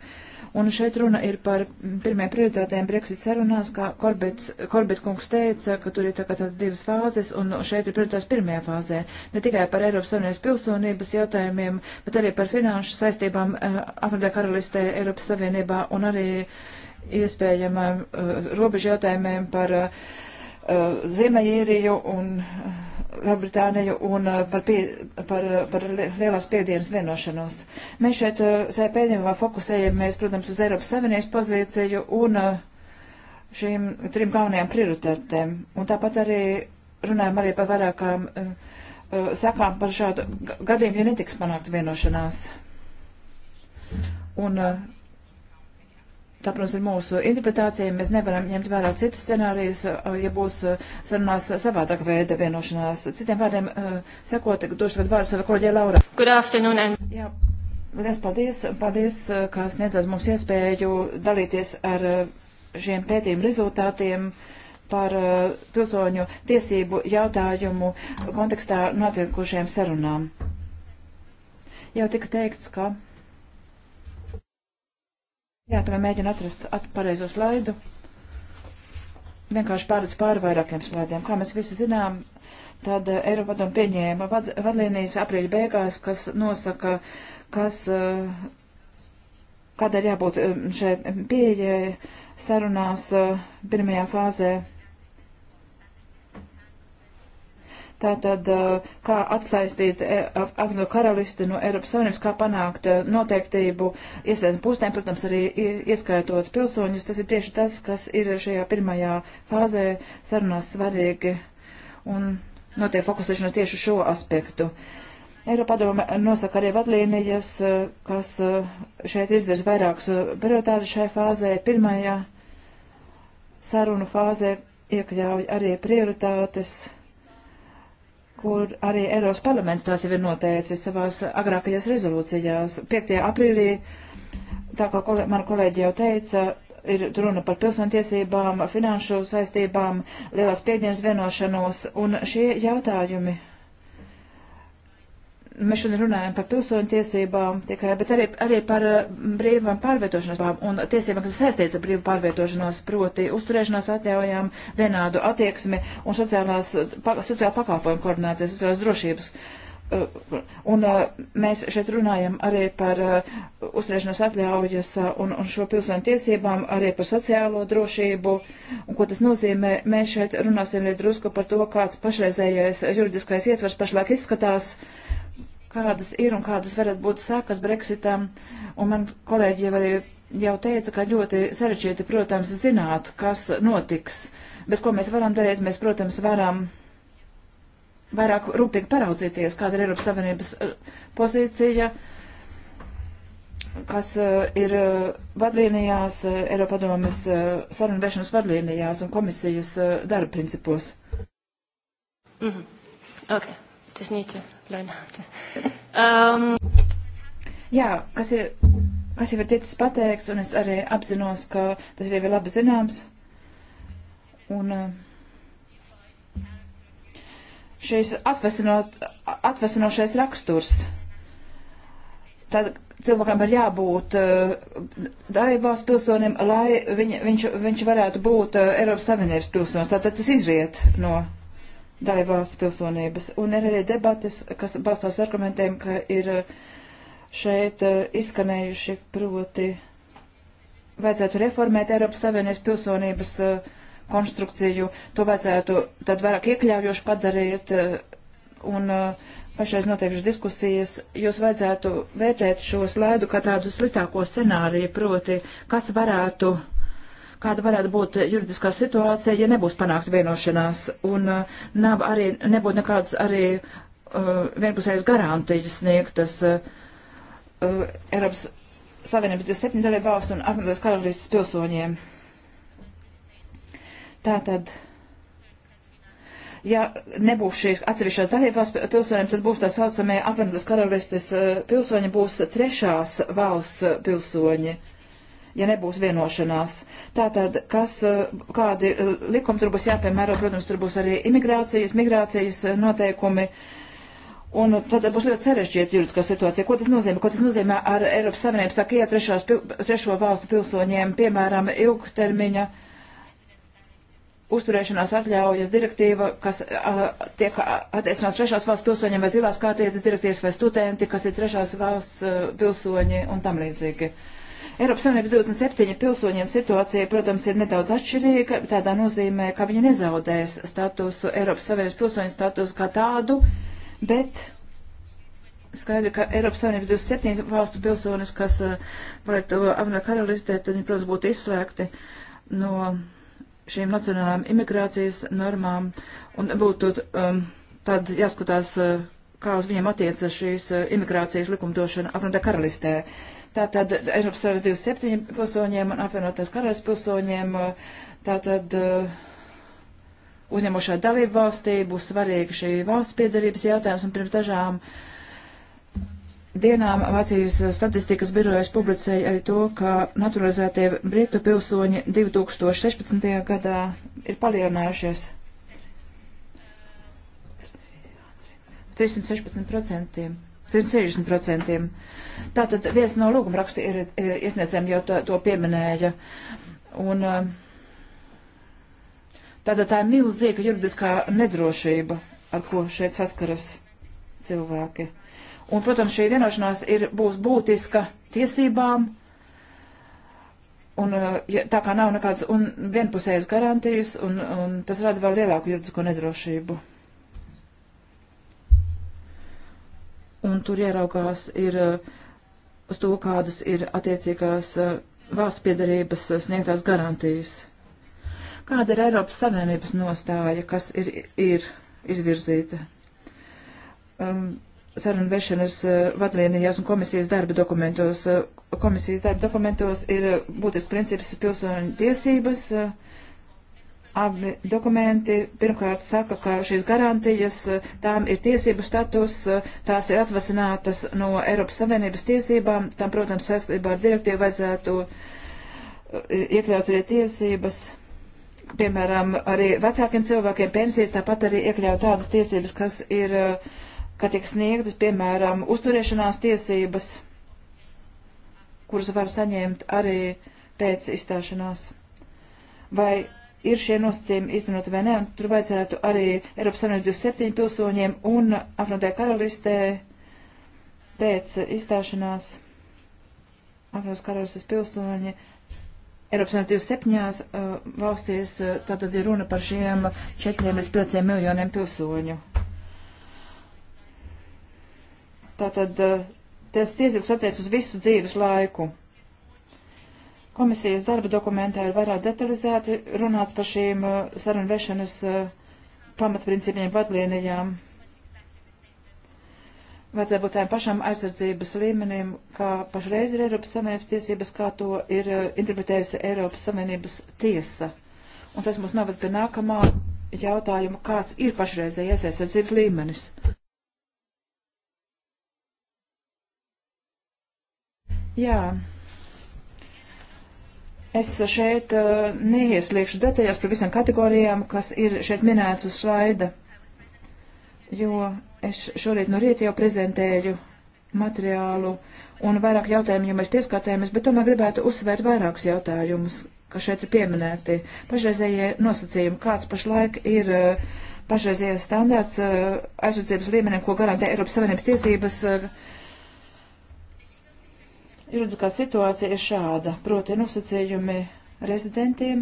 Un šeit runa ir par pirmajām prioritātēm Brexit sarunās, kā Korbets, Korbets kungs teica, ka tur ir tā kā tādas divas fāzes, un šeit ir prioritātes pirmajā fāzē. Ne tikai par Eiropas Savienības pilsonības jautājumiem, bet arī par finanšu saistībām eh, Afrikā karalistē, Eiropas Savienībā un arī iespējamām eh, robežu jautājumiem par. Uh, Eh, Ziemeļīriju un eh, Lielbritāniju un eh, par, pie, par, par lielās piedienas vienošanos. Mēs šeit savā pēdējā fokusējamies, protams, uz Eiropas Savienības pozīciju un šīm trim galvenajām prioritātēm. Un tāpat arī runājam arī par vairākām sakām par šādu gadījumu, ja netiks panākt vienošanās. Un Tā, protams, ir mūsu interpretācija. Mēs nevaram ņemt vērā citus scenārijus, uh, ja būs uh, sarunās savādāk veida vienošanās. Citiem vārdiem uh, sekot, došu vēl vārdu savai kolēģei Laura. Good afternoon. And... Jā. Liels paldies, paldies, kā sniedzat mums iespēju dalīties ar šiem pētījumu rezultātiem par pilsoņu tiesību jautājumu kontekstā notiekušajām sarunām. Jau tika teikts, ka. Jā, tā mēģina atrast at pareizo slaidu. Vienkārši pārēc pāri vairākiem slaidiem. Kā mēs visi zinām, tad eh, Eiropadom pieņēma vad, vadlīnijas aprīļa beigās, kas nosaka, kas, eh, kādēļ jābūt eh, šai pieejai sarunās pirmajā fāzē Tātad, eh, kā atsaistīt eh, Agno karalisti no Eiropas Savienības, kā panākt eh, noteiktību iesaistību pusēm, protams, arī ieskaitot pilsoņus, tas ir tieši tas, kas ir šajā pirmajā fāzē sarunās svarīgi un notiek fokusēšana tieši šo aspektu. Eiropadome nosaka arī vadlīnijas, kas šeit izvirs vairākas prioritātes šai fāzē. Pirmajā sarunu fāzē iekļauj arī prioritātes kur arī Eiropas parlaments tās jau ir noteicis savās agrākajās rezolūcijās. 5. aprīlī, tā kā kol mana kolēģi jau teica, ir runa par pilsontiesībām, finanšu saistībām, lielās piedienas vienošanos, un šie jautājumi Mēs šodien runājam par pilsoņu tiesībām, tikai, bet arī, arī par eh, brīvām pārvietošanos un tiesībām, kas saistīts ar brīvu pārvietošanos, proti uzturēšanās atļaujām, vienādu attieksmi un sociālās, pa, sociāla pakalpojuma koordinācijas, sociālās drošības. Eh, un eh, mēs šeit runājam arī par uzturēšanās atļaujas un, un šo pilsoņu tiesībām, arī par sociālo drošību. Un ko tas nozīmē, mēs šeit runāsim arī drusku par to, kāds pašreizējais juridiskais ietvers pašlaik izskatās. Uh, kādas ir un kādas varētu būt sekas Brexitam. Un man kolēģi jau arī jau teica, ka ļoti sarežģīti, protams, zināt, kas notiks. Bet ko mēs varam darīt? Mēs, protams, varam vairāk rūpīgi paraudzīties, kāda ir Eiropas Savienības uh, pozīcija, kas uh, ir uh, vadlīnijās, Eiropadomes sarunvešanas vadlīnijās un komisijas darba principos. Mm -hmm. okay. Tas nīķi, Leonārds. Um. Jā, kas ir, kas jau ir ticis pateikts, un es arī apzinos, ka tas jau ir labi zināms. Un eh, šīs atvesinošais raksturs. Tad cilvēkam ir jābūt eh, darībās pilsonim, lai viņ, viņš, viņš varētu būt eh, Eiropas Savienības pilsonis. Tātad tas izriet no daivās pilsonības. Un ir arī debates, kas balstās argumentiem, ka ir uh, šeit uh, izskanējuši proti vajadzētu reformēt Eiropas Savienības pilsonības uh, konstrukciju, to vajadzētu tad vairāk iekļaujoši padarīt un pašais notiekušas diskusijas, jūs vajadzētu vērtēt šo slaidu kā tādu sliktāko scenāriju, proti, kas varētu kāda varētu būt juridiskā situācija, ja nebūs panākt vienošanās, un uh, nav arī, nebūtu nekādas arī uh, vienpusējas garantijas sniegtas uh, uh, Eiropas Savienības 27 dalību valstu un apvienotās karalīstas pilsoņiem. Tātad, ja nebūs šīs atsevišķās dalībās pilsoņiem, tad būs tā saucamie apvienotās karalīstas uh, pilsoņi, būs trešās valsts pilsoņi. Uh, ja nebūs vienošanās. Tātad, kas, eh, kādi eh, likumi tur būs jāpiemēro, protams, tur būs arī imigrācijas, migrācijas eh, noteikumi. Un tad būs ļoti sarežģīta juridiskā situācija. Ko tas nozīmē? Ko tas nozīmē ar Eiropas Savienību? Saka, iet trešās, trešo valstu pilsoņiem, piemēram, ilgtermiņa uzturēšanās atļaujas direktīva, kas a, tiek attiecinās trešās valsts pilsoņiem vai zilās kārtietas direktīvas vai studenti, kas ir trešās valsts a, pilsoņi un tam līdzīgi. Uh, Eiropas Savienības 27 pilsoņiem situācija, protams, ir nedaudz atšķirīga, tādā nozīmē, ka viņi nezaudēs statusu, Eiropas Savienības pilsoņu statusu kā tādu, bet skaidri, ka Eiropas Savienības 27 valstu pilsonis, kas varētu eh, eh, Avnā karalistē, tad viņi, protams, būtu izslēgti no šīm nacionālām imigrācijas normām un būtu um, tad jāskatās, eh, kā uz viņiem attiecas šīs imigrācijas likumdošana Avnā karalistē. Uh, Tātad Eiropas Savienības 27 pilsoņiem un apvienotās karalīs pilsoņiem. Uh, tātad uh, uzņemošā dalību valstī būs svarīga šī valsts piedarības jautājums un pirms dažām dienām Vācijas statistikas birojas publicēja arī to, ka naturalizētie Britu pilsoņi 2016. gadā ir palielinājušies 316%. 60%. Tātad viens no lūguma raksta ir, ir iesniedzējiem jau to, to pieminēja. Un, eh, tātad tā ir milzīga juridiskā nedrošība, ar ko šeit saskaras cilvēki. Un, protams, šī vienošanās ir, būs būtiska tiesībām. Un, eh, ja, tā kā nav nekādas vienpusējas garantijas, un, un tas rada vēl lielāku juridisko nedrošību. un tur ieraugās ir eh, uz to, kādas ir attiecīgās eh, valsts piedarības eh, sniegtās garantijas. Kāda ir Eiropas Savienības nostāja, kas ir, ir izvirzīta? Um, sarunu vešanas vadlīnijās un komisijas darba dokumentos. Komisijas darba dokumentos ir būtisks princips pilsoņu tiesības. Uh, Abi dokumenti pirmkārt saka, ka šīs garantijas, tām ir tiesību status, tās ir atvasinātas no Eiropas Savienības tiesībām, tam, protams, saistībā ar direktīvu vajadzētu e, iekļaut arī tiesības piemēram, arī vecākiem cilvēkiem pensijas tāpat arī iekļauj tādas tiesības, kas ir, e, ka tiek sniegtas, piemēram, uzturēšanās tiesības, kuras var saņemt arī pēc izstāšanās. Vai ir šie nosacījumi iztenot vai nē, un tur vajadzētu arī Eiropas Savienības 27 pilsoņiem un Afrontē karalistē pēc izstāšanās Afrontē karalistes pilsoņi. Eiropas Savienības 27 uh, valstīs uh, tātad ir runa par šiem 4 līdz 5 miljoniem pilsoņu. Tātad uh, tas tiesības attiec uz visu dzīves laiku. Komisijas darba dokumentā ir vairāk detalizēti runāts par šīm uh, sarunu vešanas uh, pamatprincipiem vadlīnijām. Vajadzētu būt tādam pašam aizsardzības līmenim, kā pašreiz ir Eiropas Savienības tiesības, kā to ir uh, interpretējusi Eiropas Savienības tiesa. Un tas mums noved pie nākamā jautājuma, kāds ir pašreizējais aizsardzības līmenis. Jā. Yeah. Es šeit uh, neieslīgšu detaļās par visām kategorijām, kas ir šeit minētas uz slaida, jo es šorīt no rīta jau prezentēju materiālu un vairāk jautājumu, jo mēs pieskārtējamies, bet tomēr gribētu uzsvērt vairākus jautājumus, kas šeit ir pieminēti. Pašreizējie nosacījumi, kāds pašlaik ir uh, pašreizējais standārts uh, aizsardzības līmenim, ko garantē Eiropas Savienības tiesības Juridiskā situācija ir šāda, proti nosacījumi rezidentiem,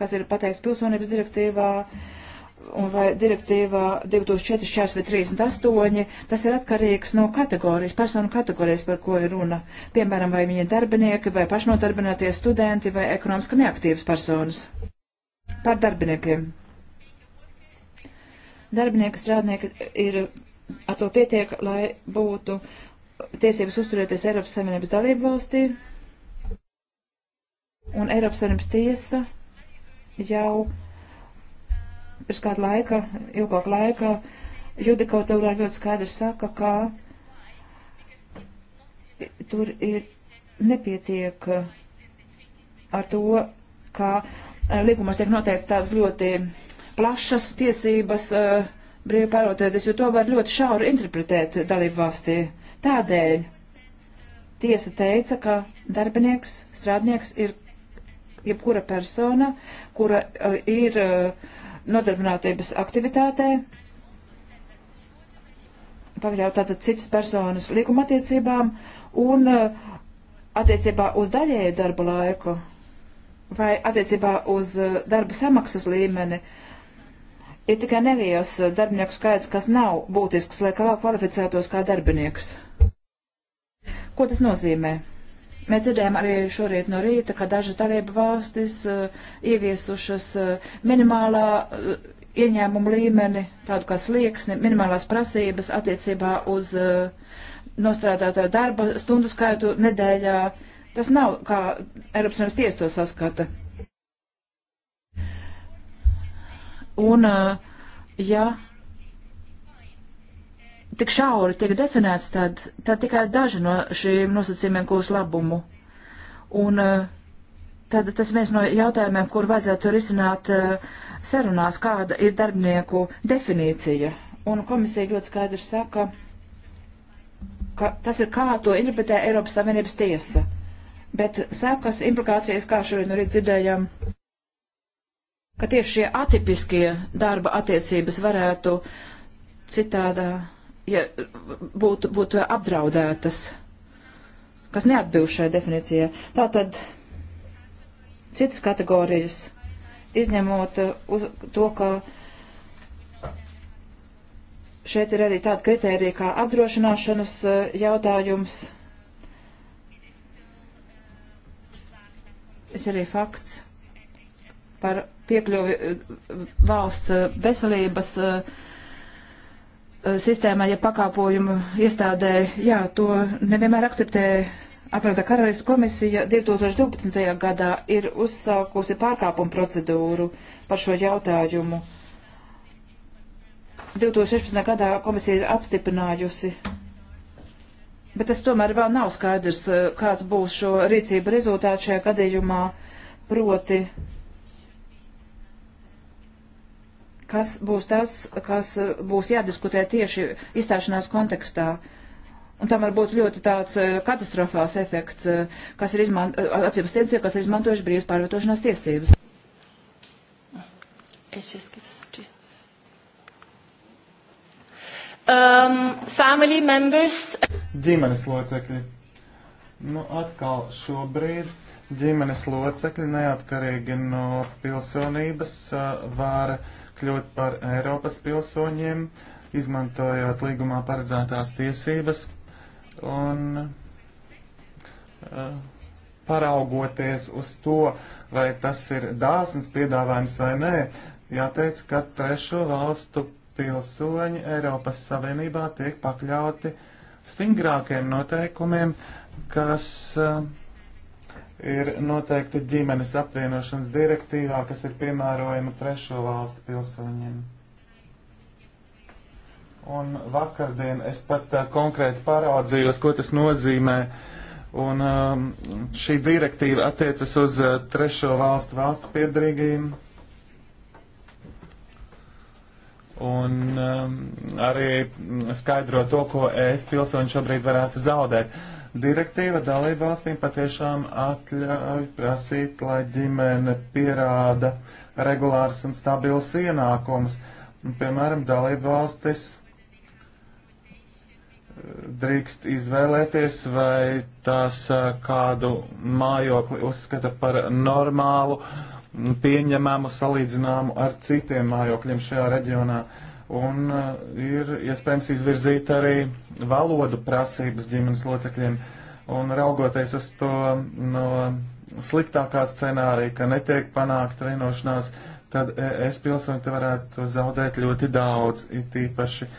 kas ir pateikts pilsonības direktīvā un vai direktīvā 2004-38, tas ir atkarīgs no kategorijas, personu kategorijas, par ko ir runa. Piemēram, vai viņi ir darbinieki, vai pašnodarbinātie studenti, vai ekonomiski neaktīvas personas. Par darbiniekiem. Darbinieki strādnieki ir ar to pietiek, lai būtu tiesības uzturēties Eiropas Savienības dalību valstī. Un Eiropas Savienības tiesa jau pirms kāda laika, ilgāka laika, judikautūrā ļoti skaidri saka, ka tur ir nepietiek ar to, ka eh, likumos tiek noteikts tādas ļoti plašas tiesības eh, brīvi pārvietoties, jo to var ļoti šauri interpretēt dalību valstī. Tādēļ tiesa teica, ka darbinieks, strādnieks ir jebkura persona, kura eh, ir eh, nodarbinātības aktivitātē, paviļaut tātad citas personas likuma attiecībām un eh, attiecībā uz daļēju darba laiku vai attiecībā uz darba samaksas līmeni. Ir tikai neliels darbinieku skaits, kas nav būtisks, lai kā kvalificētos kā darbinieks. Ko tas nozīmē? Mēs dzirdējām arī šorīt no rīta, ka dažas dalība valstis uh, ieviesušas uh, minimālā uh, ieņēmuma līmeni, tādu kā slieksni, minimālās prasības attiecībā uz uh, nostrādātāju darba stundu skaitu nedēļā. Tas nav, kā Eiropas Savienības tiesa to saskata. Un, uh, ja tik šauri tiek definēts, tad, tad tikai daži no šiem nosacījumiem kūs labumu. Un eh, tad tas viens no jautājumiem, kur vajadzētu risināt eh, sarunās, kāda ir darbinieku definīcija. Un komisija ļoti skaidri saka, ka tas ir kā to interpretē Eiropas Savienības tiesa. Bet sākas implikācijas, kā šodien arī dzirdējām, ka tieši šie atipiskie darba attiecības varētu citādā ja būtu, būtu apdraudētas, kas neatbilst šai definīcijai. Tātad citas kategorijas, izņemot uh, uz, to, ka šeit ir arī tāda kritērija kā apdrošināšanas uh, jautājums. Tas arī fakts par piekļuvi uh, valsts veselības uh, Eh, sistēmā, ja pakāpojumu iestādē, jā, to nevienmēr akceptē apvienotā karalista komisija 2012. gadā ir uzsākusi pārkāpumu procedūru par šo jautājumu. 2016. gadā komisija ir apstiprinājusi, bet tas tomēr vēl nav skaidrs, eh, kāds būs šo rīcību rezultāts šajā gadījumā, proti kas būs tas, kas eh, būs jādiskutē tieši izstāšanās kontekstā. Un tam var būt ļoti tāds eh, katastrofāls efekts, eh, kas ir, izman... tie, kas ir izmantojuši brīvas pārvietošanās tiesības. Um, family members. Ģimenes locekļi. Nu, atkal šobrīd ģimenes locekļi neatkarīgi no pilsonības var. Uh, kļūt par Eiropas pilsoņiem, izmantojot līgumā paredzētās tiesības un uh, paraugoties uz to, vai tas ir dāsns piedāvājums vai nē, jāteic, ka trešo valstu pilsoņi Eiropas Savienībā tiek pakļauti stingrākiem noteikumiem, kas uh, ir noteikti ģimenes apvienošanas direktīvā, kas ir piemērojama trešo valstu pilsoņiem. Un vakardien es pat uh, konkrēti parādzījos, ko tas nozīmē. Un um, šī direktīva attiecas uz uh, trešo valstu valsts piedrīgajiem. Un um, arī skaidro to, ko es pilsoņu šobrīd varētu zaudēt. Uh, Direktīva dalībvalstīm patiešām atļauj prasīt, lai ģimene pierāda regulārs un stabils ienākums. Un, piemēram, dalībvalstis eh, drīkst izvēlēties, vai tās eh, kādu mājokli uzskata par normālu, pieņemamu, salīdzināmu ar citiem mājokļiem šajā reģionā. Uh, Un uh, ir iespējams izvirzīt arī valodu prasības ģimenes locekļiem. Un raugoties uz to no sliktākā scenārija, ka netiek panākta vienošanās, tad e, es pilsoņi te varētu zaudēt ļoti daudz, it īpaši uh,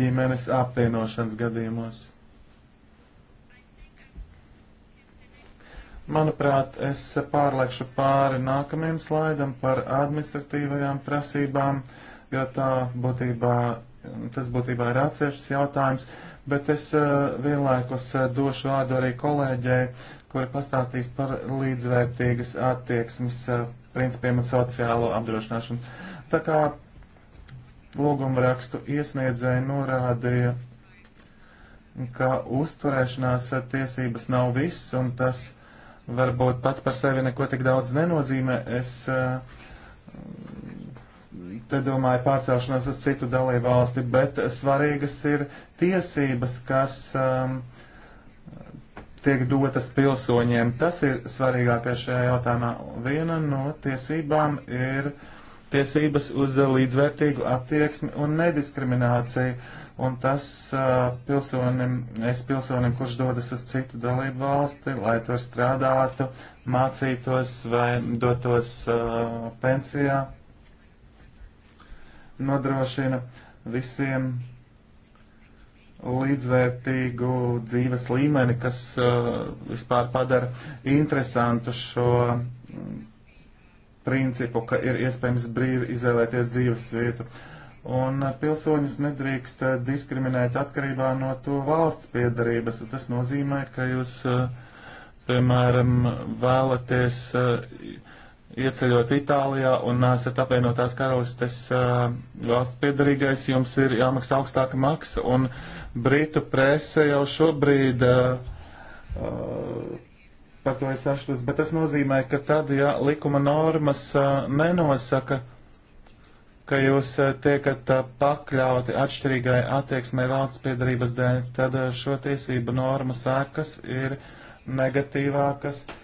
ģimenes apvienošanas gadījumos. Manuprāt, es pārlekšu pāri nākamajam slaidam par administratīvajām prasībām. Uh, jo tā būtībā, tas būtībā ir atsevišķs jautājums, bet es eh, vienlaikus eh, došu vārdu arī kolēģei, kura pastāstīs par līdzvērtīgas attieksmes eh, principiem un sociālo apdrošināšanu. Tā kā lūguma rakstu iesniedzēji norādīja, ka uzturēšanās tiesības nav viss, un tas varbūt pats par sevi neko tik daudz nenozīmē. Es uh, te domāju pārcelšanās uz citu dalību valsti, bet svarīgas ir tiesības, kas um, tiek dotas pilsoņiem. Tas ir svarīgākais šajā jautājumā. Viena no tiesībām ir tiesības uz līdzvērtīgu attieksmi un nediskrimināciju. Un tas uh, pilsonim, es pilsonim, kurš dodas uz citu dalību valsti, lai tur strādātu, mācītos vai dotos uh, pensijā, nodrošina visiem līdzvērtīgu dzīves līmeni, kas uh, vispār padara interesantu šo mm, principu, ka ir iespējams brīvi izvēlēties dzīves vietu. Un uh, pilsoņus nedrīkst uh, diskriminēt atkarībā no to valsts piedarības. Tas nozīmē, ka jūs, uh, piemēram, vēlaties uh, ieceļot Itālijā un esat apvienotās karalistes uh, valsts piedarīgais, jums ir jāmaksā augstāka maksa, un Britu prese jau šobrīd uh, par to ir sašutas, bet tas nozīmē, ka tad, ja likuma normas uh, nenosaka, ka jūs uh, tiekat uh, pakļauti atšķirīgai attieksmei valsts piedarības dēļ, tad uh, šo tiesību normu sēkas ir negatīvākas. Uh,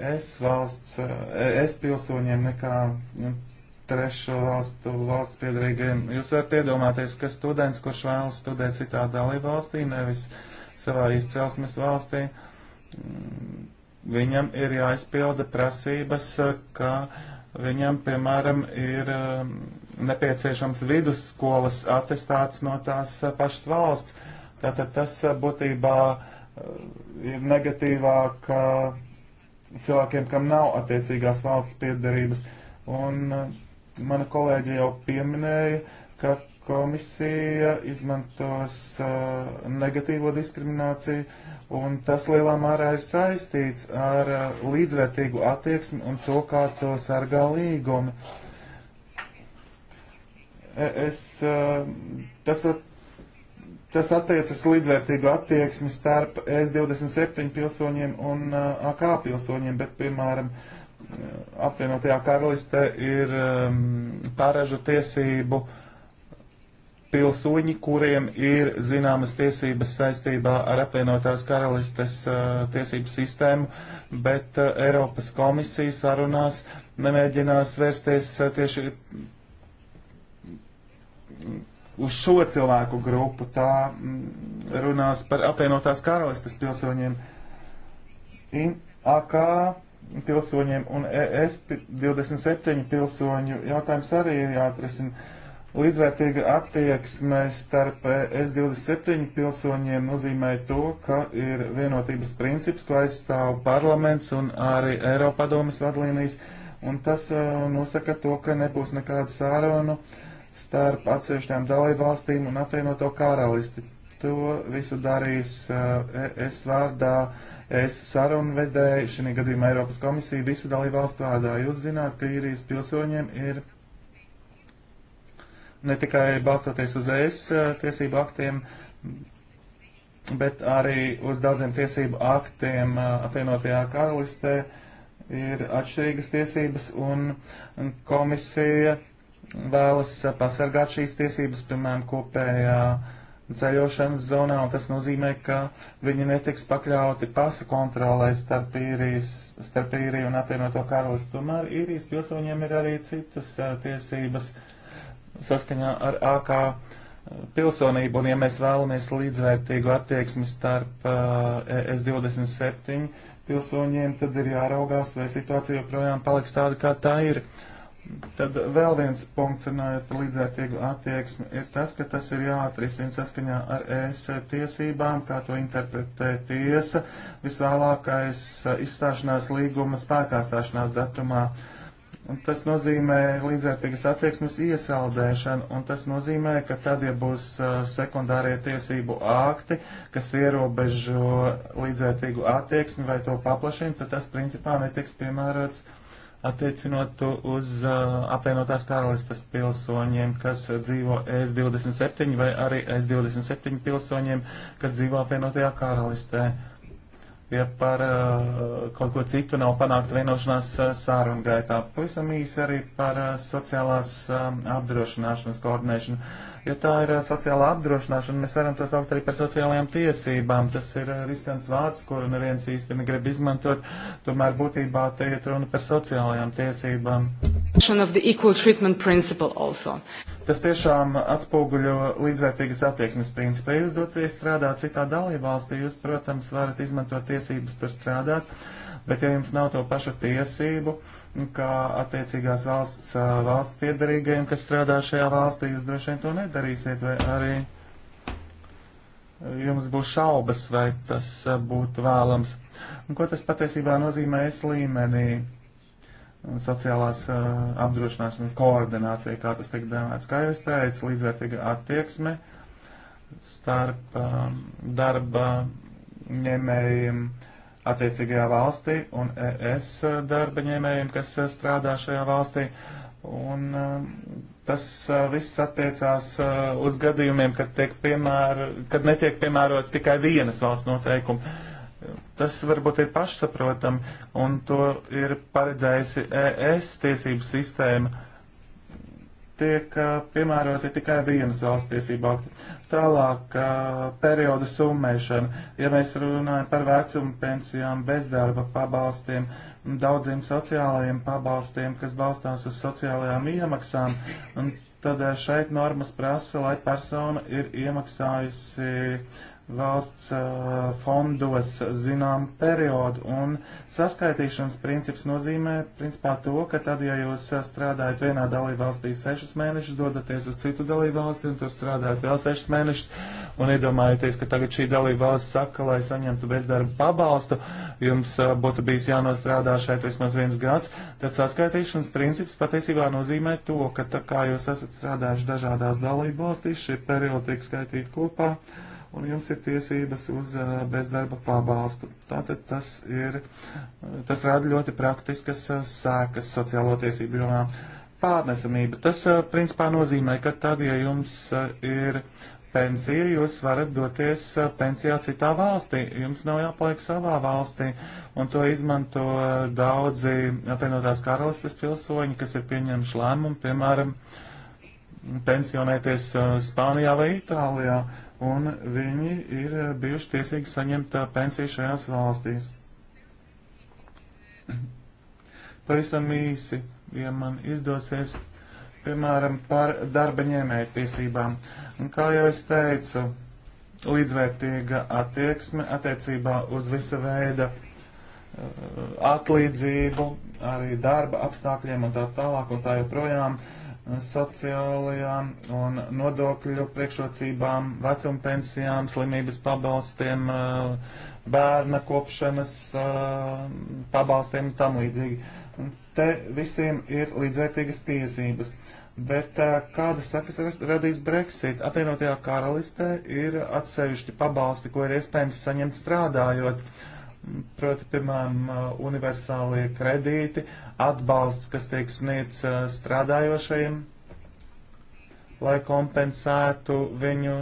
ES valsts, ES e pilsoņiem nekā nu, trešo valstu valsts piedarīgajiem. Jūs varat iedomāties, ka students, kurš vēlas studēt citā dalībvalstī, nevis savā izcelsmes valstī, mm, viņam ir jāizpilda prasības, ka viņam, piemēram, ir mm, nepieciešams vidusskolas atestāts no tās pašas valsts. Tātad tas būtībā mm, ir negatīvāk cilvēkiem, kam nav attiecīgās valsts piedarības. Un uh, mana kolēģe jau pieminēja, ka komisija izmantos uh, negatīvo diskrimināciju, un tas lielā mērā ir saistīts ar uh, līdzvērtīgu attieksmi un to, kā to sargā līgumi. E, es, uh, tas at, Tas attiecas līdzvērtīgu attieksmi starp S27 pilsoņiem un uh, AK pilsoņiem, bet, piemēram, uh, apvienotajā karalistē ir um, pārēžu tiesību pilsoņi, kuriem ir zināmas tiesības saistībā ar apvienotās karalistes uh, tiesību sistēmu, bet uh, Eiropas komisija sarunās nemēģinās vērsties uh, tieši uz šo cilvēku grupu. Tā mm, runās par apvienotās karalistes pilsoņiem, AK pilsoņiem un e ES 27 pilsoņu jautājums arī ir jāatrisina. Līdzvērtīga attieksme starp e ES 27 pilsoņiem nozīmē to, ka ir vienotības princips, ko aizstāv parlaments un arī Eiropadomas vadlīnijas, un tas uh, nosaka to, ka nebūs nekādu sārunu. Uh, starp atsevišķām dalībvalstīm un apvienoto karalisti. To visu darīs eh, es vārdā, es sarunvedēju, šī gadījumā Eiropas komisija visu dalībvalstu vārdā. Jūs zināt, ka īrijas pilsoņiem ir ne tikai balstoties uz es eh, tiesību aktiem, bet arī uz daudziem tiesību aktiem eh, apvienotajā karalistē ir atšķirīgas tiesības un komisija vēlas uh, pasargāt šīs tiesības, piemēram, kopējā ceļošanas zonā, un tas nozīmē, ka viņi netiks pakļauti pasa kontrolē starp, īrijas, starp īriju un apvienoto karalistu. Tomēr īrijas pilsoņiem ir arī citas uh, tiesības saskaņā ar AK uh, pilsonību, un ja mēs vēlamies līdzvērtīgu attieksmi starp uh, e S27 pilsoņiem, tad ir jāraugās, vai situācija joprojām paliks tāda, kā tā ir. Uh, Tad vēl viens punkts, runājot par līdzvērtīgu attieksmi, ir tas, ka tas ir jāatrisina saskaņā ar ES tiesībām, kā to interpretē tiesa visvēlākais uh, izstāšanās līguma spēkā stāšanās datumā. Un tas nozīmē līdzvērtīgas attieksmes iesaldēšanu, un tas nozīmē, ka tad, ja būs uh, sekundārie tiesību akti, kas ierobežo līdzvērtīgu attieksmi vai to paplašina, tad tas principā netiks piemērots attiecinot uz uh, apvienotās karalistas pilsoņiem, kas dzīvo ES27 vai arī ES27 pilsoņiem, kas dzīvo apvienotajā karalistē. Ja par uh, kaut ko citu nav panākt vienošanās uh, sārunu gaitā. Pavisam īsi arī par uh, sociālās uh, apdrošināšanas koordinēšanu ja tā ir eh, sociālā apdrošināšana, mēs varam to saukt arī par sociālajām tiesībām. Tas ir eh, riskants vārds, kuru neviens īsti negrib izmantot, tomēr būtībā te ir runa par sociālajām tiesībām. Tas tiešām atspoguļo līdzvērtīgas attieksmes principu. Ja jūs doties strādāt citā dalībvalstī, jūs, protams, varat izmantot tiesības tur strādāt bet ja jums nav to pašu tiesību, kā attiecīgās valsts, valsts piedarīgajiem, kas strādā šajā valstī, jūs droši vien to nedarīsiet, vai arī jums būs šaubas, vai tas būtu vēlams. Un ko tas patiesībā nozīmē es līmenī? sociālās uh, apdrošināšanas koordinācija, kā tas tiek dēvēts. Kā jau es teicu, līdzvērtīga attieksme starp um, darba ņēmējiem, uh, attiecīgajā valstī un ES darba ņēmējiem, kas e, strādā šajā valstī. Un e, tas e, viss attiecās uz gadījumiem, kad, tiek piemēr, kad netiek piemērot tikai vienas valsts noteikumi. Tas varbūt ir pašsaprotam, un to ir paredzējusi ES tiesību sistēma. Tiek piemēroti tikai vienas valsts tiesību akti. Tālāk perioda summēšana. Ja mēs runājam par vecumu pensijām, bezdarba pabalstiem, daudziem sociālajiem pabalstiem, kas balstās uz sociālajām iemaksām, tad šeit normas prasa, lai persona ir iemaksājusi valsts uh, fondos zinām periodu, un saskaitīšanas princips nozīmē principā to, ka tad, ja jūs strādājat vienā dalībvalstī sešus mēnešus, dodaties uz citu dalībvalsti un tur strādājat vēl sešus mēnešus, un iedomājieties, ka tagad šī dalībvalsts saka, lai saņemtu bezdarba pabalstu, jums uh, būtu bijis jānostrādā šeit vismaz viens gads, tad saskaitīšanas princips patiesībā nozīmē to, ka tā kā jūs esat strādājuši dažādās dalībvalstīs, šie periodi tiek skaitīti kopā. Uh, un jums ir tiesības uz uh, bezdarba pabalstu. Tātad tas ir, tas rada ļoti praktiskas uh, sēkas sociālo tiesību jomā. Pārnesamība. Tas uh, principā nozīmē, ka tad, ja jums ir pensija, jūs varat doties pensijā citā valstī. Jums nav jāpaliek savā valstī, un to izmanto daudzi apvienotās karalistes pilsoņi, kas ir pieņemši lēmumu, piemēram, pensionēties Spānijā vai Itālijā. Uh, un viņi ir eh, bijuši tiesīgi saņemt eh, pensiju šajās valstīs. Pavisam īsi, ja man izdosies, piemēram, par darba ņēmēju tiesībām. Un kā jau es teicu, līdzvērtīga attieksme attiecībā uz visa veida eh, atlīdzību, arī darba apstākļiem un tā tālāk un tā joprojām. Uh, sociālajām un nodokļu priekšrocībām, vecumpensijām, slimības pabalstiem, eh, bērna kopšanas eh, pabalstiem un tam līdzīgi. Te visiem ir līdzvērtīgas tiesības. Bet eh, kādas sekas radīs Brexit? Apvienotajā karalistē ir atsevišķi pabalsti, ko ir iespējams saņemt strādājot. Uh, proti, piemēram, universālie kredīti, atbalsts, kas tiek sniegts eh, strādājošajiem, lai kompensētu viņu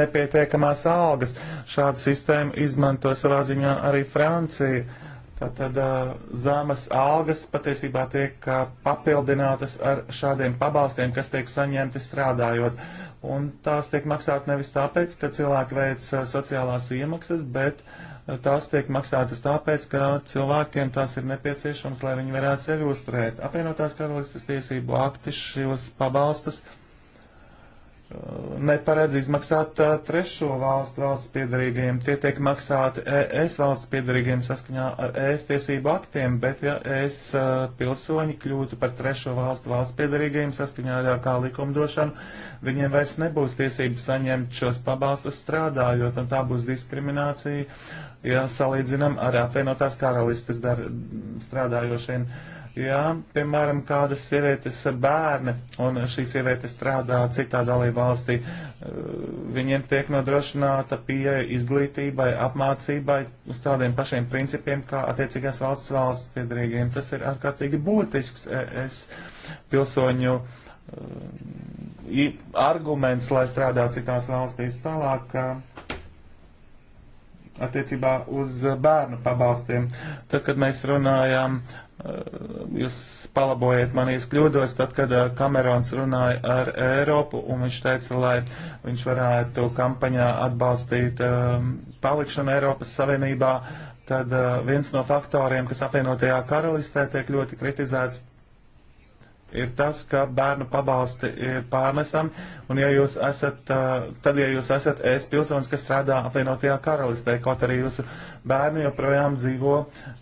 nepietiekamās algas. Šādu sistēmu izmanto savā ziņā arī Francija. Tātad eh, zemes algas patiesībā tiek eh, papildinātas ar šādiem pabalstiem, kas tiek saņemti strādājot. Un tās tiek maksāt nevis tāpēc, ka cilvēki veic sociālās iemaksas, bet uh, tās tiek maksātas tāpēc, ka cilvēkiem tās ir nepieciešams, lai viņi varētu sevi uzturēt. Apvienotās karalistas tiesību akti šos pabalstus neparedz izmaksāt trešo valstu valsts piedarīgajiem. Tie tiek maksāti ES valsts piedarīgajiem saskaņā ar ES tiesību aktiem, bet ja ES pilsoņi kļūtu par trešo valstu valsts piedarīgajiem saskaņā ar kā likumdošanu, viņiem vairs nebūs tiesības saņemt šos pabalstus strādājot, un tā būs diskriminācija, ja salīdzinam ar apvienotās karalistes dar, strādājošiem. Uh, Ja, piemēram, kādas sievietes bērni un šī sieviete strādā citā dalība valstī, eh, viņiem tiek nodrošināta pieeja izglītībai, apmācībai uz tādiem pašiem principiem, kā attiecīgās valsts valsts piedrīgiem. Tas ir ārkārtīgi būtisks eh, es pilsoņu eh, arguments, lai strādā citās valstīs tālāk attiecībā uz bērnu pabalstiem. Tad, kad mēs runājām Ehm, jūs palabojiet man, es kļūdos, tad, kad eh, Kamerons runāja ar Eiropu un viņš teica, lai viņš varētu kampaņā atbalstīt ehm, palikšanu Eiropas Savienībā, tad eh, viens no faktoriem, kas apvienotajā karalistē tiek ļoti kritizēts, ir tas, ka bērnu pabalsti ir pārnesami, un ja jūs esat, tad, ja jūs esat es pilsonis, kas strādā apvienotajā karalistē, kaut arī jūsu bērni joprojām dzīvo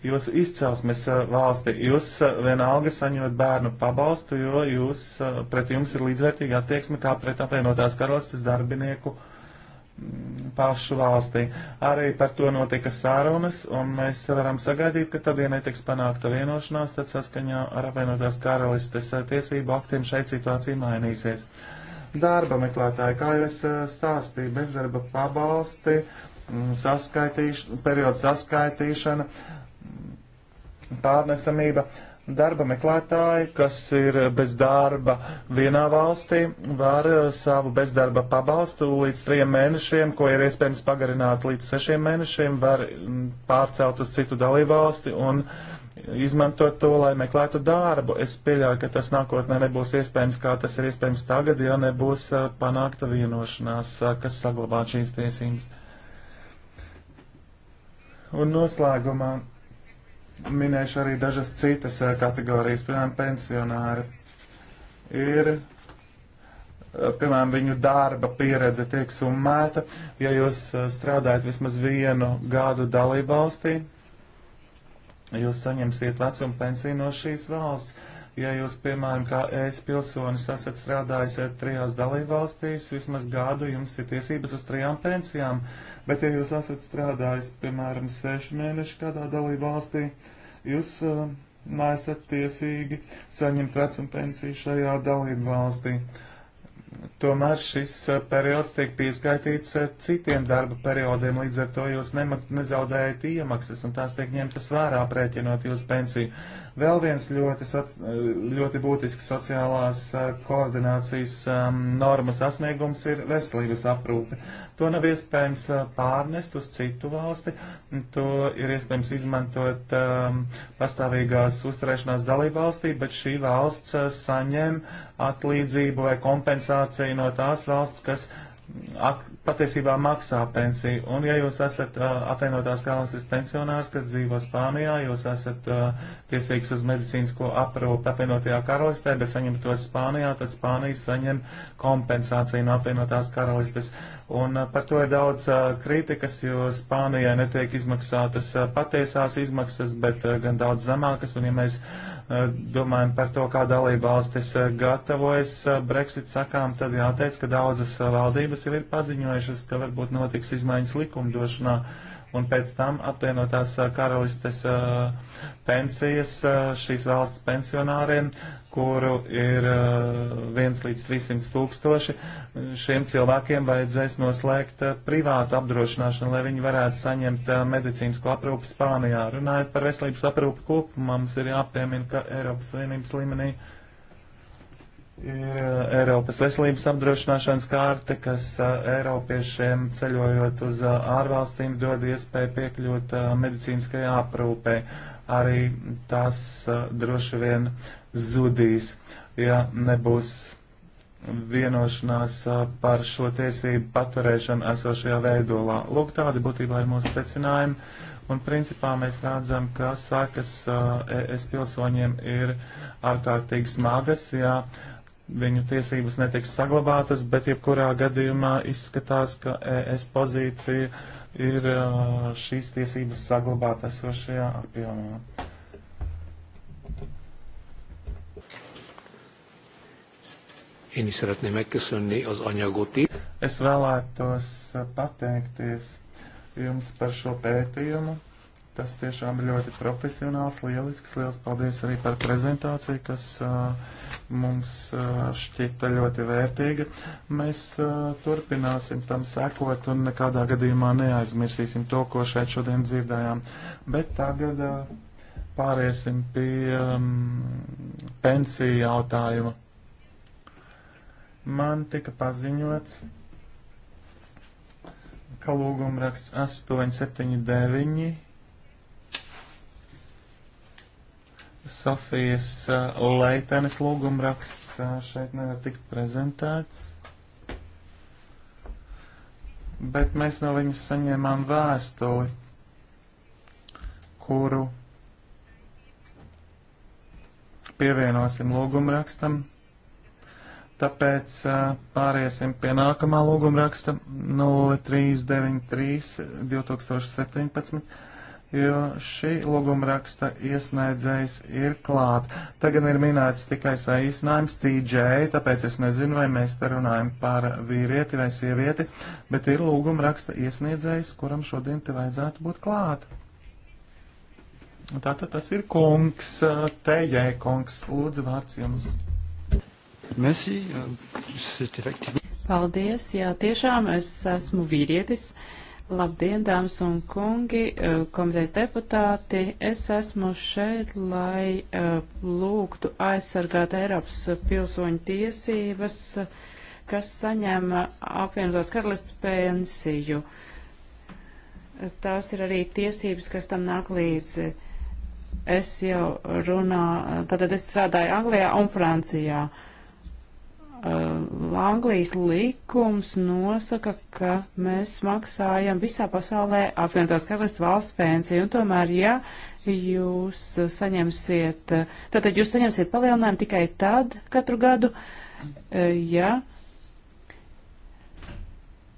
jūsu izcelsmes valsti, jūs vienalga saņot bērnu pabalstu, jo jūs, pret jums ir līdzvērtīga attieksme kā pret apvienotās karalistes darbinieku pašu valstī. Arī par to notika sārunas, un mēs varam sagaidīt, ka tad, ja netiks panākta vienošanās, tad saskaņā ar apvienotās karalistes eh, tiesību aktiem šeit situācija mainīsies. Darba meklētāji, kā jau es eh, stāstīju, bezdarba pabalsti, mm, saskaitīš, periodu saskaitīšana, pārnesamība. Uh, Darba meklētāji, kas ir bez darba vienā valstī, var eh, savu bezdarba pabalstu līdz trim mēnešiem, ko ir iespējams pagarināt līdz sešiem mēnešiem, var mm, pārcelt uz citu dalībvalsti un izmantot to, lai meklētu darbu. Es pieļauju, ka tas nākotnē nebūs iespējams, kā tas ir iespējams tagad, ja nebūs eh, panākta vienošanās, eh, kas saglabā šīs tiesības. Un noslēgumā minēšu arī dažas citas eh, kategorijas, piemēram, pensionāri. Ir, eh, piemēram, viņu darba pieredze tiek summēta, ja jūs eh, strādājat vismaz vienu gadu dalību valstī, jūs saņemsiet vecuma pensiju no šīs valsts. Ja jūs, piemēram, kā ES pilsonis esat strādājis eh, trijās dalībvalstīs, vismaz gadu jums ir tiesības uz trijām pensijām, bet ja jūs esat strādājis, piemēram, sešu mēnešu kādā dalībvalstī, jūs uh, eh, esat tiesīgi saņemt vecuma pensiju šajā dalībvalstī. Tomēr šis eh, periods tiek pieskaitīts citiem darba periodiem, līdz ar to jūs nezaudējat iemaksas, un tās tiek ņemtas vērā, prēķinot jūsu pensiju. Vēl viens ļoti, ļoti būtisks sociālās eh, koordinācijas ehm, normas sasniegums ir veselības aprūpe. To nav iespējams eh, pārnest uz citu valsti, to ir iespējams izmantot ehm, pastāvīgās uzturēšanās dalību valstī, bet šī valsts eh, saņem atlīdzību vai kompensāciju no tās valsts, kas ak, patiesībā maksā pensiju. Un ja jūs esat uh, apvienotās karalistes pensionārs, kas dzīvo Spānijā, jūs esat uh, tiesīgs uz medicīnisko aprūpi apvienotajā karalistē, bet saņemat to Spānijā, tad Spānija saņem kompensāciju no apvienotās karalistes. Un uh, par to ir daudz uh, kritikas, jo Spānijai netiek izmaksātas uh, patiesās izmaksas, bet uh, gan daudz zemākas. Un ja mēs uh, Eh, domājam par to, kā dalība valstis eh, gatavojas eh, Brexit sakām, tad jāteic, ka daudzas valdības jau ir paziņojušas, ka varbūt notiks izmaiņas likumdošanā. Uh, un pēc tam apvienotās karalistes pensijas šīs valsts pensionāriem, kuru ir 1 līdz 300 tūkstoši, šiem cilvēkiem vajadzēs noslēgt privātu apdrošināšanu, lai viņi varētu saņemt medicīnisko aprūpu Spānijā. Runājot par veselības aprūpu kopumā, mums ir jāpiemina, ka Eiropas Savienības līmenī ir eh, Eiropas veselības apdrošināšanas kārte, kas eh, Eiropiešiem ceļojot uz eh, ārvalstīm dod iespēju piekļūt medicīniskajā aprūpē. Arī tas droši vien zudīs, ja nebūs vienošanās par šo tiesību paturēšanu esošajā veidolā. Lūk, tādi būtībā ir mūsu secinājumi. Un principā mēs redzam, ka sākas ES e pilsoņiem ir ārkārtīgi smagas, jā. Ja viņu tiesības netiks saglabātas, bet jebkurā gadījumā izskatās, ka ES pozīcija ir šīs tiesības saglabāt esošajā apjomā. Én is szeretném megköszönni az anyagot itt. Es vēlētos pateikties jums par šo pētījumu. Tas tiešām ir ļoti profesionāls, lielisks. Lielas paldies arī par prezentāciju, kas uh, mums uh, šķita ļoti vērtīga. Mēs uh, turpināsim tam sekot un nekādā gadījumā neaizmirsīsim to, ko šeit šodien dzirdējām. Bet tagad uh, pāriesim pie um, pensiju jautājuma. Man tika paziņots, ka lūgumraksts 879 Sofijas uh, Leitenes lūgumraksts uh, šeit nevar tikt prezentēts. Bet mēs no viņas saņēmām vēstuli, kuru pievienosim lūgumrakstam. Tāpēc uh, pāriesim pie nākamā lūgumraksta 0393 2017 jo šī lūguma raksta iesniedzējs ir klāt. Tagad ir minēts tikai saīsinājums TJ, tāpēc es nezinu, vai mēs te runājam par vīrieti vai sievieti, bet ir lūguma raksta iesniedzējs, kuram šodien te vajadzētu būt klāt. Tātad tas ir kungs, TJ kungs, lūdzu vārds jums. Merci, euh, c'est effectivement. Paldies, jā, tiešām es esmu vīrietis. Uh, Labdien, dāmas un kungi, eh, komitejas deputāti! Es esmu šeit, lai eh, lūgtu aizsargāt Eiropas pilsoņu tiesības, kas saņem apvienotās karalists pensiju. Tās ir arī tiesības, kas tam nāk līdzi. Es jau runā, tātad es strādāju Anglijā un Francijā. Uh, Eh, Anglijas likums nosaka, ka mēs maksājam visā pasaulē apvienotās karalists valsts pensiju, un tomēr, ja jūs saņemsiet, tātad jūs saņemsiet palielinājumu tikai tad katru gadu, eh, ja,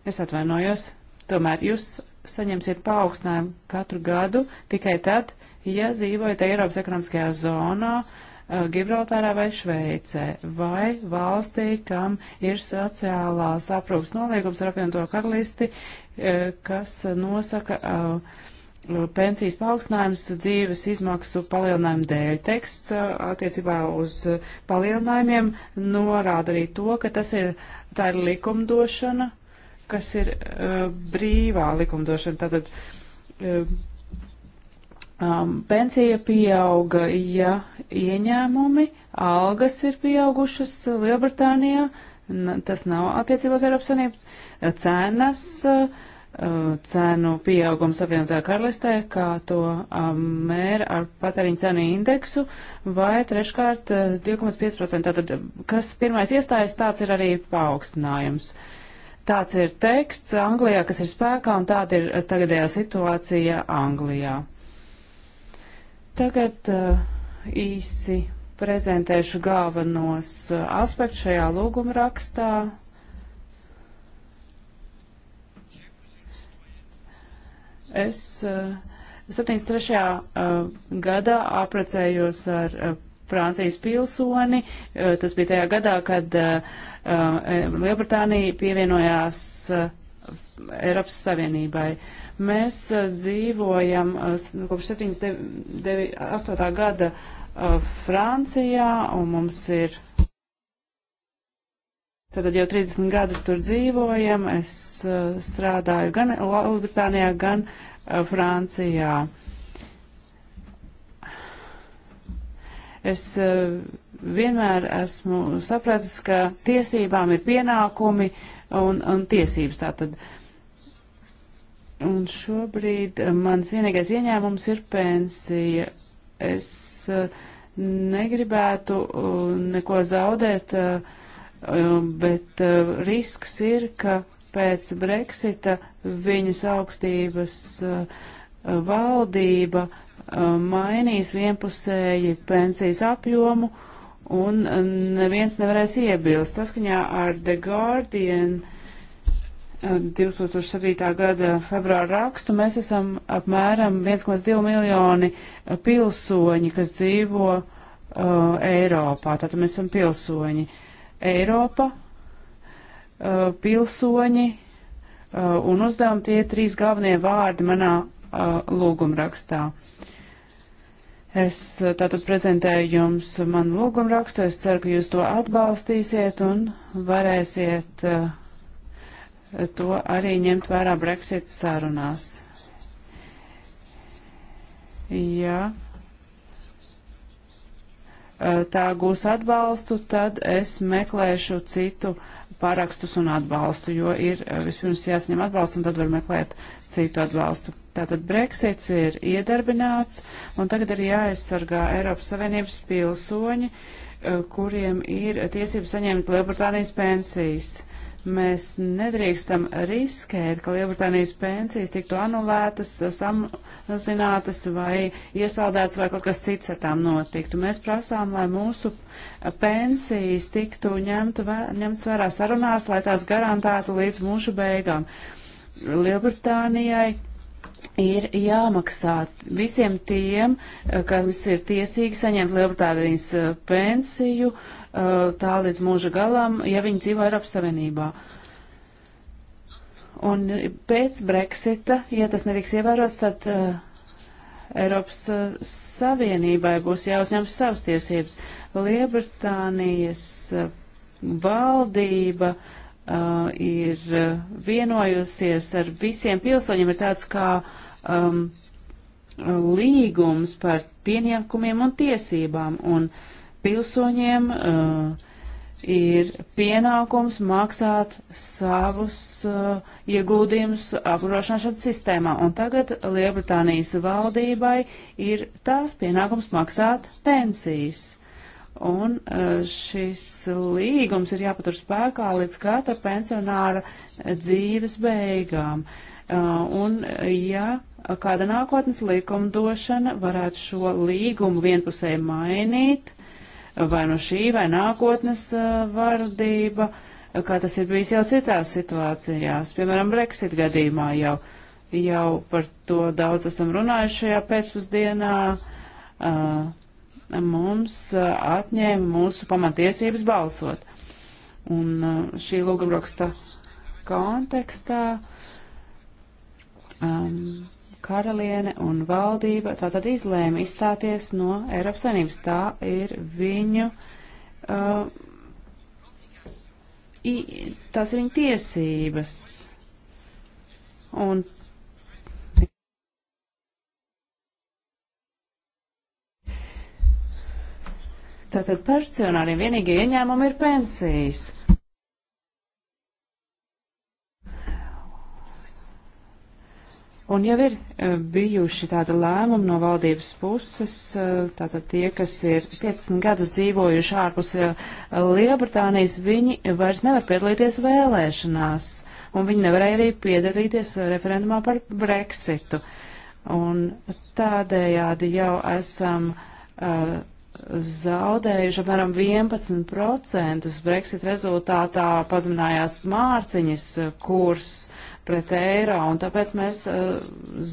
es atvainojos, tomēr jūs saņemsiet paaugstinājumu katru gadu tikai tad, ja dzīvojat Eiropas ekonomiskajā zonā, uh, Uh, Gibraltārā vai Šveicē, vai valstī, kam ir sociālās aprūpas noliegums ar apvienoto karalisti, uh, kas nosaka uh, pensijas paaugstinājums dzīves izmaksu palielinājumu dēļ. Teksts attiecībā uz palielinājumiem norāda arī to, ka tas ir, tā ir likumdošana, kas ir uh, brīvā likumdošana. Tātad uh, um, pensija pieauga, ja ieņēmumi, algas ir pieaugušas Lielbritānijā, tas nav attiecībās Eiropas Savienības, cenas, uh, cenu pieaugums apvienotā karalistē, kā to um, mēra ar patēriņu cenu indeksu, vai treškārt uh, 2,5%. Tātad, kas pirmais iestājas, tāds ir arī paaugstinājums. Tāds ir teksts Anglijā, kas ir spēkā, un tāda ir uh, tagadējā situācija Anglijā. Tagad uh, īsi prezentēšu galvenos uh, aspektus šajā lūguma rakstā. Es 73. Uh, gadā aprecējos ar Francijas pilsoni. Tas bija tajā gadā, kad Lielbritānija pievienojās Eiropas Savienībai. Uh, Mēs uh, dzīvojam uh, kopš 78. gada uh, Francijā, un mums ir. Tātad jau 30 gadus tur dzīvojam. Es strādāju gan Lielbritānijā, gan Francijā. es vienmēr esmu sapratis, ka tiesībām ir pienākumi un, un tiesības. Tātad Un šobrīd eh, mans vienīgais ieņēmums ir pensija. Es eh, negribētu eh, neko zaudēt, bet risks ir, ka pēc Brexita viņas augstības valdība mainīs vienpusēji pensijas apjomu un neviens nevarēs iebilst. Saskaņā ar The Guardian uh, 2007. gada februāra rakstu, mēs esam apmēram 1,2 miljoni pilsoņi, kas dzīvo uh, Eiropā. Tātad mēs esam pilsoņi. Eiropa, uh, pilsoņi uh, un uzdevumi tie trīs galvenie vārdi manā uh, lūgumrakstā. Es uh, tātad prezentēju jums manu lūgumrakstu, es ceru, ka jūs to atbalstīsiet un varēsiet uh, to arī ņemt vērā Brexit sarunās. Ja e, tā gūs atbalstu, tad es meklēšu citu parakstus un atbalstu, jo ir e, vispirms jāsaņem atbalsts un tad var meklēt citu atbalstu. Tātad Brexits ir iedarbināts un tagad ir jāaizsargā Eiropas Savienības pilsoņi, e, kuriem ir tiesības saņemt Lielbritānijas pensijas. Mēs nedrīkstam riskēt, ka Lielbritānijas pensijas tiktu anulētas, samazinātas vai iesaldētas vai kaut kas cits ar tām notiktu. Mēs prasām, lai mūsu pensijas tiktu ņemtu, vē, ņemts vērā sarunās, lai tās garantētu līdz mūža beigām. Lielbritānijai ir jāmaksā visiem tiem, kas ir tiesīgi saņemt Lielbritānijas pensiju. Uh, Uh, tā līdz mūža galam, ja viņi dzīvo Eiropas Savienībā. Un pēc Brexita, ja tas netiks ievērots, tad uh, Eiropas uh, Savienībai būs jāuzņem savas tiesības. Liebritānijas uh, valdība uh, ir uh, vienojusies ar visiem pilsoņiem, ir tāds kā um, uh, līgums par pienākumiem un tiesībām. Un uh, pilsoņiem uh, ir pienākums maksāt savus uh, ieguldījumus apgrožināšanas sistēmā. Un tagad Lielbritānijas valdībai ir tās pienākums maksāt pensijas. Un uh, šis līgums ir jāpatur spēkā līdz katra pensionāra dzīves beigām. Uh, un ja kāda nākotnes likumdošana varētu šo līgumu vienpusēji mainīt, uh, vai nu no šī vai nākotnes eh, vardība, kā tas ir bijis jau citās situācijās, piemēram, Brexit gadījumā jau, jau par to daudz esam runājuši šajā pēcpusdienā. Eh, mums eh, atņēma mūsu pamatiesības balsot. Un šī lūgumraksta kontekstā um, karaliene un valdība tātad izlēma izstāties no Eiropas Savienības. Tā ir viņu, uh, i, tās ir viņu tiesības. Un Tātad personāliem vienīgie ieņēmumi ir pensijas. Un jau ir eh, bijuši tādi lēmumi no valdības puses, eh, tātad tie, kas ir 15 gadus dzīvojuši ārpus eh, Lielbritānijas, viņi vairs nevar piedalīties vēlēšanās, un viņi nevarēja arī piedalīties referendumā par Brexitu. Un tādējādi jau esam uh, zaudējuši apmēram 11%. Brexit rezultātā pazeminājās mārciņas kurs pret eiro, un tāpēc mēs uh,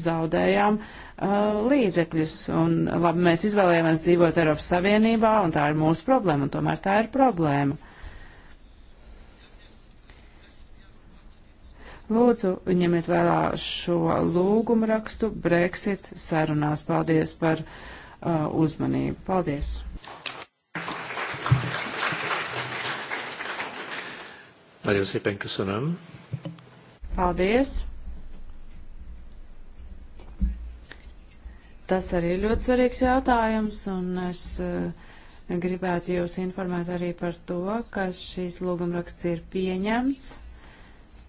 zaudējām uh, līdzekļus. Un, labi, mēs izvēlējāmies dzīvot Eiropas Savienībā, un tā ir mūsu problēma, un tomēr tā ir problēma. Lūdzu, ņemiet vērā šo lūgumu rakstu Brexit sarunās. Paldies par uh, uzmanību. Paldies! Nagyon szépen köszönöm. Paldies! Tas arī ir ļoti svarīgs jautājums, un es eh, gribētu jūs informēt arī par to, ka šīs lūgumraksts ir pieņemts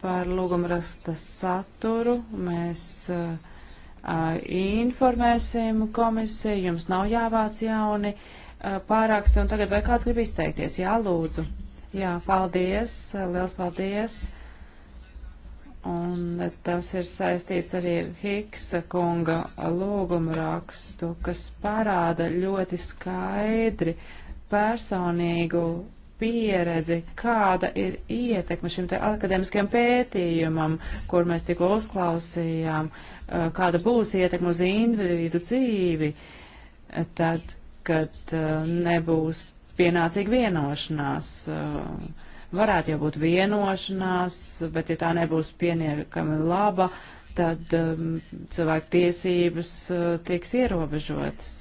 par lūgumraksta saturu. Mēs uh, informēsim komisiju, jums nav jāvāc jauni uh, pārāksti, un tagad vai kāds grib izteikties? Jā, lūdzu. Jā, paldies, liels paldies un tas ir saistīts arī Higsa kunga lūgumu rakstu, kas parāda ļoti skaidri personīgu pieredzi, kāda ir ietekme šim te akadēmiskajam pētījumam, kur mēs tikko uzklausījām, eh, kāda būs ietekme uz individu dzīvi, eh, tad, kad eh, nebūs pienācīga vienošanās. Uh, Varētu jau būt vienošanās, bet ja tā nebūs pieniekami laba, tad um, cilvēku tiesības uh, tiks ierobežotas.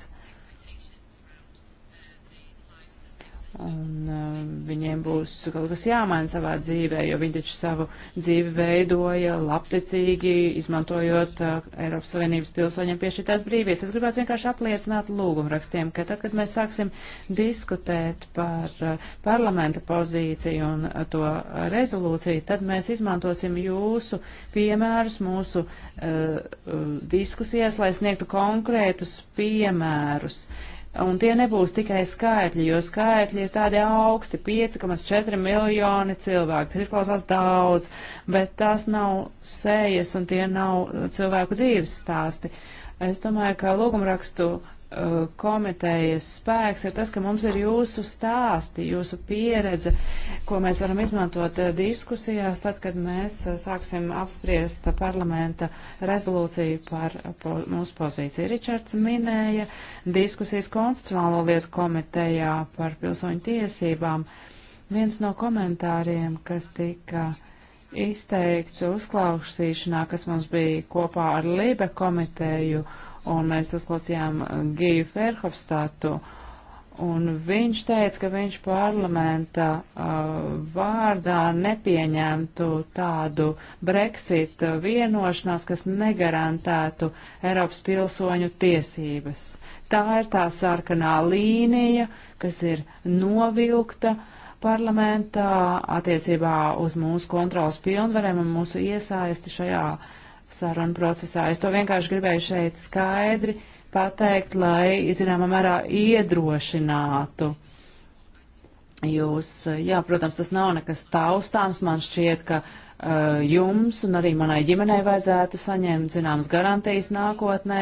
Un uh, viņiem būs kaut kas jāmaina savā dzīvē, jo viņi taču savu dzīvi veidoja labticīgi, izmantojot uh, Eiropas Savienības pilsoņiem piešķirtās brīvības. Es gribētu vienkārši apliecināt lūgumrakstiem, ka tad, kad mēs sāksim diskutēt par uh, parlamenta pozīciju un uh, to rezolūciju, tad mēs izmantosim jūsu piemērus mūsu uh, uh diskusijās, lai sniegtu konkrētus piemērus. Uh, Un tie nebūs tikai skaitļi, jo skaitļi ir tādi augsti - 5,4 miljoni cilvēku. Tas izklausās daudz, bet tās nav sejas un tie nav cilvēku dzīves stāsti. Es domāju, ka lūgumrakstu Uh, komitejas spēks ir tas, ka mums ir jūsu stāsti, jūsu pieredze, ko mēs varam izmantot uh, diskusijās, tad, kad mēs uh, sāksim apspriest parlamenta rezolūciju par po, mūsu pozīciju. Ričards minēja diskusijas konstitucionālo lietu komitejā par pilsoņu tiesībām. Viens no komentāriem, kas tika izteikts uzklausīšanā, kas mums bija kopā ar Libe komiteju, uh, un mēs uzklausījām Giju Ferhofstātu, un viņš teica, ka viņš parlamenta uh, vārdā nepieņemtu tādu Brexit vienošanās, kas negarantētu Eiropas pilsoņu tiesības. Tā ir tā sarkanā līnija, kas ir novilkta parlamentā attiecībā uz mūsu kontrolas pilnvarēm un mūsu iesaisti šajā uh, sarunu procesā. Es to vienkārši gribēju šeit skaidri pateikt, lai, zināmā mērā, iedrošinātu jūs. Jā, protams, tas nav nekas taustāms. Man šķiet, ka uh, jums un arī manai ģimenei vajadzētu saņemt zināmas garantijas nākotnē,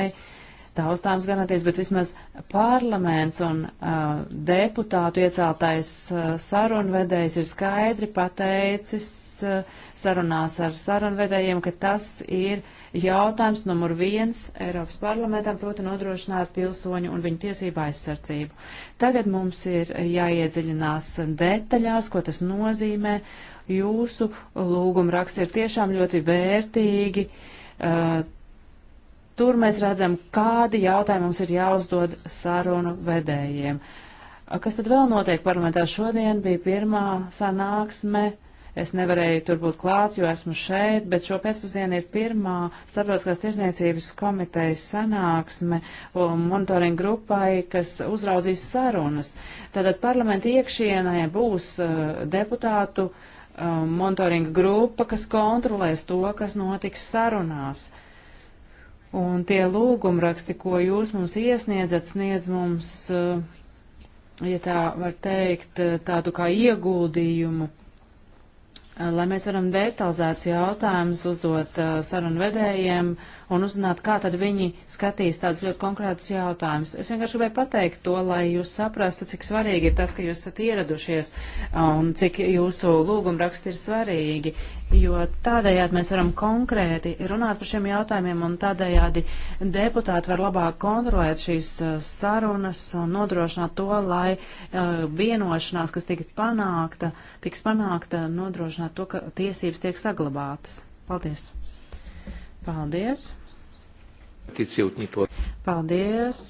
taustāms garantijas, bet vismaz parlaments un uh, deputātu ieceltais uh, sarunvedējs ir skaidri pateicis. Uh, sarunās ar sarunvedējiem, ka tas ir jautājums numur viens Eiropas parlamentam, proti nodrošināt pilsoņu un viņu tiesību aizsardzību. Tagad mums ir jāiedziļinās detaļās, ko tas nozīmē. Jūsu lūguma raksts ir tiešām ļoti vērtīgi. Uh, tur mēs redzam, kādi jautājumi mums ir jāuzdod sarunu vedējiem. Uh, kas tad vēl notiek parlamentā? Šodien bija pirmā sanāksme Es nevarēju tur būt klāt, jo esmu šeit, bet šo pēcpusdienu ir pirmā starptautiskās tirzniecības komitejas sanāksme monitoringa grupai, kas uzraudzīs sarunas. Tātad parlamenta iekšienē būs uh, deputātu uh, monitoringa grupa, kas kontrolēs to, kas notiks sarunās. Un tie lūgumraksti, ko jūs mums iesniedzat, sniedz mums, uh, ja tā var teikt, uh, tādu kā ieguldījumu lai mēs varam detalizētus jautājumus uzdot sarunu vedējiem. Uh, un uzzināt, kā tad viņi skatīs tādus ļoti konkrētus jautājumus. Es vienkārši gribēju pateikt to, lai jūs saprastu, cik svarīgi ir tas, ka jūs esat ieradušies un cik jūsu lūgumraksti ir svarīgi, jo tādējādi mēs varam konkrēti runāt par šiem jautājumiem un tādējādi deputāti var labāk kontrolēt šīs sarunas un nodrošināt to, lai vienošanās, kas tiks panākta, tiks panākta, nodrošināt to, ka tiesības tiek saglabātas. Paldies! Paldies! Paldies.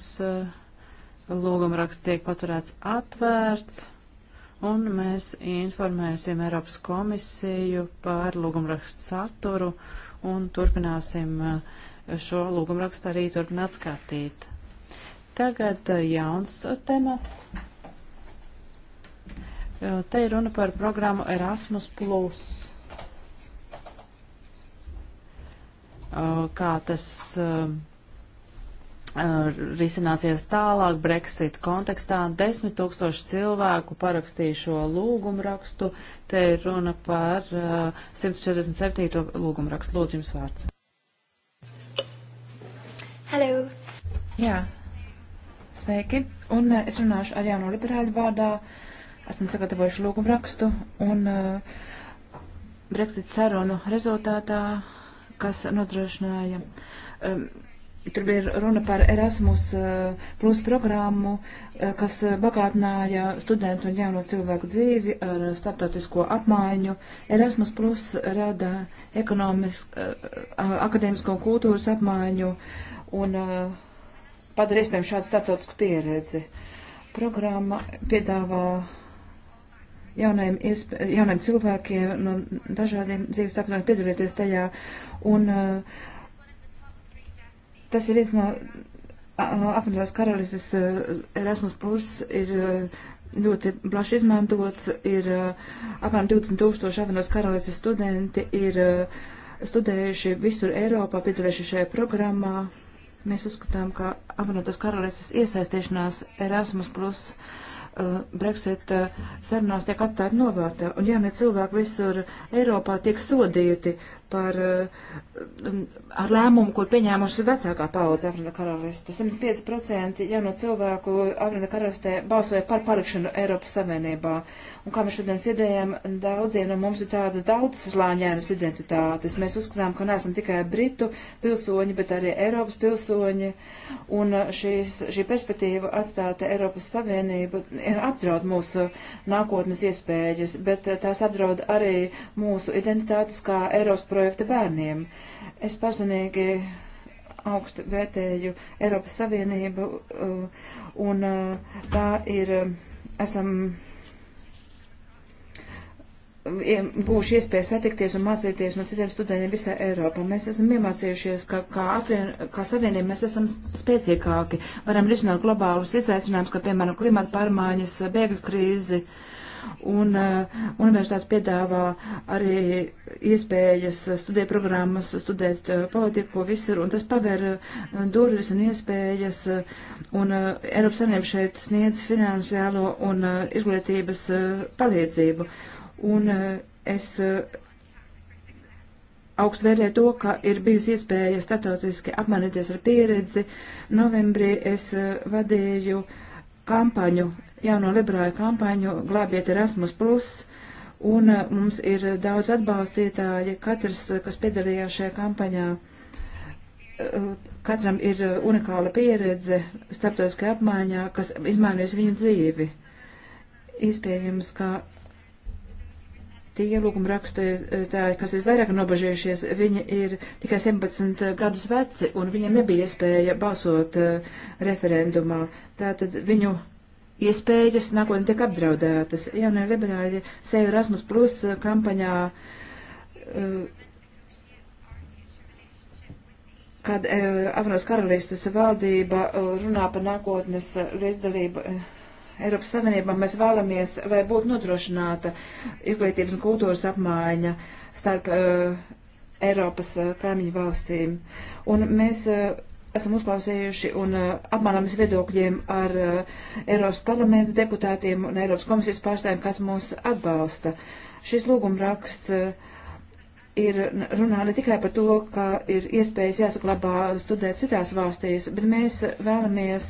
Lūguma raksts tiek paturēts atvērts, un mēs informēsim Eiropas komisiju par lūguma rakstu saturu un turpināsim eh, šo lūguma rakstu arī turpināt skatīt. Tagad eh, jauns temats. Eh, te ir runa par programmu Erasmus. Kā tas risināsies tālāk Brexit kontekstā. Desmit tūkstoši cilvēku parakstīja šo lūgumu rakstu. Te ir runa par uh, 147. lūgumu rakstu. Lūdzu, jums vārds. Hello. Jā. Sveiki. Un uh, es runāšu arī no liberāļu vārdā. Esmu sagatavojuši lūgumu rakstu. Un uh, Brexit sarunu rezultātā, kas nodrošināja. Um, Tur bija runa par Erasmus eh, plus programmu, eh, kas eh, bagātināja studentu un jauno cilvēku dzīvi ar starptautisko apmaiņu. Erasmus plus rada akadēmisko un kultūras apmaiņu un padara iespējams šādu starptautisku pieredzi. Programma piedāvā jauniem, jauniem cilvēkiem no dažādiem dzīves apstākļiem piedalīties tajā. Un uh, Tas ir viens no apvienotās karalistes Erasmus Plus ir ļoti plaši izmantots, ir apmēram 20 tūkstoši apvienotās karalistes studenti ir studējuši visur Eiropā, piedalījuši šajā programmā. Mēs uzskatām, ka apvienotās karalistes iesaistīšanās Erasmus Plus Brexit sarunās tiek atstāti novārtā, un jaunie cilvēki visur Eiropā tiek sodīti par, eh, ar lēmumu, kur pieņēmuši vecākā paudze Afrikas karalistē. 75% jauno cilvēku Afrikas karalistē balsoja par palikšanu Eiropas Savienībā. Un kā mēs šodien dzirdējām, daudziem no mums ir tādas daudzslāņainas identitātes. Mēs uzskatām, ka neesam tikai Britu pilsoņi, bet arī Eiropas pilsoņi. Un eh, šīs, šī perspektīva atstāta Eiropas Savienību eh, apdraud mūsu nākotnes iespējas, bet tās apdraud arī mūsu identitātes kā Eiropas projekts projekta bērniem. Es personīgi augstu vērtēju Eiropas Savienību uh, un uh, tā ir, um, esam um, gūši iespēju satikties un mācīties no citiem studentiem visā Eiropā. Mēs esam iemācījušies, ka kā, apvien, kā savienība mēs esam spēcīgāki, varam risināt globālus izaicinājumus, kā piemēram klimata pārmaiņas, bēgļu krīzi. Uh, un eh, universitātes piedāvā arī iespējas studēt programmas, studēt eh, politiku, viss ir, un tas paver eh, durvis un iespējas, un Eiropas Savienība šeit sniedz finansiālo un izglītības palīdzību. Un es augstu vērtē to, ka ir bijusi iespēja statautiski apmainīties ar pieredzi. Novembrī es vadīju kampaņu jauno liberālu kampaņu Glābiet Erasmus Plus, un uh, mums ir daudz atbalstītāji, katrs, uh, kas piedalījās šajā kampaņā uh, katram ir unikāla pieredze starptautiskajā apmaiņā, kas izmainīs viņu dzīvi. Iespējams, ka tie lūguma rakstītāji, kas ir vairāk nobažījušies, viņi ir tikai 17 gadus veci un viņiem nebija iespēja balsot referendumā. Tātad viņu iespējas nākotnē tiek apdraudētas. Jaunie liberāļi seja Erasmus Plus eh, kampaņā, eh, kad eh, Avanos karalistas valdība runā par nākotnes līdzdalību. Eiropas Savienībā mēs vēlamies, lai būtu nodrošināta izglītības un kultūras apmaiņa starp uh, Eiropas uh, kaimiņu valstīm. Un mēs uh, esam uzklausījuši un uh, apmainamies viedokļiem ar uh, Eiropas parlamenta deputātiem un Eiropas komisijas pārstāvjiem, kas mūs atbalsta. Šis lūguma raksts uh, ir runā ne tikai par to, ka ir iespējas jāsaklabā studēt citās valstīs, bet mēs vēlamies,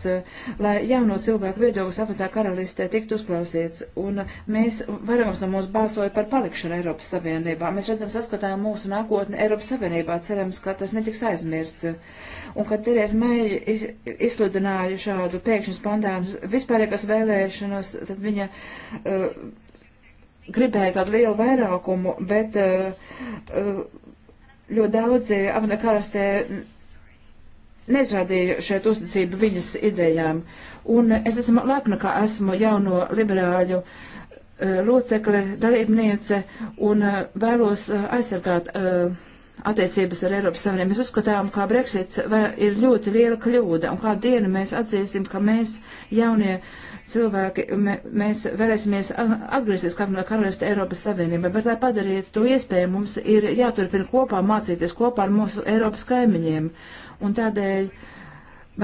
lai jauno cilvēku viedoklis apvienotā karalistē tiktu uzklausīts. Un mēs vairums no mums balsoja par palikšanu Eiropas Savienībā. Mēs redzam, saskatām mūsu nākotni Eiropas Savienībā. Cerams, ka tas netiks aizmirsts. Un kad Terēs Mēļa izsludināja šādu pēkšņu spontānu vispārējas vēlēšanas, tad viņa uh, gribēja tādu lielu vairākumu, bet eh, eh, ļoti daudzi apvienotā karalistē neizrādīja šeit uzticību viņas idejām. Un es esmu lepna, ka esmu jauno liberāļu eh, locekle, dalībniece un vēlos aizsargāt attiecības ar Eiropas Savienību. Mēs uzskatām, ka Brexits ir ļoti liela kļūda un kādu dienu mēs atzīsim, ka mēs jaunie uh, cilvēki, mēs vēlēsimies atgriezties kā no karalista Eiropas Savienībā, bet, lai padarītu to iespēju, mums ir jāturpina kopā mācīties kopā ar mūsu Eiropas kaimiņiem. Un tādēļ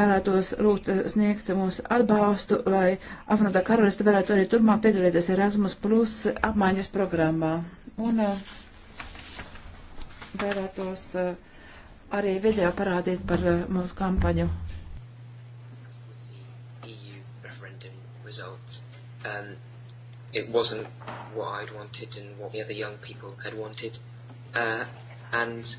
vēlētos lūgt eh, sniegt mūsu atbalstu, lai apvienotā karalista varētu arī turpmāk piedalīties Erasmus Plus apmaiņas programmā. Un eh, vēlētos eh, arī video parādīt par mūsu kampaņu. Um, it wasn't what I'd wanted and what the other young people had wanted. Uh, and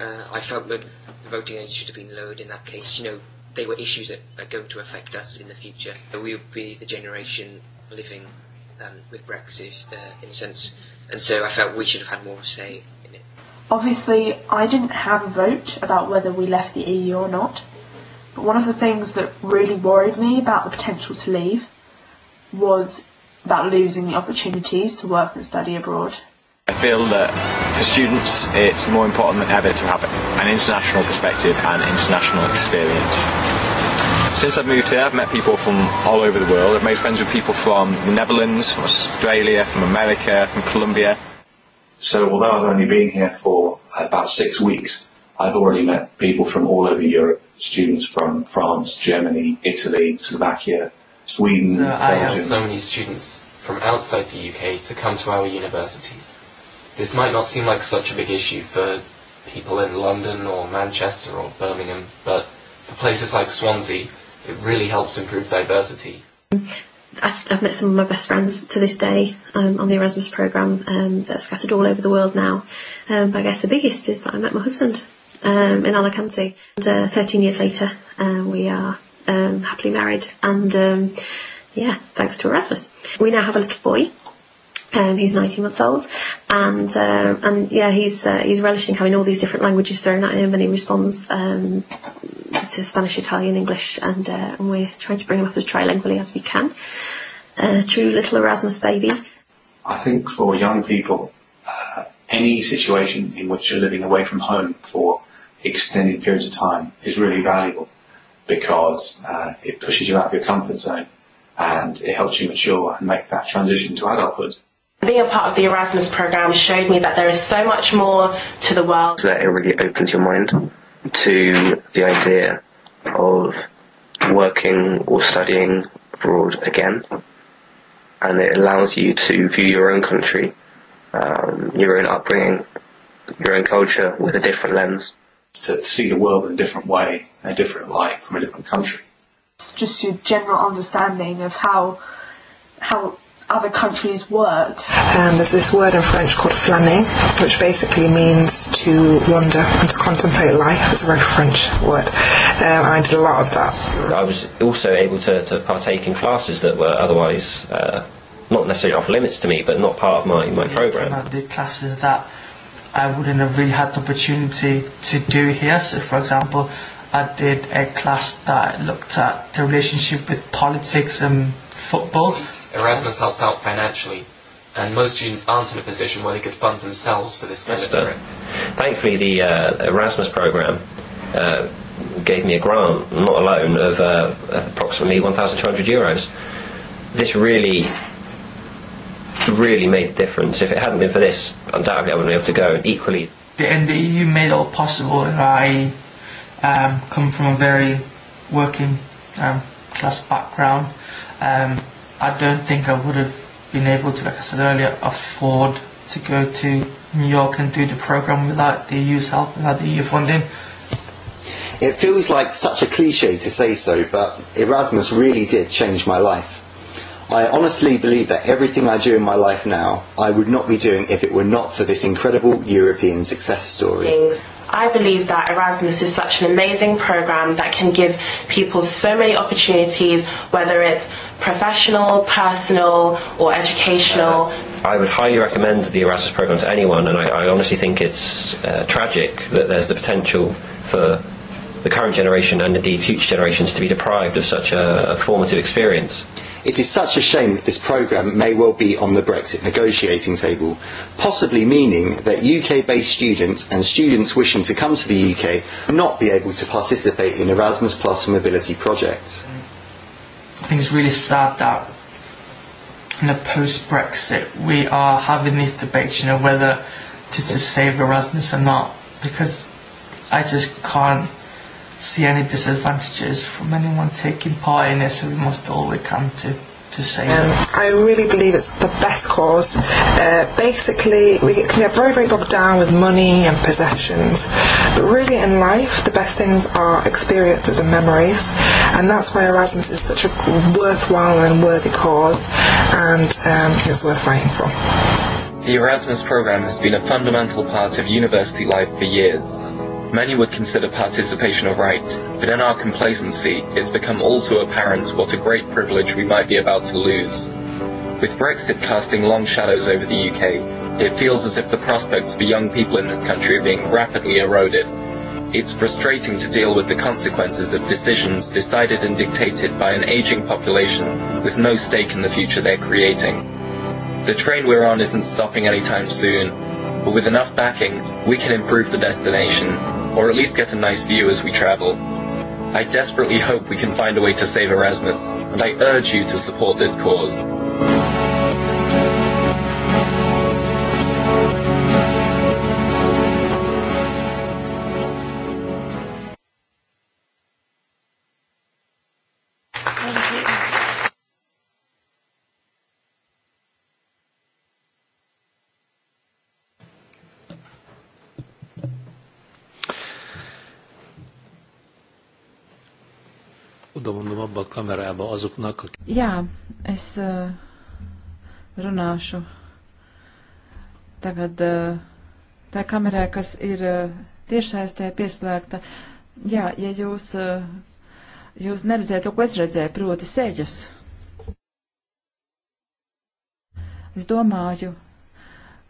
uh, I felt that the voting age should have been lowered in that case. You know, they were issues that are going to affect us in the future. We would be the generation living um, with Brexit, uh, in a sense. And so I felt we should have had more of a say in it. Obviously, I didn't have a vote about whether we left the EU or not. But one of the things that really worried me about the potential to leave was about losing the opportunities to work and study abroad. I feel that for students it's more important than ever to have an international perspective and international experience. Since I've moved here, I've met people from all over the world. I've made friends with people from the Netherlands, from Australia, from America, from Colombia. So, although I've only been here for about six weeks, I've already met people from all over Europe students from France, Germany, Italy, Slovakia, Sweden, uh, I ask so many students from outside the UK to come to our universities. This might not seem like such a big issue for people in London or Manchester or Birmingham, but for places like Swansea, it really helps improve diversity. I've met some of my best friends to this day um, on the Erasmus programme um, that are scattered all over the world now. Um, but I guess the biggest is that I met my husband um, in Alicante. And uh, 13 years later, uh, we are um, happily married, and um, yeah, thanks to Erasmus. We now have a little boy. Um, who's 19 months old, and um, and yeah, he's uh, he's relishing having all these different languages thrown at him, and he responds um, to Spanish, Italian, English, and, uh, and we're trying to bring him up as trilingually as we can. Uh, true little Erasmus baby. I think for young people, uh, any situation in which you're living away from home for extended periods of time is really valuable because uh, it pushes you out of your comfort zone and it helps you mature and make that transition to adulthood. Being a part of the Erasmus program showed me that there is so much more to the world. That it really opens your mind to the idea of working or studying abroad again, and it allows you to view your own country, um, your own upbringing, your own culture with a different lens to, to see the world in a different way, in a different light, from a different country. Just your general understanding of how how other countries work. Um, there's this word in French called flâner, which basically means to wander and to contemplate life. It's a very French word, um, and I did a lot of that. I was also able to, to partake in classes that were otherwise uh, not necessarily off limits to me, but not part of my, my yeah, program. I did classes that I wouldn't have really had the opportunity to do here. So, for example, I did a class that looked at the relationship with politics and football. Erasmus helps out financially, and most students aren't in a position where they could fund themselves for this kind That's of trip. Thankfully, the uh, Erasmus program. Uh, gave me a grant, not a loan, of uh, approximately 1,200 euros. This really really made a difference. If it hadn't been for this, undoubtedly I wouldn't be able to go. And equally, the, and the EU made it all possible. I um, come from a very working um, class background. Um, I don't think I would have been able to, like I said earlier, afford to go to New York and do the program without the EU's help, without the EU funding. It feels like such a cliche to say so, but Erasmus really did change my life. I honestly believe that everything I do in my life now, I would not be doing if it were not for this incredible European success story. I believe that Erasmus is such an amazing program that can give people so many opportunities, whether it's professional, personal, or educational. Uh, I would highly recommend the Erasmus program to anyone, and I, I honestly think it's uh, tragic that there's the potential for the current generation and indeed future generations to be deprived of such a, a formative experience. It is such a shame that this programme may well be on the Brexit negotiating table, possibly meaning that UK based students and students wishing to come to the UK will not be able to participate in Erasmus Plus mobility projects. I think it's really sad that in a post Brexit we are having these debates, you know, whether to, to save Erasmus or not, because I just can't see any disadvantages from anyone taking part in it, so we must do all we can to to say um, I really believe it's the best cause. Uh, basically, we get, can get very, very bogged down with money and possessions. But really, in life, the best things are experiences and memories. And that's why Erasmus is such a worthwhile and worthy cause, and um, it's worth fighting for. The Erasmus program has been a fundamental part of university life for years. Many would consider participation a right, but in our complacency, it's become all too apparent what a great privilege we might be about to lose. With Brexit casting long shadows over the UK, it feels as if the prospects for young people in this country are being rapidly eroded. It's frustrating to deal with the consequences of decisions decided and dictated by an aging population with no stake in the future they're creating. The train we're on isn't stopping anytime soon, but with enough backing, we can improve the destination, or at least get a nice view as we travel. I desperately hope we can find a way to save Erasmus, and I urge you to support this cause. mikrofonba, kamerába azoknak, akik... Jā, es uh, runāšu tagad uh, tā kamerā, kas ir uh, tiešsaistē pieslēgta. Jā, ja jūs, uh, jūs neredzējat to, ko es redzēju, proti sejas. Es domāju,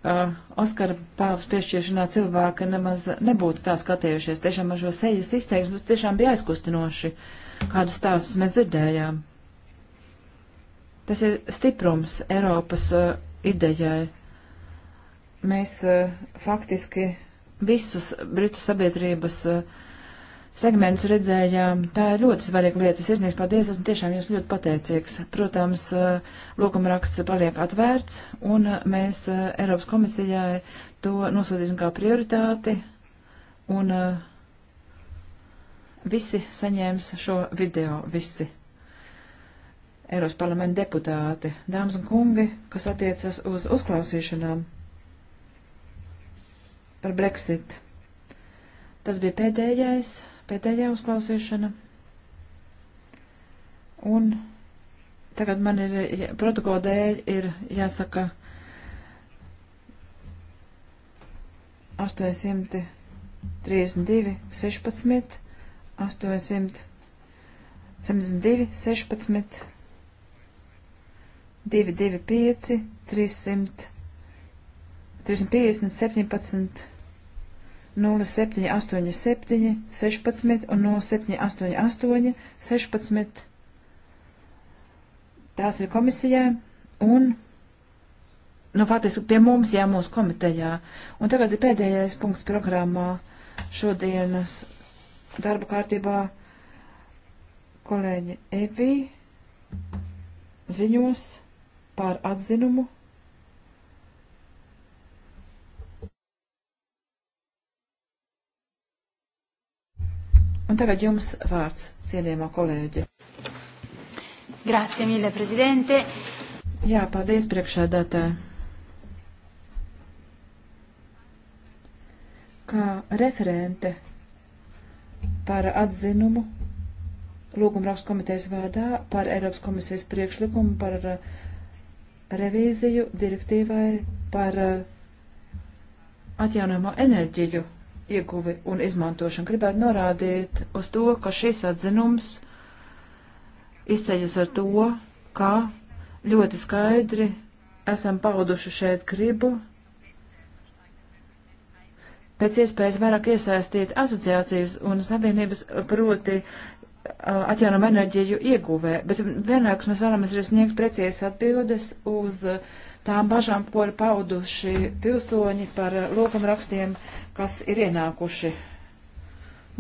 Uh, Oskara pāvs piešķiršanā cilvēki nemaz nebūtu tā skatījušies. Tiešām ar šo sejas izteiksmu tas tiešām bija aizkustinoši. Uh, kādus stāstus mēs dzirdējām. Tas ir stiprums Eiropas uh, idejai. Mēs uh, faktiski visus Britu sabiedrības uh, segmentus redzējām. Tā ir ļoti svarīga lieta. Sirsnīgs paldies, esmu tiešām jums ļoti pateicīgs. Protams, lūgumraksts paliek atvērts, un mēs Eiropas komisijai to nosūtīsim kā prioritāti. Un uh, visi saņēmis šo video, visi Eiros parlamenta deputāti, dāmas un kungi, kas attiecas uz uzklausīšanām par Brexit. Tas bija pēdējais, pēdējā uzklausīšana. Un tagad man ir protokola dēļ ir jāsaka 832, 16. 872, 16, 225, 300, 350, 17, 07, 87, 16 un 07, 88, 16. Tās ir komisijai un nu, faktiski pie mums, jā, mūsu komitejā. Un tagad ir pēdējais punkts programmā šodienas darba kārtībā kolēģi Evi ziņos par atzinumu. Un tagad jums vārds, cienījamā kolēģe. Grācie, mīļa prezidente. Jā, paldies priekšādātāji. Kā referente par atzinumu lūgumrakstu komitejas vārdā par Eiropas komisijas priekšlikumu par eh, revīziju direktīvai par eh, atjaunojamo enerģiju ieguvi un izmantošanu. Gribētu norādīt uz to, ka šis atzinums izceļas ar to, ka ļoti skaidri esam pauduši šeit gribu pēc iespējas vairāk iesaistīt asociācijas un savienības proti uh, atjaunumu enerģiju ieguvē, bet vienlaikus mēs vēlamies arī sniegt precīzas atbildes uz uh, tām bažām, ko ir pauduši pilsoņi par uh, lokumrakstiem, kas ir ienākuši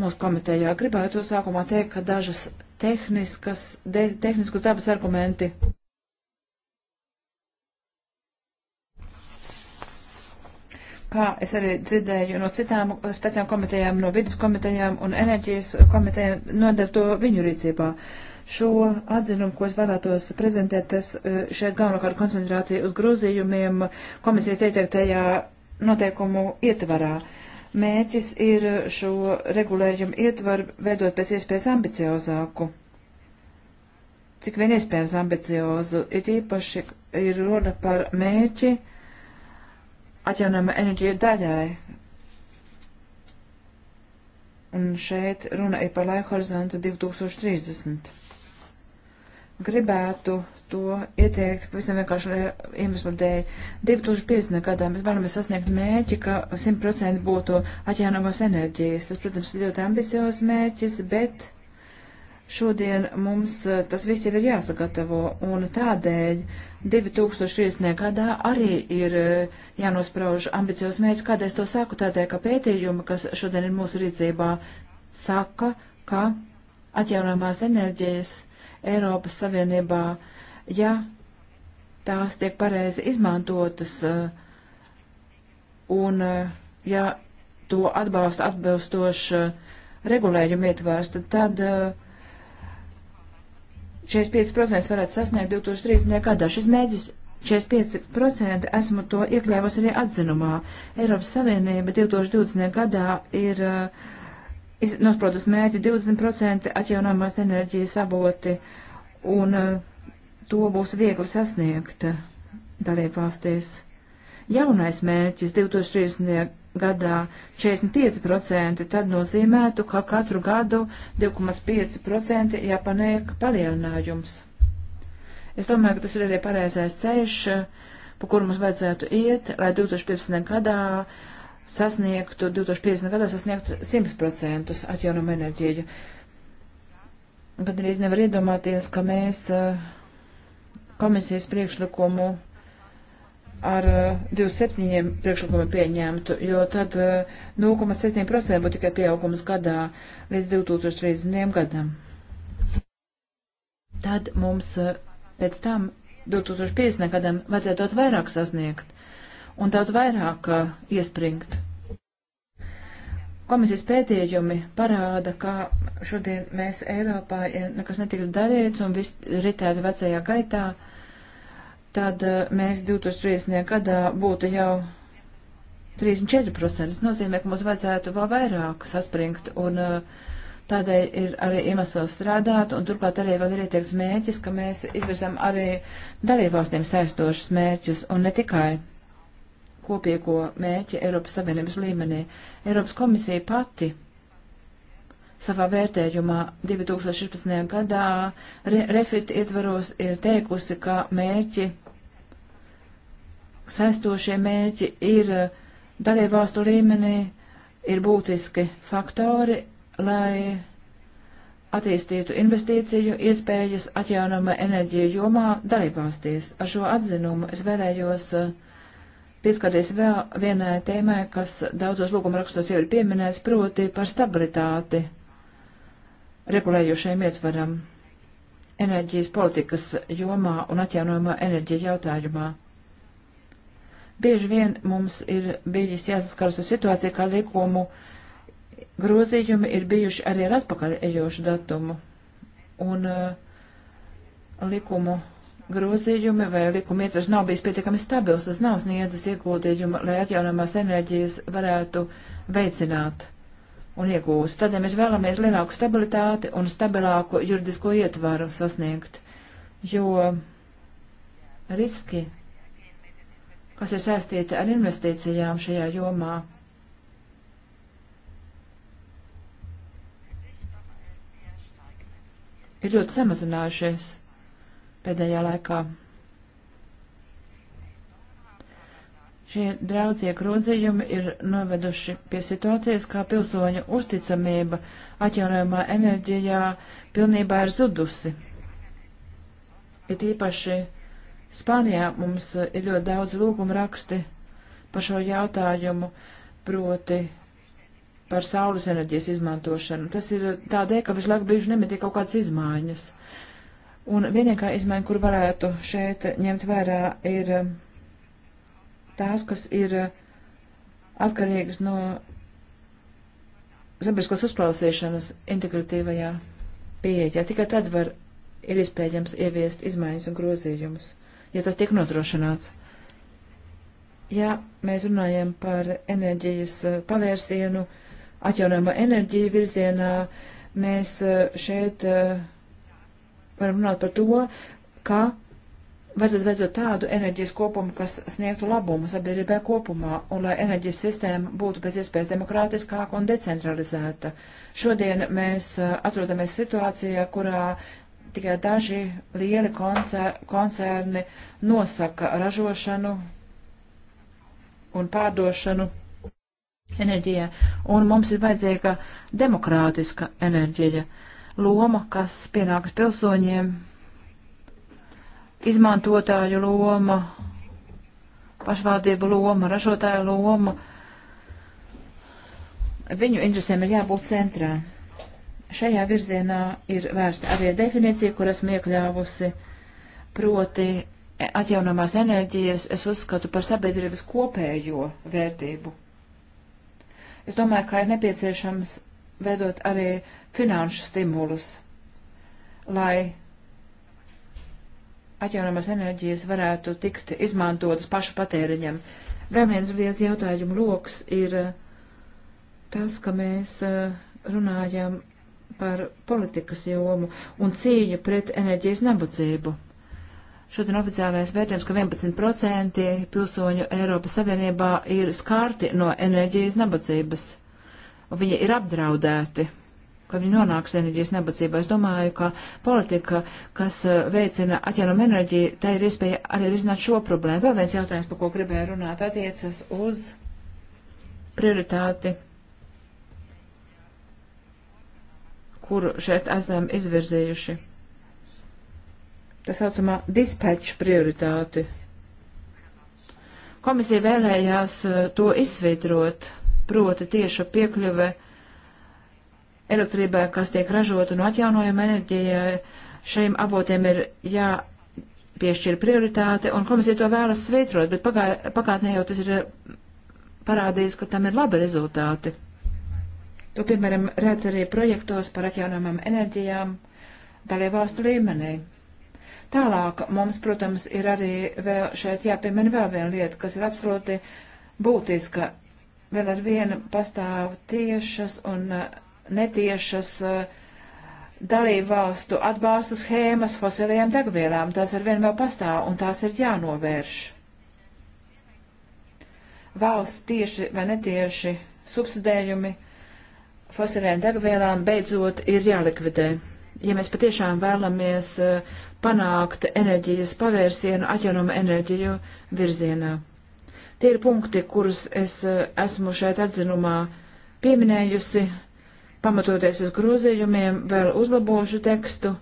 mūsu komitejā. Gribētu sākumā teikt, ka dažas tehniskas, de, tehniskas dabas argumenti kā es arī dzirdēju no citām speciālām komitejām, no vidas komitejām un enerģijas komitejām, nodev to viņu rīcībā. Šo atzinumu, ko es vēlētos prezentēt, tas e, šeit galvenokārt koncentrācija uz grozījumiem komisijas ieteiktajā noteikumu ietvarā. Mēķis ir šo regulējumu ietvaru veidot pēc iespējas ambiciozāku. Cik vien iespējams ambiciozu, ir īpaši ir runa par mēķi atjaunojama enerģija daļai. Un šeit runa ir par laika horizontu 2030. Gribētu to ieteikt pavisam vienkārši iemeslu dēļ. 2050. gadā mēs vēlamies sasniegt mērķi, ka 100% būtu atjaunojamos enerģijas. Tas, protams, ir ļoti ambiciozs mērķis, bet Šodien mums eh, tas viss jau ir jāsagatavo, un tādēļ 2030. gadā arī ir eh, jānosprauž ambiciozs mērķis. Kādēļ es to saku? Tādēļ, ka pētījumi, kas šodien ir mūsu rīcībā, saka, ka atjaunojamās enerģijas Eiropas Savienībā, ja tās tiek pareizi izmantotas eh, un ja to atbalsta atbilstoši regulējumu ietvērsta, tad uh, 45% varētu sasniegt 2030. gadā. Šis mēģis 45% esmu to iekļāvus arī atzinumā. Eiropas Savienība 2020. gadā ir uh, nosprotas mērķi 20% atjaunāmās enerģijas avoti, un uh, to būs viegli sasniegt dalībvalstīs. Jaunais mērķis 2030 gadā 45%, tad nozīmētu, ka katru gadu 2,5% jāpaniek palielinājums. Es domāju, ka tas ir arī pareizais ceļš, pa kuru mums vajadzētu iet, lai 2015. gadā sasniegtu, 2050. gadā sasniegtu 100% atjaunumu enerģiju. Gan arī nevar iedomāties, ka mēs eh, komisijas priekšlikumu ar 27 eh, priekšlikumiem pieņemtu, jo tad 0,7% eh, būtu tikai pieaugums gadā līdz 2030. gadam. Tad mums eh, pēc tam 2050. gadam vajadzētu daudz vairāk sasniegt un daudz vairāk iespringt. Komisijas pētījumi parāda, ka šodien mēs Eiropā nekas netika darīts un viss ritētu vecajā gaitā. Uh, tad eh, mēs 2030. gadā būtu jau 34%. Tas nozīmē, ka mums vajadzētu vēl vairāk saspringt, un eh, tādēļ ir arī iemesls strādāt, un turklāt arī vēl ir ietieks mērķis, ka mēs izvirzam arī dalībvalstīm saistošus mērķus, un ne tikai kopīgo mērķi Eiropas Savienības līmenī. Eiropas komisija pati savā vērtējumā 2016. gadā re, refit ietvaros ir teikusi, ka mērķi 2030 saistošie mērķi ir eh, dalībvalstu līmenī, ir būtiski faktori, lai attīstītu investīciju iespējas atjaunama enerģija jomā dalībvalstīs. Ar šo atzinumu es vēlējos eh, pieskarties vēl vienai tēmai, kas daudzos lūgumrakstos jau ir pieminēts, proti par stabilitāti regulējušajiem ietvaram enerģijas politikas jomā un atjaunojumā enerģija jautājumā. Bieži vien mums ir bijis jāsaskaras ar situāciju, kā likumu grozījumi ir bijuši arī ar atpakaļ ejošu datumu. Un uh, likumu grozījumi vai likuma ietvers nav bijis pietiekami stabils, tas nav sniedzis ieguldījumu, lai atjaunamās enerģijas varētu veicināt un iegūt. Tādēļ mēs vēlamies lielāku stabilitāti un stabilāku juridisko ietvaru sasniegt, jo riski kas ir saistīti ar investīcijām šajā jomā. Ir ļoti samazinājušies pēdējā laikā. Šie draudzie grozījumi ir noveduši pie situācijas, kā pilsoņu uzticamība atjaunojumā enerģijā pilnībā ir zudusi. Ir īpaši Spānijā mums eh, ir ļoti daudz lūgumu raksti par šo jautājumu, proti par saules enerģijas izmantošanu. Tas ir tādēļ, ka visu laiku bijuši nemitīgi kaut kādas izmaiņas. Un vienīgā izmaiņa, kur varētu šeit ņemt vērā, ir eh, tās, kas ir eh, atkarīgas no sabiedriskās uzklausīšanas integratīvajā pieejā. Tikai tad var ir iespējams ieviest izmaiņas un grozījumus ja tas tiek nodrošināts. Ja mēs runājam par enerģijas eh, pavērsienu, atjaunojamo enerģiju virzienā, mēs eh, šeit eh, varam runāt par to, ka vajadzētu veidot tādu enerģijas kopumu, kas sniegtu labumu sabiedrībai kopumā, un lai enerģijas sistēma būtu pēc iespējas demokrātiskāka un decentralizēta. Šodien mēs atrodamies situācijā, kurā tikai daži lieli koncer koncerni nosaka ražošanu un pārdošanu enerģijā, un mums ir vajadzīga demokrātiska enerģija, loma, kas pienākas pilsoņiem, izmantotāju loma, pašvaldību loma, ražotāju loma. Viņu interesēm ir jābūt centrā. Šajā virzienā ir vērsta arī definīcija, kur esmu iekļāvusi, proti atjaunamās enerģijas es uzskatu par sabiedrības kopējo vērtību. Es domāju, ka ir nepieciešams veidot arī finanšu stimulus, lai atjaunamās enerģijas varētu tikt izmantotas pašu patēriņam. Vēl viens liels jautājumu loks ir tas, ka mēs eh, runājam par politikas jomu un cīņu pret enerģijas nabadzību. Šodien oficiālais vērtējums, ka 11% pilsoņu Eiropas Savienībā ir skārti no enerģijas nabadzības. Viņi ir apdraudēti, ka viņi nonāks enerģijas nabadzībā. Es domāju, ka politika, kas eh, veicina atjaunumu enerģiju, tā ir iespēja arī risināt šo problēmu. Vēl viens jautājums, par ko gribēju runāt, attiecas uz prioritāti kuru šeit esam izvirzījuši. Tā saucamā dispeču prioritāti. Komisija vēlējās eh, to izsvītrot, proti tieša piekļuve elektrībai, kas tiek ražota no atjaunojuma enerģijai, šiem avotiem ir jāpiešķir prioritāte, un komisija to vēlas svītrot, bet pagā, pagātnē jau tas ir eh, parādījis, ka tam ir labi rezultāti. To, nu, piemēram, redz arī projektos par atjaunojumam enerģijām dalībvalstu līmenī. Tālāk mums, protams, ir arī vēl šeit jāpiemina vēl viena lieta, kas ir absolūti būtiska. Vēl ar vienu pastāv tiešas un uh, netiešas uh, dalībvalstu atbalsta schēmas fosilajām degvielām. Tās ar vienu vēl pastāv un tās ir jānovērš. Valsts tieši vai netieši subsidējumi fosilēm degvielām beidzot ir jālikvidē. Ja mēs patiešām vēlamies eh, panākt enerģijas pavērsienu atjaunumu enerģiju virzienā. Tie ir punkti, kurus es eh, esmu šeit atzinumā pieminējusi, pamatoties uz grozījumiem, vēl uzlabošu tekstu.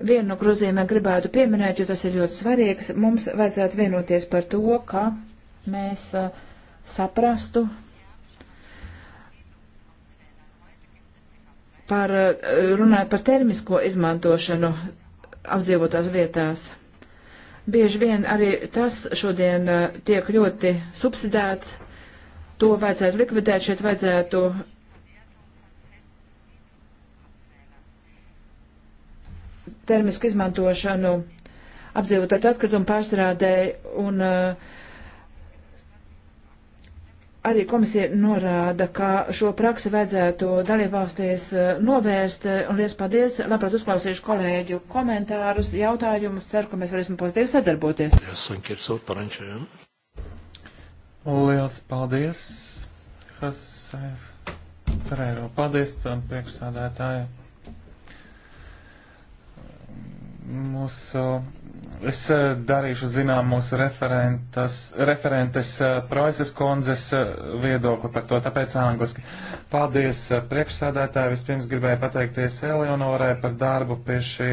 Vienu no grozījumiem gribētu pieminēt, jo tas ir ļoti svarīgs. Mums vajadzētu vienoties par to, ka mēs eh, saprastu, par, eh, runāja par termisko izmantošanu apdzīvotās vietās. Bieži vien arī tas šodien eh, tiek ļoti subsidēts. To vajadzētu likvidēt, šeit vajadzētu termisku izmantošanu apdzīvotāt atkritumu pārstrādēji un uh, arī komisija norāda, ka šo praksi vajadzētu dalībvalstīs eh, novērst, eh, un liels paldies, labprāt uzklausīšu kolēģu komentārus, jautājumus, ceru, ka mēs varēsim pozitīvi sadarboties. Liels paldies, Hasē Ferēro, paldies priekšsādētāju. Mūsu Es eh, darīšu zinām mūsu referentes eh, Proises kundzes eh, viedokli par to, tāpēc angliski. Paldies priekšsādātāji. Vispirms gribēju pateikties Eleonorai par darbu pie šī,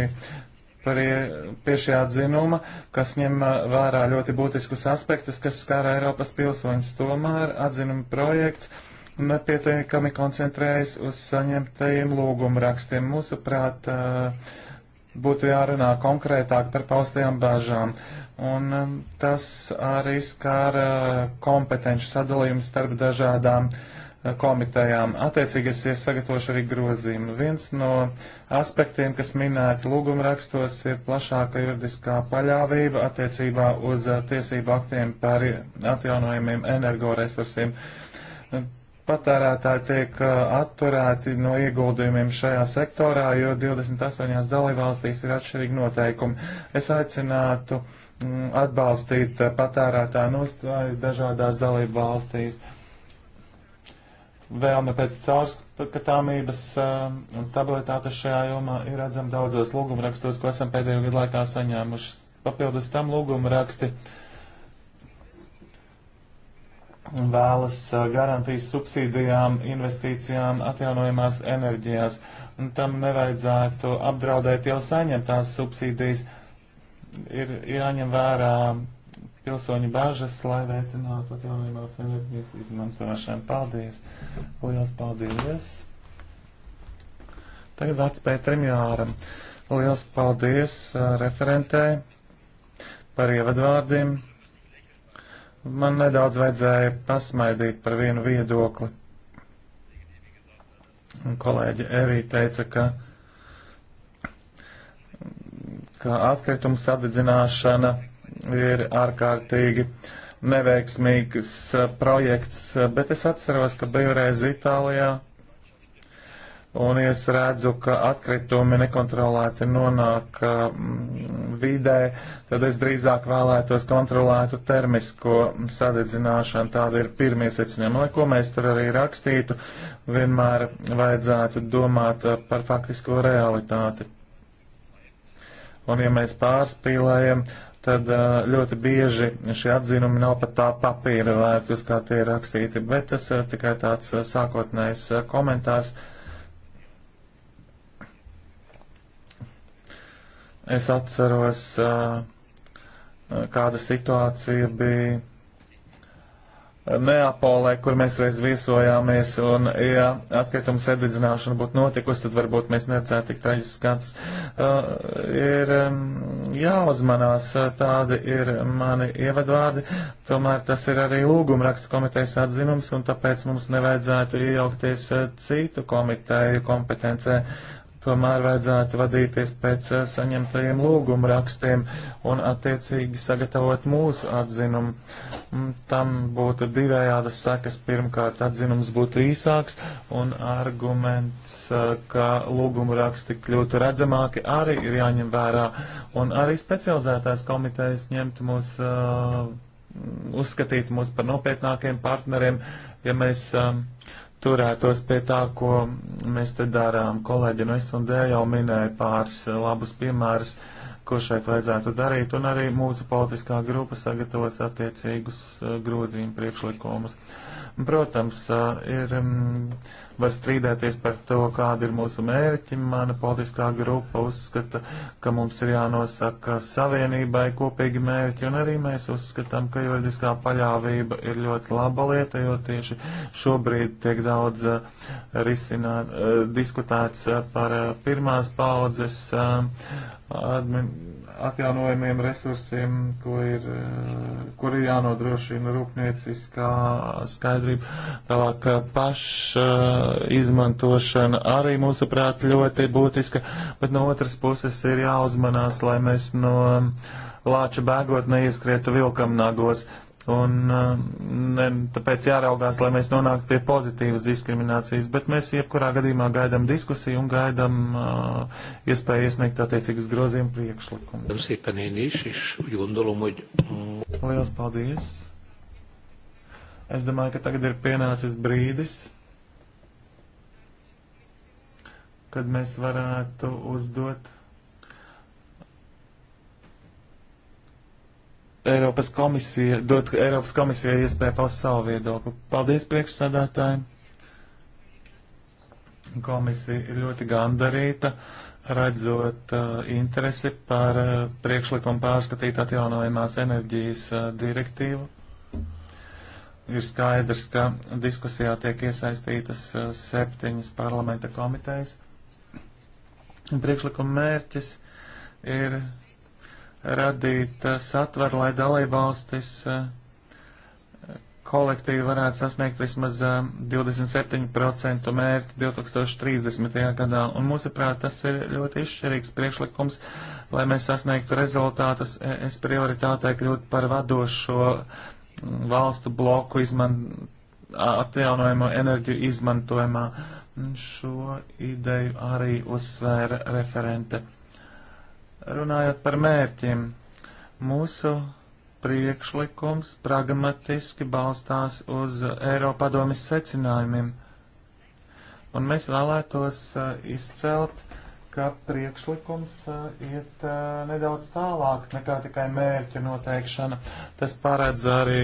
prie, pie šī atzinuma, kas ņem vērā ļoti būtiskus aspektus, kas skāra Eiropas pilsoņus. Tomēr atzinuma projekts nepietiekami koncentrējas uz saņemtajiem lūgumrakstiem. Mūsuprāt, uh, būtu jārunā konkrētāk par paustajām bāžām. Un um, tas arī skāra uh, kompetenci sadalījumu starp dažādām uh, komitejām. Attiecīgi es sagatavošu arī grozījumu. Viens no aspektiem, kas minēti lūgumrakstos, ir plašāka juridiskā paļāvība attiecībā uz uh, tiesību aktiem par atjaunojumiem energoresursiem patērētāji tiek uh, atturēti no ieguldījumiem šajā sektorā, jo 28 dalībvalstīs ir atšķirīgi noteikumi. Es aicinātu mm, atbalstīt uh, patērētāju nostāju dažādās dalībvalstīs. Vēlme pēc caurskatāmības uh, un stabilitātes šajā jomā ir redzama daudzos lūgumrakstos, ko esam pēdējo gadu laikā saņēmuši. Papildus tam lūgumraksti raksti vēlas uh, garantijas subsīdijām, investīcijām, atjaunojamās enerģijās. Un tam nevajadzētu apdraudēt jau saņemtās subsīdijas. Ir jāņem vērā pilsoņu bažas, lai veicinātu atjaunojamās enerģijas izmantošanu. Paldies! Lielas paldies! Tagad vārds Pēterim Jāram. Lielas paldies uh, referentē par ievadvārdiem Man nedaudz vajadzēja pasmaidīt par vienu viedokli. Un kolēģi Evī teica, ka, ka atkritumu sadedzināšana ir ārkārtīgi neveiksmīgs eh, projekts, eh, bet es atceros, ka biju reiz Itālijā un es redzu, ka atkritumi nekontrolēti nonāk mm, vidē, tad es drīzāk vēlētos kontrolētu termisko sadedzināšanu. Tāda ir pirmie secinājumi. Lai ko mēs tur arī rakstītu, vienmēr vajadzētu domāt eh, par faktisko realitāti. Un ja mēs pārspīlējam, tad eh, ļoti bieži šie atzinumi nav pat tā papīra vērti, uz kā tie ir rakstīti, bet tas ir tikai tāds eh, sākotnējs komentārs. Uh, Es atceros, kāda situācija bija Neapolē, kur mēs reiz viesojāmies, un ja atkrituma sadedzināšana būtu notikusi, tad varbūt mēs neredzētu tik traģisks skats. Uh, ir um, jāuzmanās, tādi ir mani ievadvārdi, tomēr tas ir arī lūguma raksta komitejas atzinums, un tāpēc mums nevajadzētu iejaukties citu komiteju kompetencē tomēr vajadzētu vadīties pēc eh, saņemtajiem lūguma rakstiem un attiecīgi sagatavot mūsu atzinumu. Mm, tam būtu divējādas sakas. Pirmkārt, atzinums būtu īsāks un arguments, eh, ka lūguma raksti kļūtu redzamāki, arī ir jāņem vērā. Un arī specializētās komitejas ņemt mūs, eh, uzskatīt mūs par nopietnākiem partneriem, ja mēs turētos pie tā, ko mēs te darām. Kolēģi no SND jau minēja pāris labus piemērus, ko šeit vajadzētu darīt, un arī mūsu politiskā grupa sagatavos attiecīgus eh, grozījumu priekšlikumus. Uh, Protams, ir, mm, var strīdēties par to, kāda ir mūsu mērķi. Mana politiskā grupa uzskata, ka mums ir jānosaka savienībai kopīgi mērķi, un arī mēs uzskatām, ka juridiskā paļāvība ir ļoti laba lieta, jo tieši šobrīd tiek daudz risinā, diskutēts par pirmās paudzes admin atjaunojumiem resursiem, ko ir, eh, kur ir jānodrošina rūpnieciskā skaidrība. Tālāk eh, paš eh, izmantošana arī mūsuprāt ļoti būtiska, bet no otras puses ir jāuzmanās, lai mēs no lāča bēgot neieskrietu vilkam nagos. Un eh, ne, tāpēc jāraugās, lai mēs nonāktu pie pozitīvas diskriminācijas, bet mēs jebkurā gadījumā gaidām diskusiju un gaidām uh, iespēju iesniegt attiecīgas grozījuma priekšlikumu. Lielas paldies! Es domāju, ka tagad ir pienācis brīdis, kad mēs varētu uzdot Eiropas komisija, dot Eiropas komisijai iespēju paust savu viedokli. Paldies priekšsēdētājiem. Komisija ir ļoti gandarīta, redzot uh, interesi par uh, priekšlikumu pārskatīt atjaunojumās enerģijas uh, direktīvu. Ir skaidrs, ka diskusijā tiek iesaistītas uh, septiņas parlamenta komitejas. Priekšlikuma mērķis ir radīt eh, satvaru, lai dalībvalstis eh, kolektīvi varētu sasniegt vismaz 27% eh, mērķi 2030. gadā. Un mūsuprāt, tas ir ļoti izšķirīgs priekšlikums, lai mēs sasniegtu rezultātus. E, es prioritātei kļūt par vadošo mm, valstu bloku izman, atjaunojamo enerģiju izmantojumā. Šo ideju arī uzsvēra referente. Runājot par mērķiem, mūsu priekšlikums pragmatiski balstās uz Eiropadomis secinājumiem, un mēs vēlētos uh, izcelt, ka priekšlikums uh, iet uh, nedaudz tālāk nekā tikai mērķu noteikšana. Tas paredz arī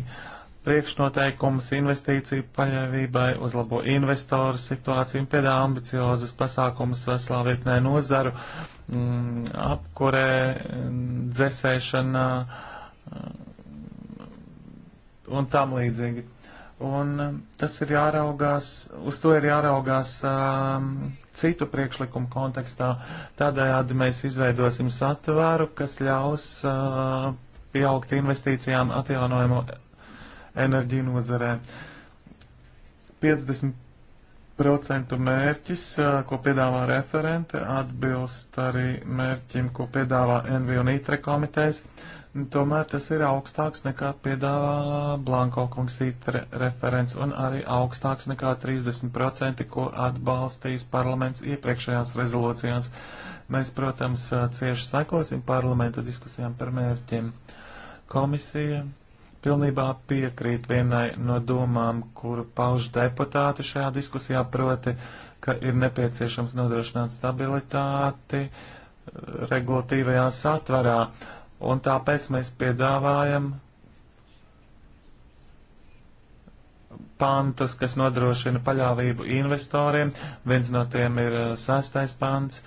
uh, priekšnoteikumus investīciju paļāvībai, uzlabo investoru situāciju un piedāvā ambiciozus pasākumus veselā virknē nozaru, m, mm, apkurē, mm, dzesēšana mm, un tam līdzīgi. Un tas ir jāraugās, uz to ir jāraugās um, citu priekšlikumu kontekstā. Tādējādi mēs izveidosim satvēru, kas ļaus uh, pieaugt investīcijām atjaunojamo enerģiju nozarē. 50% mērķis, ko piedāvā referente, atbilst arī mērķim, ko piedāvā NV un ITRE komitejas. Tomēr tas ir augstāks nekā piedāvā Blanko kungs ITRE referents un arī augstāks nekā 30%, ko atbalstīs parlaments iepriekšējās rezolūcijās. Mēs, protams, cieši sekosim parlamenta diskusijām par mērķiem. Komisija pilnībā piekrīt vienai no domām, kuru pauž deputāti šajā diskusijā, proti, ka ir nepieciešams nodrošināt stabilitāti eh, regulatīvajā satvarā, un tāpēc mēs piedāvājam pantus, kas nodrošina paļāvību investoriem. Viens no tiem ir eh, sastais pants,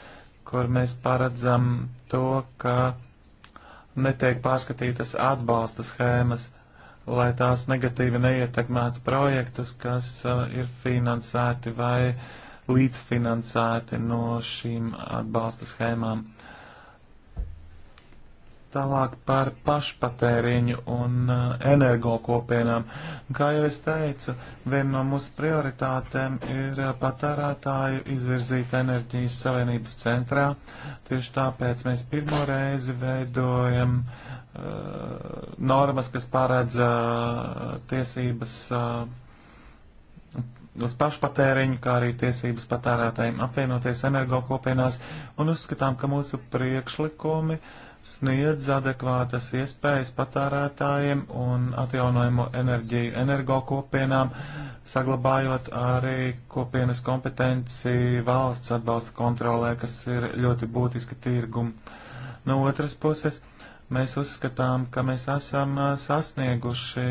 kur mēs paredzam to, ka netiek pārskatītas atbalsta schēmas lai tās negatīvi neietekmētu projektus, kas uh, ir finansēti vai līdzfinansēti no šīm atbalsta schēmām. Tālāk par pašpatēriņu un uh, energokopienām. Kā jau es teicu, viena no mūsu prioritātēm ir uh, patērētāju izvirzīt enerģijas savienības centrā. Tieši tāpēc mēs pirmo reizi veidojam uh, Uh, normas, kas paredz uh, tiesības uh, uz pašpatēriņu, kā arī tiesības patērētājiem apvienoties energokopienās, un uzskatām, ka mūsu priekšlikumi sniedz adekvātas iespējas patērētājiem un atjaunojumu enerģiju energokopienām, saglabājot arī kopienas kompetenci valsts atbalsta kontrolē, kas ir ļoti būtiski tirgumu. No otras puses, Mēs uzskatām, ka mēs esam sasnieguši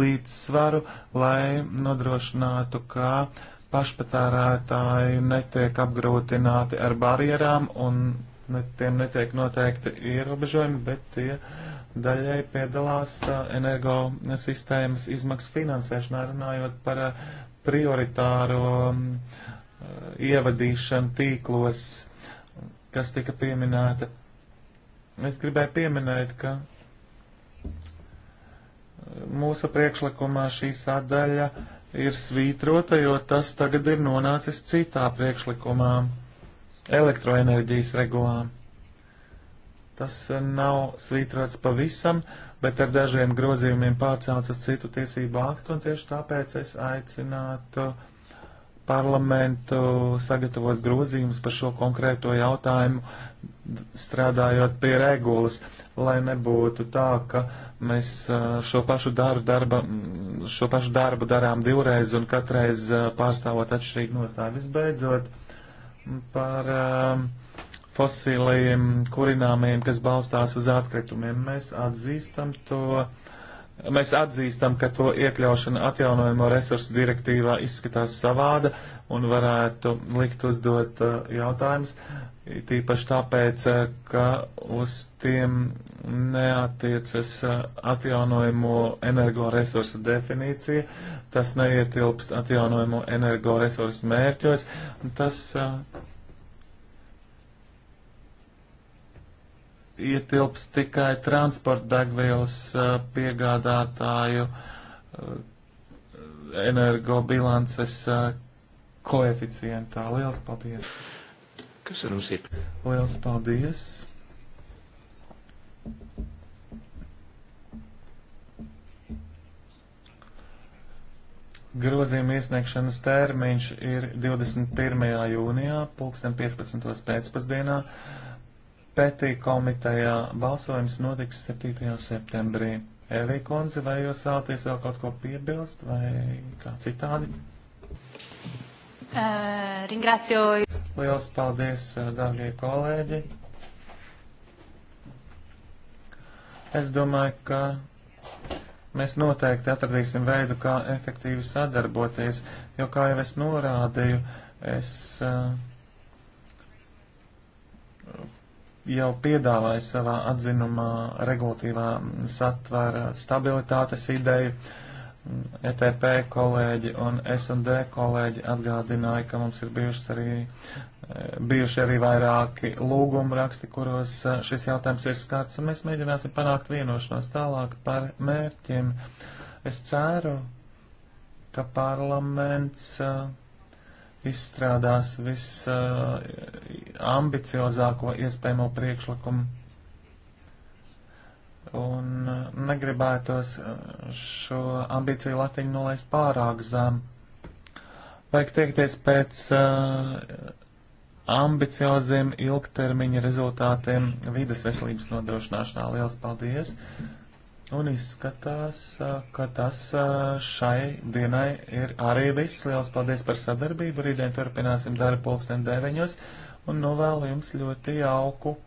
līdzsvaru, lai nodrošinātu, ka pašpatērētāji netiek apgrūtināti ar barjerām un ne, tiem netiek noteikti ierobežojumi, bet tie daļai piedalās energosistēmas izmaksu finansēšanā, runājot par prioritāro ievadīšanu tīklos, kas tika pieminēta. Es gribēju pieminēt, ka mūsu priekšlikumā šī sadaļa ir svītrota, jo tas tagad ir nonācis citā priekšlikumā - elektroenerģijas regulā. Tas nav svītrots pavisam, bet ar dažiem grozījumiem pārcēlts uz citu tiesību aktu, un tieši tāpēc es aicinātu uh, parlamentu sagatavot grozījumus par šo konkrēto jautājumu, strādājot pie regulas, lai nebūtu tā, ka mēs uh, šo pašu darbu, darba, mm, šo pašu darbu darām divreiz un katreiz uh, pārstāvot atšķirīgu nostāju. Visbeidzot, par um, fosīlajiem kurināmajiem, kas balstās uz atkritumiem, mēs atzīstam to Mēs atzīstam, ka to iekļaušana atjaunojamo resursu direktīvā izskatās savāda un varētu likt uzdot uh, jautājumus, tīpaši tāpēc, uh, ka uz tiem neatiecas uh, atjaunojamo energoresursu definīcija, tas neietilpst atjaunojamo energoresursu mērķos. Tas, uh, ietilps tikai transporta degvielas piegādātāju energobilances koeficientā. Lielas paldies! Kas ar mums ir? Lielas paldies! Grozījuma iesniegšanas termiņš ir 21. jūnijā, 2015. pēcpusdienā. Pētī komitejā balsojums notiks 7. septembrī. Evī kundze, vai jūs vēlaties vēl kaut ko piebilst vai kā citādi? Uh, ringrācio. Liels paldies, dārgie kolēģi. Es domāju, ka mēs noteikti atradīsim veidu, kā efektīvi sadarboties, jo, kā jau es norādīju, es uh, jau piedāvāja savā atzinumā regulatīvā satvara stabilitātes ideju. ETP kolēģi un S&D kolēģi atgādināja, ka mums ir bijušas arī, e, bijuši arī vairāki lūguma raksti, kuros e, šis jautājums ir skārts, un mēs mēģināsim panākt vienošanos tālāk par mērķiem. Es ceru, ka parlaments uh, izstrādās visambiciozāko uh, iespējamo priekšlikumu. Un uh, negribētos uh, šo ambīciju latiņu nolaist pārāk zem. Vajag tiekties pēc uh, ambicioziem ilgtermiņa rezultātiem vides veselības nodrošināšanā. Liels paldies! Mm -hmm. Un izskatās, ka tas šai dienai ir arī viss. Liels paldies par sadarbību. Rītdien turpināsim darbu pulksten deviņos un novēlu jums ļoti jauku